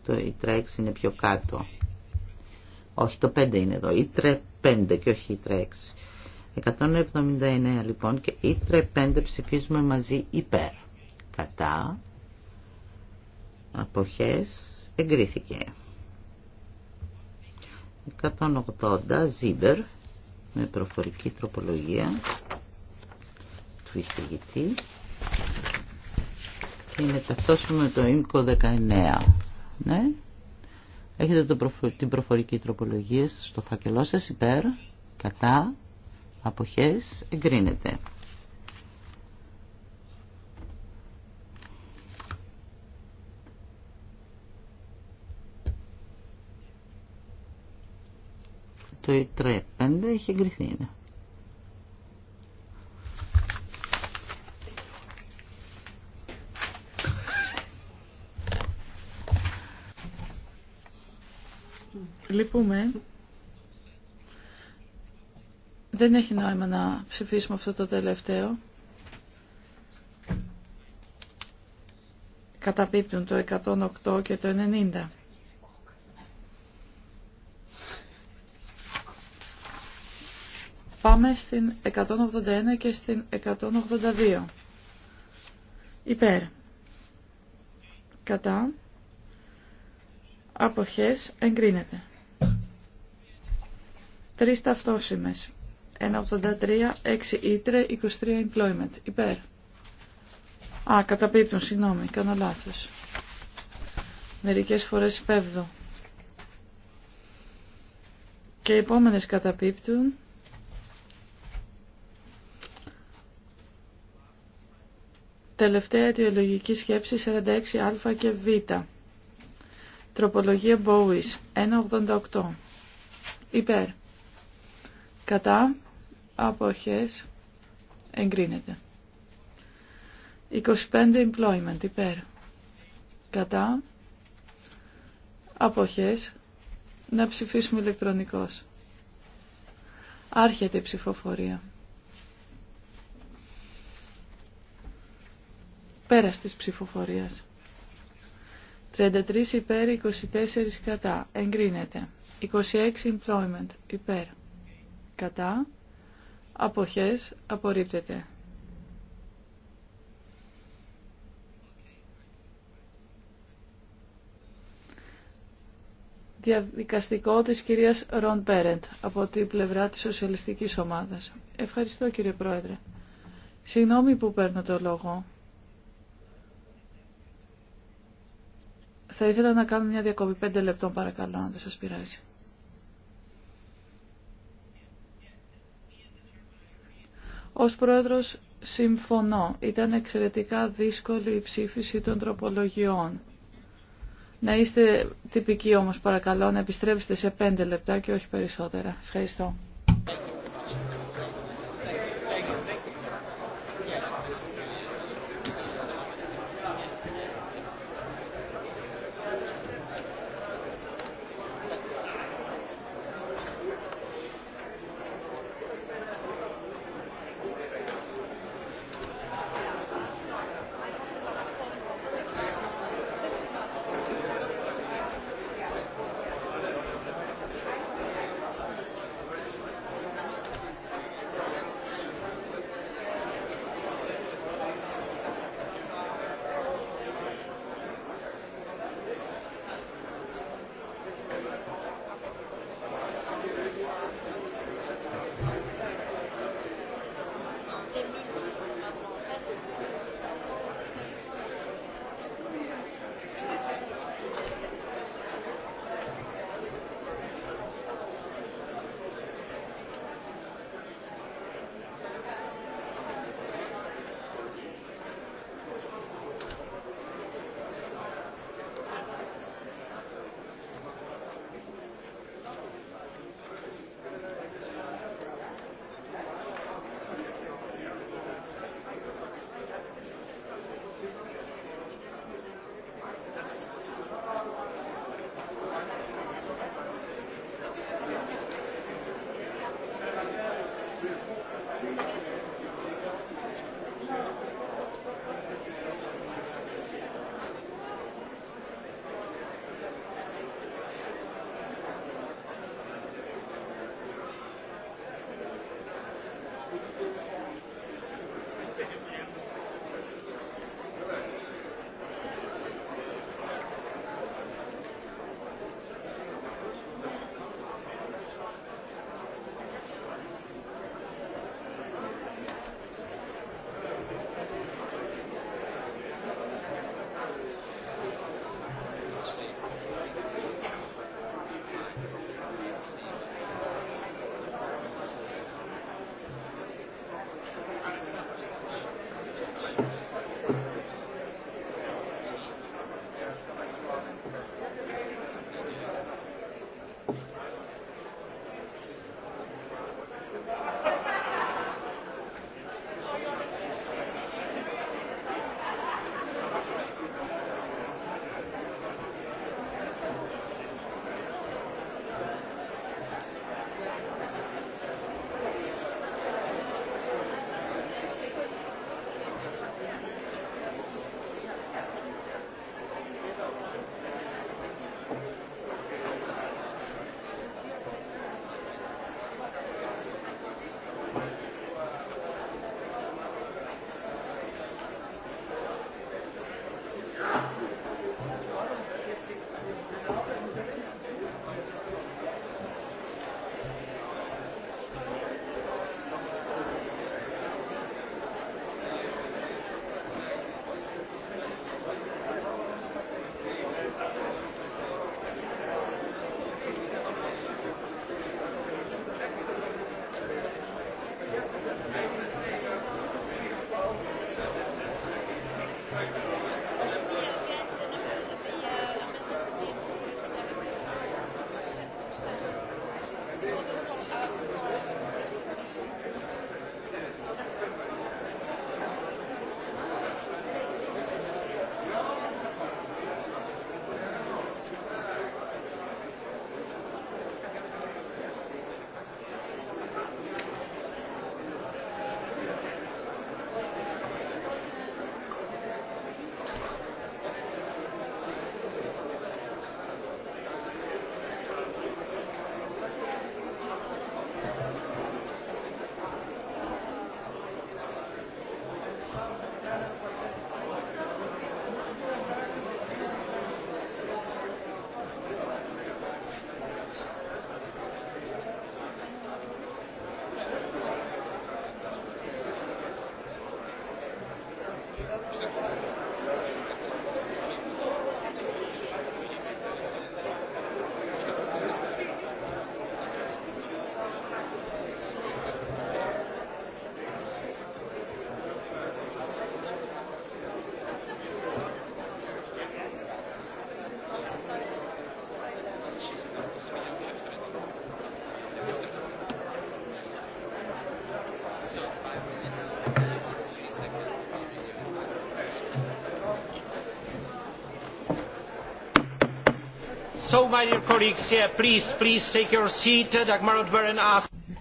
Το ήτρα 6 είναι πιο κάτω. Όχι, το 5 είναι εδώ. ΙΤΡΕ 5 και όχι ητρε 6. 179 λοιπόν και ΙΤΡΕ 5 ψηφίζουμε μαζί υπέρ. Κατά. Αποχές. Εγκρίθηκε. 180 Ζίμπερ με προφορική τροπολογία του εισηγητή και είναι ταυτόσιμο με το ΙΜΚΟ 19. Ναι. Έχετε το προφο... την προφορική τροπολογία στο φακελό σας υπέρ, κατά, αποχές, εγκρίνεται. Το ΙΤΡΕ 5 έχει εγκριθεί. Ναι. Λυπούμε. Δεν έχει νόημα να ψηφίσουμε αυτό το τελευταίο. Καταπίπτουν το 108 και το 90. Πάμε στην 181 και στην 182. Υπέρ. Κατά. Αποχές εγκρίνεται. Τρεις ταυτόσημες. 1.83, 6 ήτρε, 23 employment. Υπέρ. Α, καταπίπτουν, συγγνώμη, κάνω λάθος. Μερικές φορές πέβδω. Και οι επόμενες καταπίπτουν. Τελευταία αιτιολογική σκέψη 46α και β. Τροπολογία Bowies 1.88. Υπέρ κατά αποχές εγκρίνεται. 25 employment υπέρ κατά αποχές να ψηφίσουμε ηλεκτρονικός. Άρχεται η ψηφοφορία. Πέρας της ψηφοφορίας. 33 υπέρ, 24 κατά. Εγκρίνεται. 26 employment υπέρ κατά, αποχές, απορρίπτεται. διαδικαστικό της κυρίας Ρον Πέρεντ από την πλευρά της Σοσιαλιστικής Ομάδας. Ευχαριστώ κύριε Πρόεδρε. Συγγνώμη που παίρνω το λόγο. Θα ήθελα να κάνω μια διακοπή πέντε λεπτών παρακαλώ αν δεν σας πειράζει. Ως πρόεδρος συμφωνώ. Ήταν εξαιρετικά δύσκολη η ψήφιση των τροπολογιών. Να είστε τυπικοί όμως παρακαλώ, να επιστρέψετε σε πέντε λεπτά και όχι περισσότερα. Ευχαριστώ.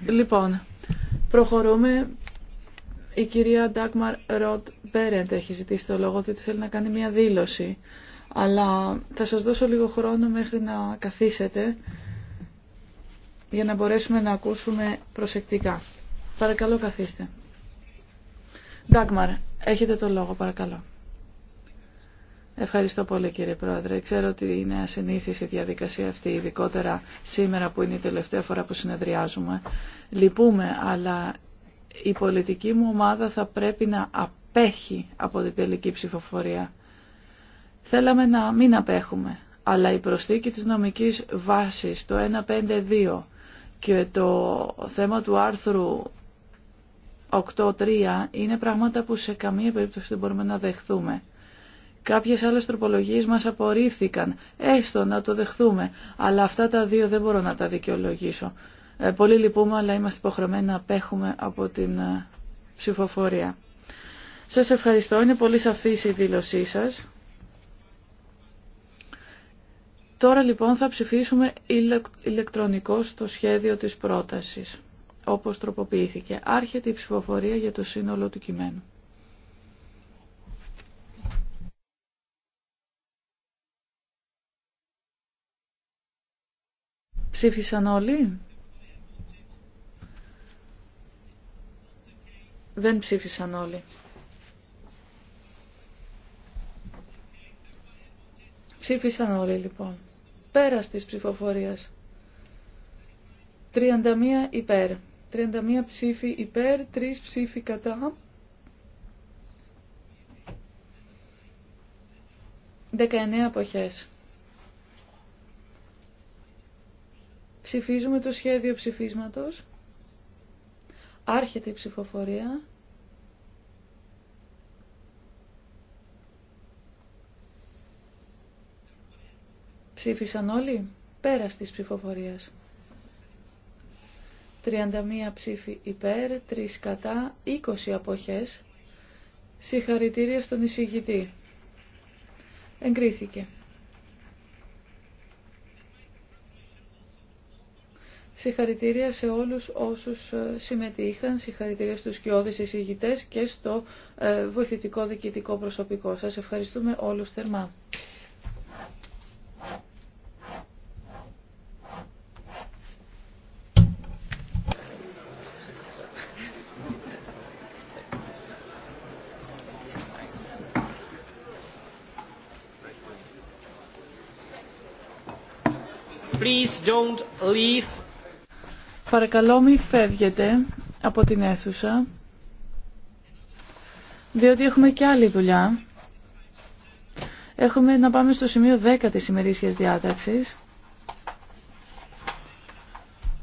Λοιπόν, προχωρούμε. Η κυρία Ντάκμαρ Ροτ Μπέρεντ έχει ζητήσει το λόγο, διότι θέλει να κάνει μια δήλωση. Αλλά θα σας δώσω λίγο χρόνο μέχρι να καθίσετε, για να μπορέσουμε να ακούσουμε προσεκτικά. Παρακαλώ καθίστε. Ντάκμαρ, έχετε το λόγο, παρακαλώ. Ευχαριστώ πολύ κύριε Πρόεδρε. Ξέρω ότι είναι ασυνήθιση η διαδικασία αυτή, ειδικότερα σήμερα που είναι η τελευταία φορά που συνεδριάζουμε. Λυπούμε, αλλά η πολιτική μου ομάδα θα πρέπει να απέχει από την τελική ψηφοφορία. Θέλαμε να μην απέχουμε, αλλά η προσθήκη της νομικής βάσης, το 152 και το θέμα του άρθρου 8.3 είναι πράγματα που σε καμία περίπτωση δεν μπορούμε να δεχθούμε. Κάποιες άλλες τροπολογίες μας απορρίφθηκαν, έστω να το δεχθούμε, αλλά αυτά τα δύο δεν μπορώ να τα δικαιολογήσω. Ε, πολύ λυπούμε, αλλά είμαστε υποχρεωμένοι να απέχουμε από την ε, ψηφοφορία. Σας ευχαριστώ, είναι πολύ σαφής η δήλωσή σας. Τώρα λοιπόν θα ψηφίσουμε ηλεκτρονικό το σχέδιο της πρότασης, όπως τροποποιήθηκε. Άρχεται η ψηφοφορία για το σύνολο του κειμένου. Ψήφισαν όλοι. Δεν ψήφισαν όλοι. Ψήφισαν όλοι λοιπόν. Πέρα της ψηφοφορίας. 31 υπέρ. 31 ψήφοι υπέρ, 3 ψήφοι κατά. 19 αποχές. Ψηφίζουμε το σχέδιο ψηφίσματος. Άρχεται η ψηφοφορία. Ψήφισαν όλοι. Πέρας της ψηφοφορίας. 31 ψήφοι υπέρ, 3 κατά, 20 αποχές. Συγχαρητήρια στον εισηγητή. Εγκρίθηκε. Συγχαρητήρια σε όλους όσους ε, συμμετείχαν, συγχαρητήρια στους κοιόδης εισηγητές και στο ε, βοηθητικό διοικητικό προσωπικό. Σας ευχαριστούμε όλους θερμά. Please don't leave. Παρακαλώ μη φεύγετε από την αίθουσα, διότι έχουμε και άλλη δουλειά. Έχουμε να πάμε στο σημείο 10 της ημερήσιας διάταξης.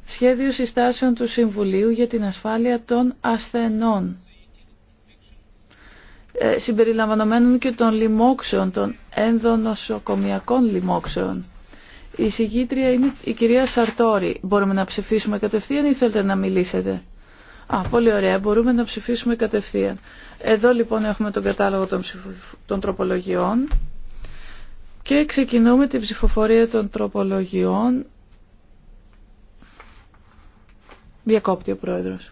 Σχέδιο συστάσεων του Συμβουλίου για την ασφάλεια των ασθενών. Ε, συμπεριλαμβανομένων και των λοιμόξεων, των ενδονοσοκομιακών λοιμόξεων. Η συγκήτρια είναι η κυρία Σαρτόρη. Μπορούμε να ψηφίσουμε κατευθείαν ή θέλετε να μιλήσετε. Α, πολύ ωραία. Μπορούμε να ψηφίσουμε κατευθείαν. Εδώ λοιπόν έχουμε τον κατάλογο των, των τροπολογιών και ξεκινούμε την ψηφοφορία των τροπολογιών. Διακόπτει ο Πρόεδρος.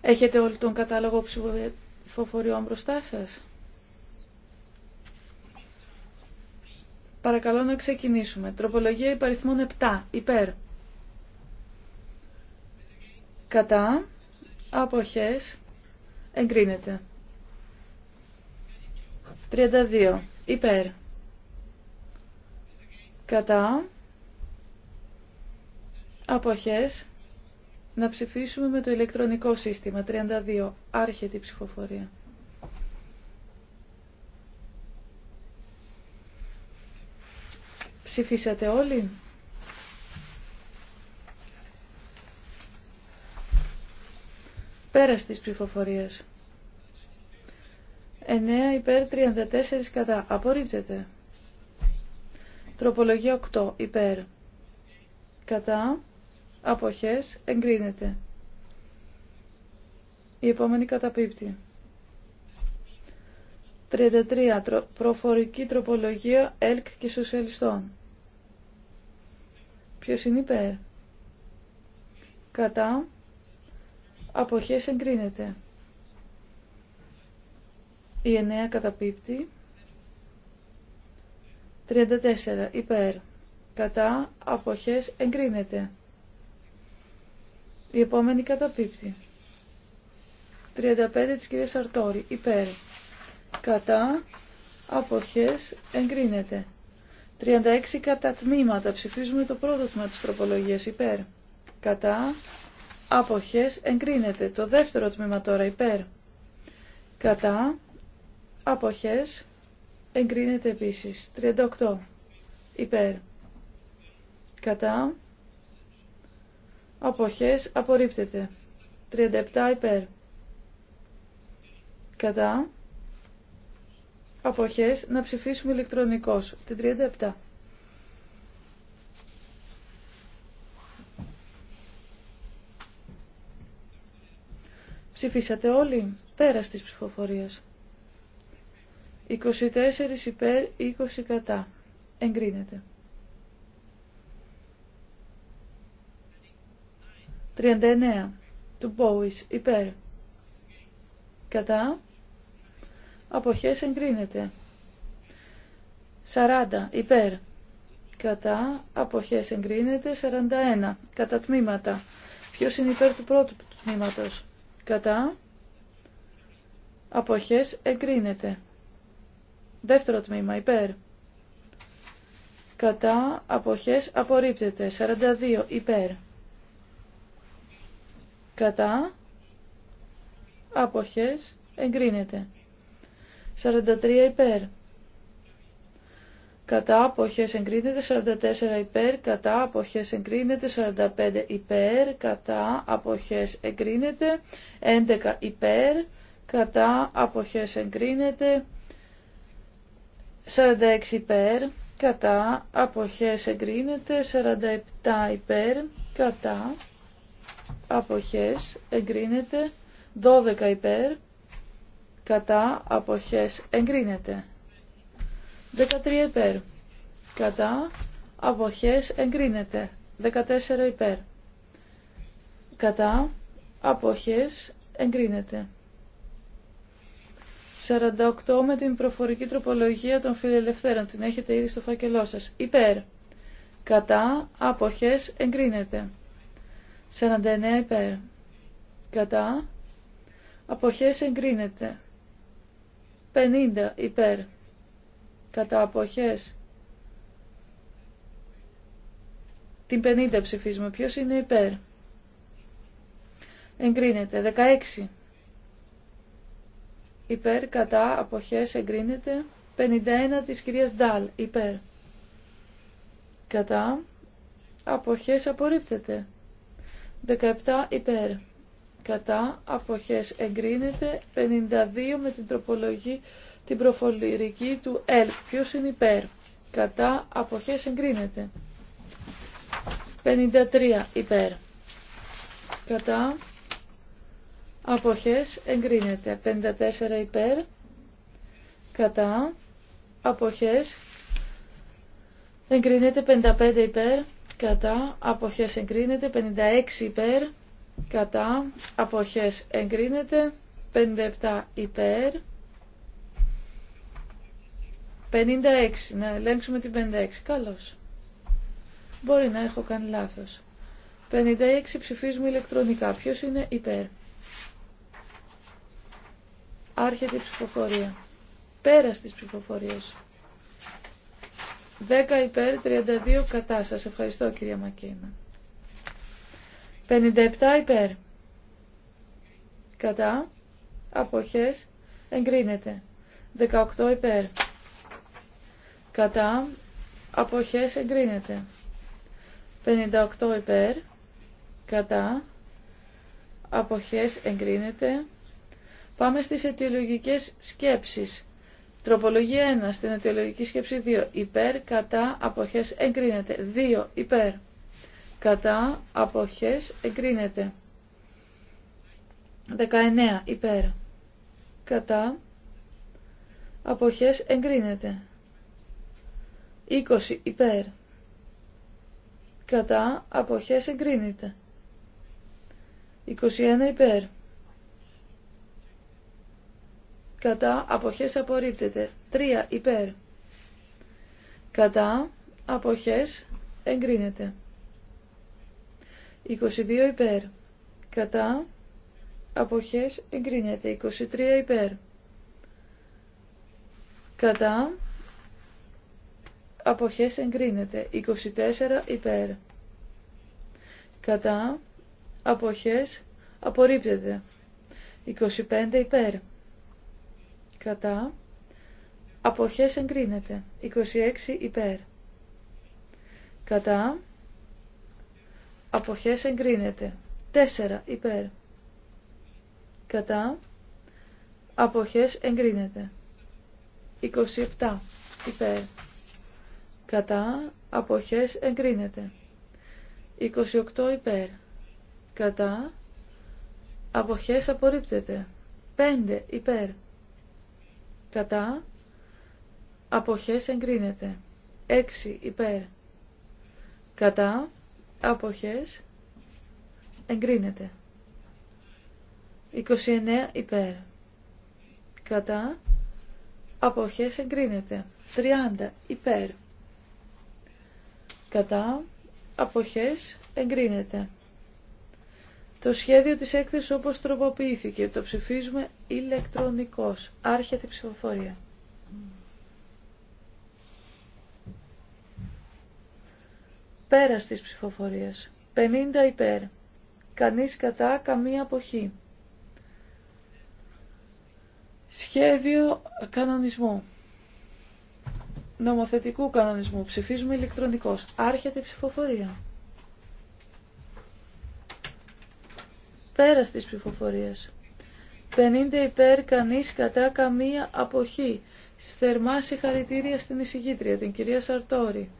Έχετε όλοι τον κατάλογο ψηφοφοριών μπροστά σας. Παρακαλώ να ξεκινήσουμε. Τροπολογία υπαριθμών 7. Υπέρ. Κατά. Αποχές. Εγκρίνεται. 32. Υπέρ. Κατά. Αποχές να ψηφίσουμε με το ηλεκτρονικό σύστημα. 32. Άρχεται η ψηφοφορία. Ψηφίσατε όλοι. Πέρας της ψηφοφορίας. 9 υπέρ 34 κατά. Απορρίπτεται. Τροπολογία 8 υπέρ. Κατά αποχές εγκρίνεται. Η επόμενη καταπίπτει. 33. Προφορική τροπολογία ΕΛΚ και Σοσιαλιστών. Ποιος είναι υπέρ. Κατά. Αποχές εγκρίνεται. Η εννέα καταπίπτει. 34. Υπέρ. Κατά. Αποχές εγκρίνεται. Η επόμενη καταπίπτει. 35 της κυρίας Αρτόρη. Υπέρ. Κατά. Αποχές. Εγκρίνεται. 36 κατά τμήματα. Ψηφίζουμε το πρώτο τμήμα της τροπολογίας. Υπέρ. Κατά. Αποχές. Εγκρίνεται. Το δεύτερο τμήμα τώρα. Υπέρ. Κατά. Αποχές. Εγκρίνεται επίσης. 38. Υπέρ. Κατά αποχές απορρίπτεται. 37 υπέρ. Κατά αποχές να ψηφίσουμε ηλεκτρονικώς. Την 37. Ψηφίσατε όλοι πέρα της ψηφοφορίας. 24 υπέρ, 20 κατά. Εγκρίνεται. 39 του Μπόουις. υπέρ. Κατά. Αποχές εγκρίνεται. 40 υπέρ. Κατά. Αποχές εγκρίνεται. 41 κατά τμήματα. Ποιος είναι υπέρ του πρώτου τμήματος. Κατά. Αποχές εγκρίνεται. Δεύτερο τμήμα υπέρ. Κατά. Αποχές απορρίπτεται. 42 υπέρ κατά, άποχες, εγκρίνεται. 43 υπέρ, κατά, άποχες, εγκρίνεται. 44 υπέρ, κατά, άποχες, εγκρίνεται. 45 υπέρ, κατά, άποχες, εγκρίνεται. 11 υπέρ, κατά, άποχες, εγκρίνεται. 46 υπέρ, κατά, αποχές εγκρίνεται, 47 υπέρ, κατά, αποχές εγκρίνεται 12 υπέρ κατά αποχές εγκρίνεται 13 υπέρ κατά αποχές εγκρίνεται 14 υπέρ κατά αποχές εγκρίνεται 48 με την προφορική τροπολογία των φιλελευθέρων. Την έχετε ήδη στο φάκελό σας. Υπέρ. Κατά. Αποχές. Εγκρίνεται. 49 υπέρ. Κατά. Αποχές εγκρίνεται. 50 υπέρ. Κατά αποχές. Την 50 ψηφίζουμε. Ποιος είναι υπέρ. Εγκρίνεται. 16. Υπέρ. Κατά αποχές εγκρίνεται. 51 της κυρίας Ντάλ. Υπέρ. Κατά αποχές απορρίπτεται. 17 υπέρ. Κατά αποχές εγκρίνεται 52 με την τροπολογή την προφολυρική του ΕΛ. Ποιος είναι υπέρ. Κατά αποχές εγκρίνεται. 53 υπέρ. Κατά αποχές εγκρίνεται. 54 υπέρ. Κατά αποχές εγκρίνεται. 55 υπέρ κατά αποχές εγκρίνεται, 56 υπέρ, κατά αποχές εγκρίνεται, 57 υπέρ, 56, να ελέγξουμε την 56, καλώς. Μπορεί να έχω κάνει λάθος. 56 ψηφίζουμε ηλεκτρονικά, ποιος είναι υπέρ. Άρχεται η ψηφοφορία. Πέρας της ψηφοφορίας. 10 υπέρ, 32 κατά. Σας ευχαριστώ κυρία Μακίνα. 57 υπέρ. Κατά. Αποχές. Εγκρίνεται. 18 υπέρ. Κατά. Αποχές εγκρίνεται. 58 υπέρ. Κατά. Αποχές εγκρίνεται. Πάμε στις αιτιολογικές σκέψεις. Τροπολογία 1 στην αιτιολογική σκέψη 2 υπέρ, κατά, αποχές, εγκρίνεται. 2 υπέρ, κατά, αποχές, εγκρίνεται. 19 υπέρ, κατά, αποχές, εγκρίνεται. 20 υπέρ, κατά, αποχές, εγκρίνεται. 21 υπέρ, κατά αποχές απορρίπτεται. 3 υπέρ κατά αποχές εγκρίνεται. 22 υπέρ κατά αποχές εγκρίνεται. 23 υπέρ κατά αποχές εγκρίνεται. 24 υπέρ κατά αποχές απορρίπτεται. 25 υπέρ κατά, αποχές εγκρίνεται. 26 υπέρ, κατά, αποχές εγκρίνεται. 4 υπέρ, κατά, αποχές εγκρίνεται. 27 υπέρ, κατά, αποχές εγκρίνεται. 28 υπέρ, κατά, αποχές απορρίπτεται. 5 υπέρ, κατά, αποχές εγκρίνεται. 6 υπέρ, κατά, αποχές εγκρίνεται. 29 υπέρ, κατά, αποχές εγκρίνεται. 30 υπέρ, κατά, αποχές εγκρίνεται. Το σχέδιο της έκθεσης όπως τροποποιήθηκε. Το ψηφίζουμε ηλεκτρονικώς. Άρχεται ψηφοφορία. Πέρας της ψηφοφορίας. 50 υπέρ. Κανείς κατά, καμία αποχή. Σχέδιο κανονισμού. Νομοθετικού κανονισμού. Ψηφίζουμε ηλεκτρονικώς. Άρχεται ψηφοφορία. Πέρας της ψηφοφορίας. 50 υπέρ, κανείς κατά καμία αποχή. Θερμά συγχαρητήρια στην εισηγήτρια, την κυρία Σαρτόρη.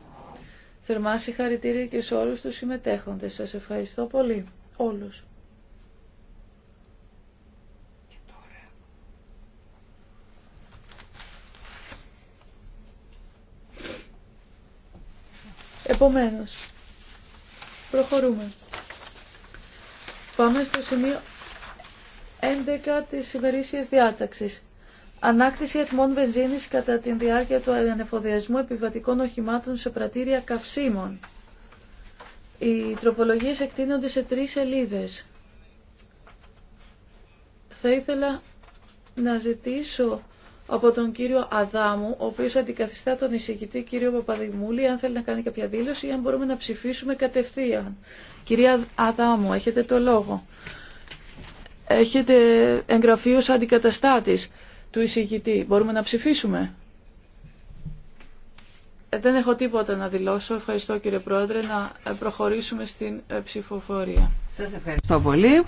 Θερμά συγχαρητήρια και σε όλους τους συμμετέχοντες. Σας ευχαριστώ πολύ. Όλους. Επομένως, προχωρούμε. Πάμε στο σημείο 11 της ημερήσιας διάταξης. Ανάκτηση ετμών βενζίνης κατά τη διάρκεια του ανεφοδιασμού επιβατικών οχημάτων σε πρατήρια καυσίμων. Οι τροπολογίες εκτείνονται σε τρεις σελίδες. Θα ήθελα να ζητήσω από τον κύριο Αδάμου, ο οποίος αντικαθιστά τον εισηγητή κύριο Παπαδημούλη, αν θέλει να κάνει κάποια δήλωση ή αν μπορούμε να ψηφίσουμε κατευθείαν. Κυρία Αδάμου, έχετε το λόγο. Έχετε εγγραφεί ως αντικαταστάτης του εισηγητή. Μπορούμε να ψηφίσουμε. Ε, δεν έχω τίποτα να δηλώσω. Ευχαριστώ κύριε Πρόεδρε να ε, προχωρήσουμε στην ε, ψηφοφορία. Σας ευχαριστώ πολύ.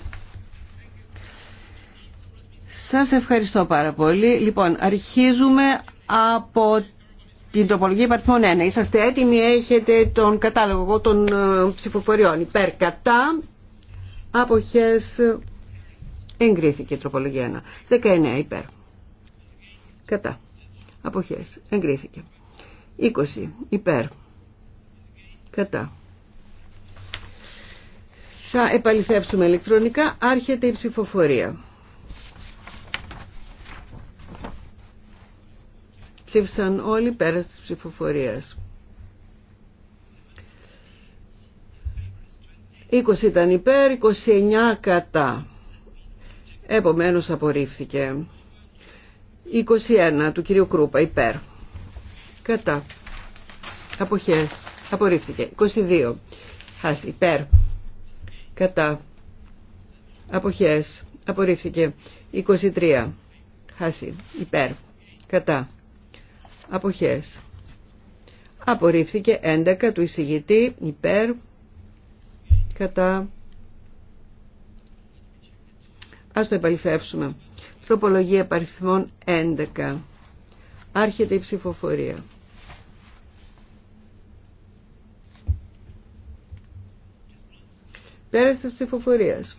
Σας ευχαριστώ πάρα πολύ. Λοιπόν, αρχίζουμε από την τροπολογία υπαρθμών 1. Είσαστε έτοιμοι, έχετε τον κατάλογο των ε, ψηφοφοριών. Υπέρ, κατά, αποχές, εγκρίθηκε η τροπολογία 1. 19 υπέρ, κατά, αποχές, εγκρίθηκε. 20 υπέρ, κατά. Θα επαληθεύσουμε ηλεκτρονικά. Άρχεται η ψηφοφορία. Ψήφισαν όλοι πέρα της ψηφοφορίας. 20 ήταν υπέρ, 29 κατά. Επομένως απορρίφθηκε. 21 του κυρίου Κρούπα υπέρ. Κατά. Αποχές. Απορρίφθηκε. 22. Ας υπέρ. Κατά. Αποχές. Απορρίφθηκε. 23. Χάση. Υπέρ. Κατά αποχές. Απορρίφθηκε 11 του εισηγητή υπέρ κατά Ας το επαληθεύσουμε. Τροπολογία παριθμών 11. Άρχεται η ψηφοφορία. Πέρασε της ψηφοφορίας.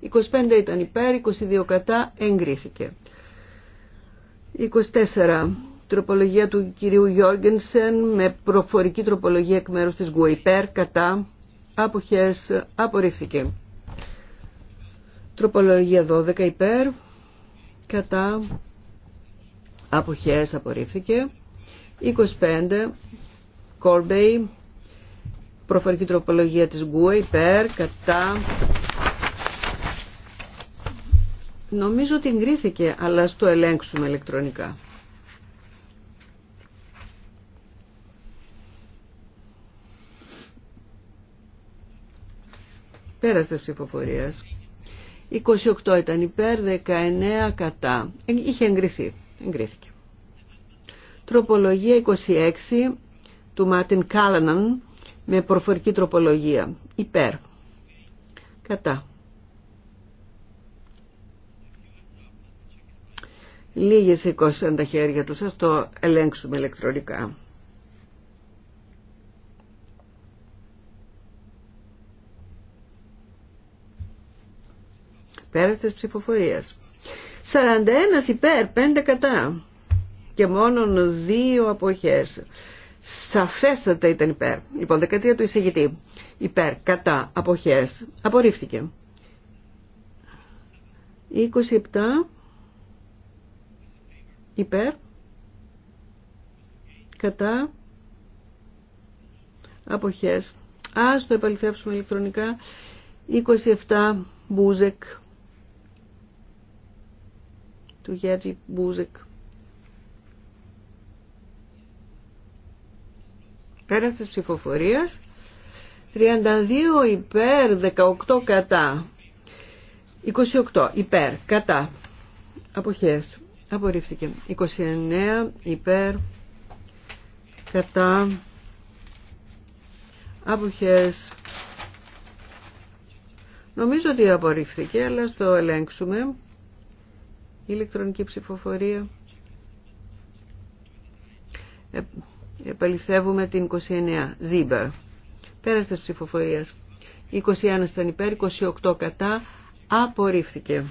25 ήταν υπέρ, 22 κατά, εγκρίθηκε. 24 τροπολογία του κυρίου Γιόργενσεν με προφορική τροπολογία εκ μέρους της Γουαϊπέρ κατά αποχές απορρίφθηκε. Τροπολογία 12 υπέρ κατά αποχές απορρίφθηκε. 25 Κόρμπεϊ προφορική τροπολογία της Γκουε κατά Νομίζω ότι εγκρίθηκε, αλλά στο ελέγξουμε ηλεκτρονικά. Πέρας της ψηφοφορίας. 28 ήταν υπέρ, 19 κατά. Ε, είχε εγκριθεί. Εγκρίθηκε. Τροπολογία 26 του Μάρτιν Κάλαναν με προφορική τροπολογία. Υπέρ. Κατά. Λίγες 20 τα χέρια του. Ας το ελέγξουμε ηλεκτρονικά. Πέρας της ψηφοφορίας. 41 υπέρ, 5 κατά και μόνον δύο αποχές. Σαφέστατα ήταν υπέρ. Λοιπόν, δεκαετία του εισηγητή. Υπέρ, κατά, αποχές. Απορρίφθηκε. 27 υπέρ, κατά, αποχές. Ας το επαληθεύσουμε ηλεκτρονικά. 27 μπούζεκ του Γέρτζι Μπούζικ. Πέρα της ψηφοφορίας, 32 υπέρ, 18 κατά, 28 υπέρ, κατά, αποχές, απορρίφθηκε, 29 υπέρ, κατά, αποχές, Νομίζω ότι απορρίφθηκε, αλλά στο ελέγξουμε ηλεκτρονική ψηφοφορία. Ε, επαληθεύουμε την 29. Ζήμπερ. Πέρασε τη ψηφοφορίας. 21 ήταν υπέρ, 28 κατά. Απορρίφθηκε.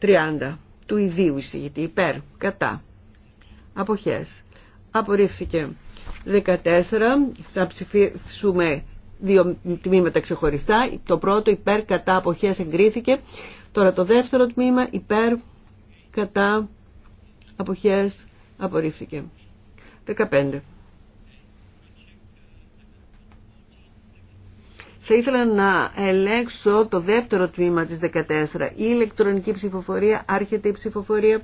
30. Του ιδίου εισηγητή. Υπέρ. Κατά. Αποχές. Απορρίφθηκε. 14. Θα ψηφίσουμε δύο τμήματα ξεχωριστά. Το πρώτο υπέρ κατά αποχές εγκρίθηκε. Τώρα το δεύτερο τμήμα υπέρ κατά αποχές απορρίφθηκε. 15. Θα ήθελα να ελέγξω το δεύτερο τμήμα της 14. Η ηλεκτρονική ψηφοφορία, άρχεται η ψηφοφορία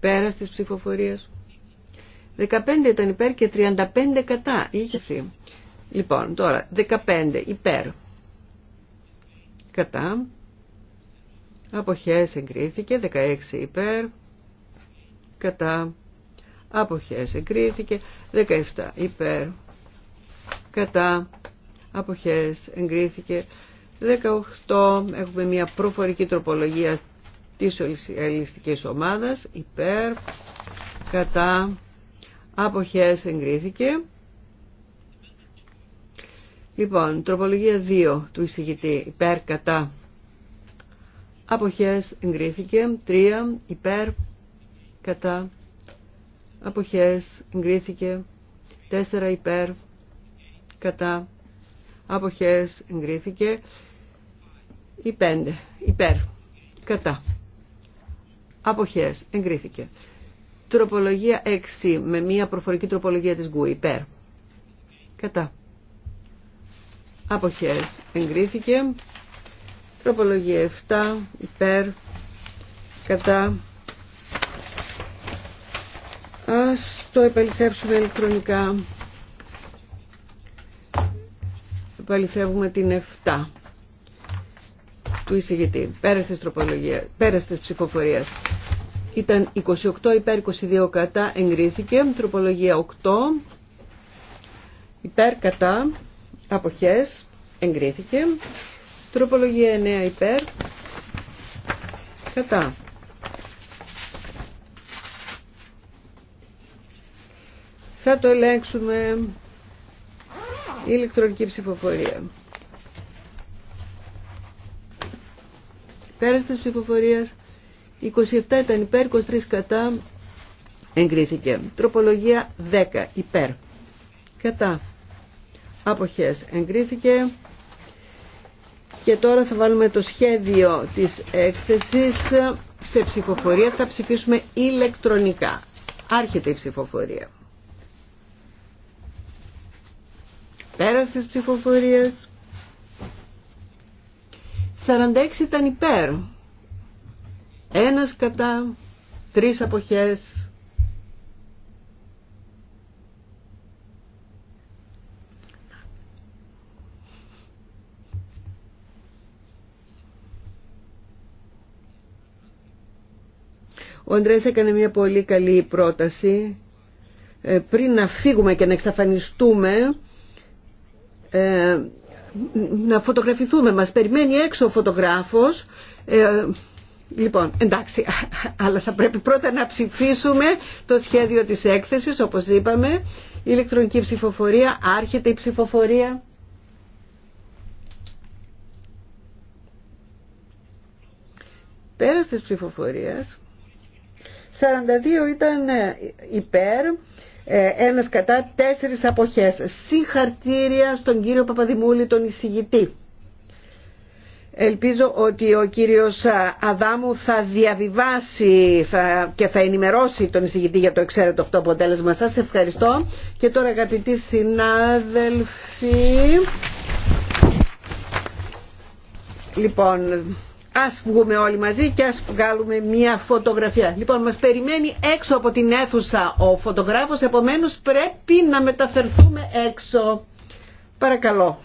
πέρας της ψηφοφορίας. 15 ήταν υπέρ και 35 κατά. Είχε Λοιπόν, τώρα 15 υπέρ. Κατά. Αποχές εγκρίθηκε. 16 υπέρ. Κατά. Αποχές εγκρίθηκε. 17 υπέρ. Κατά. Αποχές εγκρίθηκε. 18 έχουμε μια προφορική τροπολογία της ολιστικής ομάδας υπέρ κατά Αποχές εγκρίθηκε. Λοιπόν, τροπολογία 2 του εισηγητή υπέρ κατά. Αποχές εγκρίθηκε. 3 υπέρ κατά. Αποχές εγκρίθηκε. 4 υπέρ κατά. Αποχές εγκρίθηκε. Η 5 υπέρ κατά. Αποχές εγκρίθηκε. Τροπολογία 6 με μία προφορική τροπολογία της ΓΚΟΥ. Υπέρ. Κατά. Αποχές. Εγκρίθηκε. Τροπολογία 7. Υπέρ. Κατά. Ας το επαληθεύσουμε ηλεκτρονικά. Επαληθεύουμε την 7 του εισηγητή. Πέρασες τροπολογία. ψηφοφορία. Ήταν 28 υπέρ 22 κατά εγκρίθηκε. Τροπολογία 8 υπέρ κατά αποχές εγκρίθηκε. Τροπολογία 9 υπέρ κατά. Θα το ελέγξουμε η ηλεκτρονική ψηφοφορία. Πέρας της ψηφοφορίας 27 ήταν υπέρ, 23 κατά. Εγκρίθηκε. Τροπολογία 10 υπέρ. Κατά. Αποχές. Εγκρίθηκε. Και τώρα θα βάλουμε το σχέδιο της έκθεσης σε ψηφοφορία. Θα ψηφίσουμε ηλεκτρονικά. Άρχεται η ψηφοφορία. Πέρας της ψηφοφορίας. 46 ήταν υπέρ. Ένας κατά, τρεις αποχές. Ο Ανδρέας έκανε μια πολύ καλή πρόταση. Ε, πριν να φύγουμε και να εξαφανιστούμε, ε, να φωτογραφηθούμε. Μας περιμένει έξω ο φωτογράφος ε, Λοιπόν, εντάξει, αλλά θα πρέπει πρώτα να ψηφίσουμε το σχέδιο της έκθεσης, όπως είπαμε. Η ηλεκτρονική ψηφοφορία, άρχεται η ψηφοφορία. Πέρας της ψηφοφορίας, 42 ήταν ε, υπέρ, ε, ένας κατά, τέσσερις αποχές. Συγχαρτήρια στον κύριο Παπαδημούλη, τον εισηγητή. Ελπίζω ότι ο κύριος Αδάμου θα διαβιβάσει και θα ενημερώσει τον εισηγητή για το εξαίρετο αυτό αποτέλεσμα. Σας ευχαριστώ. Και τώρα αγαπητοί συνάδελφοι, λοιπόν, ας βγούμε όλοι μαζί και ας βγάλουμε μια φωτογραφία. Λοιπόν, μας περιμένει έξω από την αίθουσα ο φωτογράφος, επομένως πρέπει να μεταφερθούμε έξω. Παρακαλώ.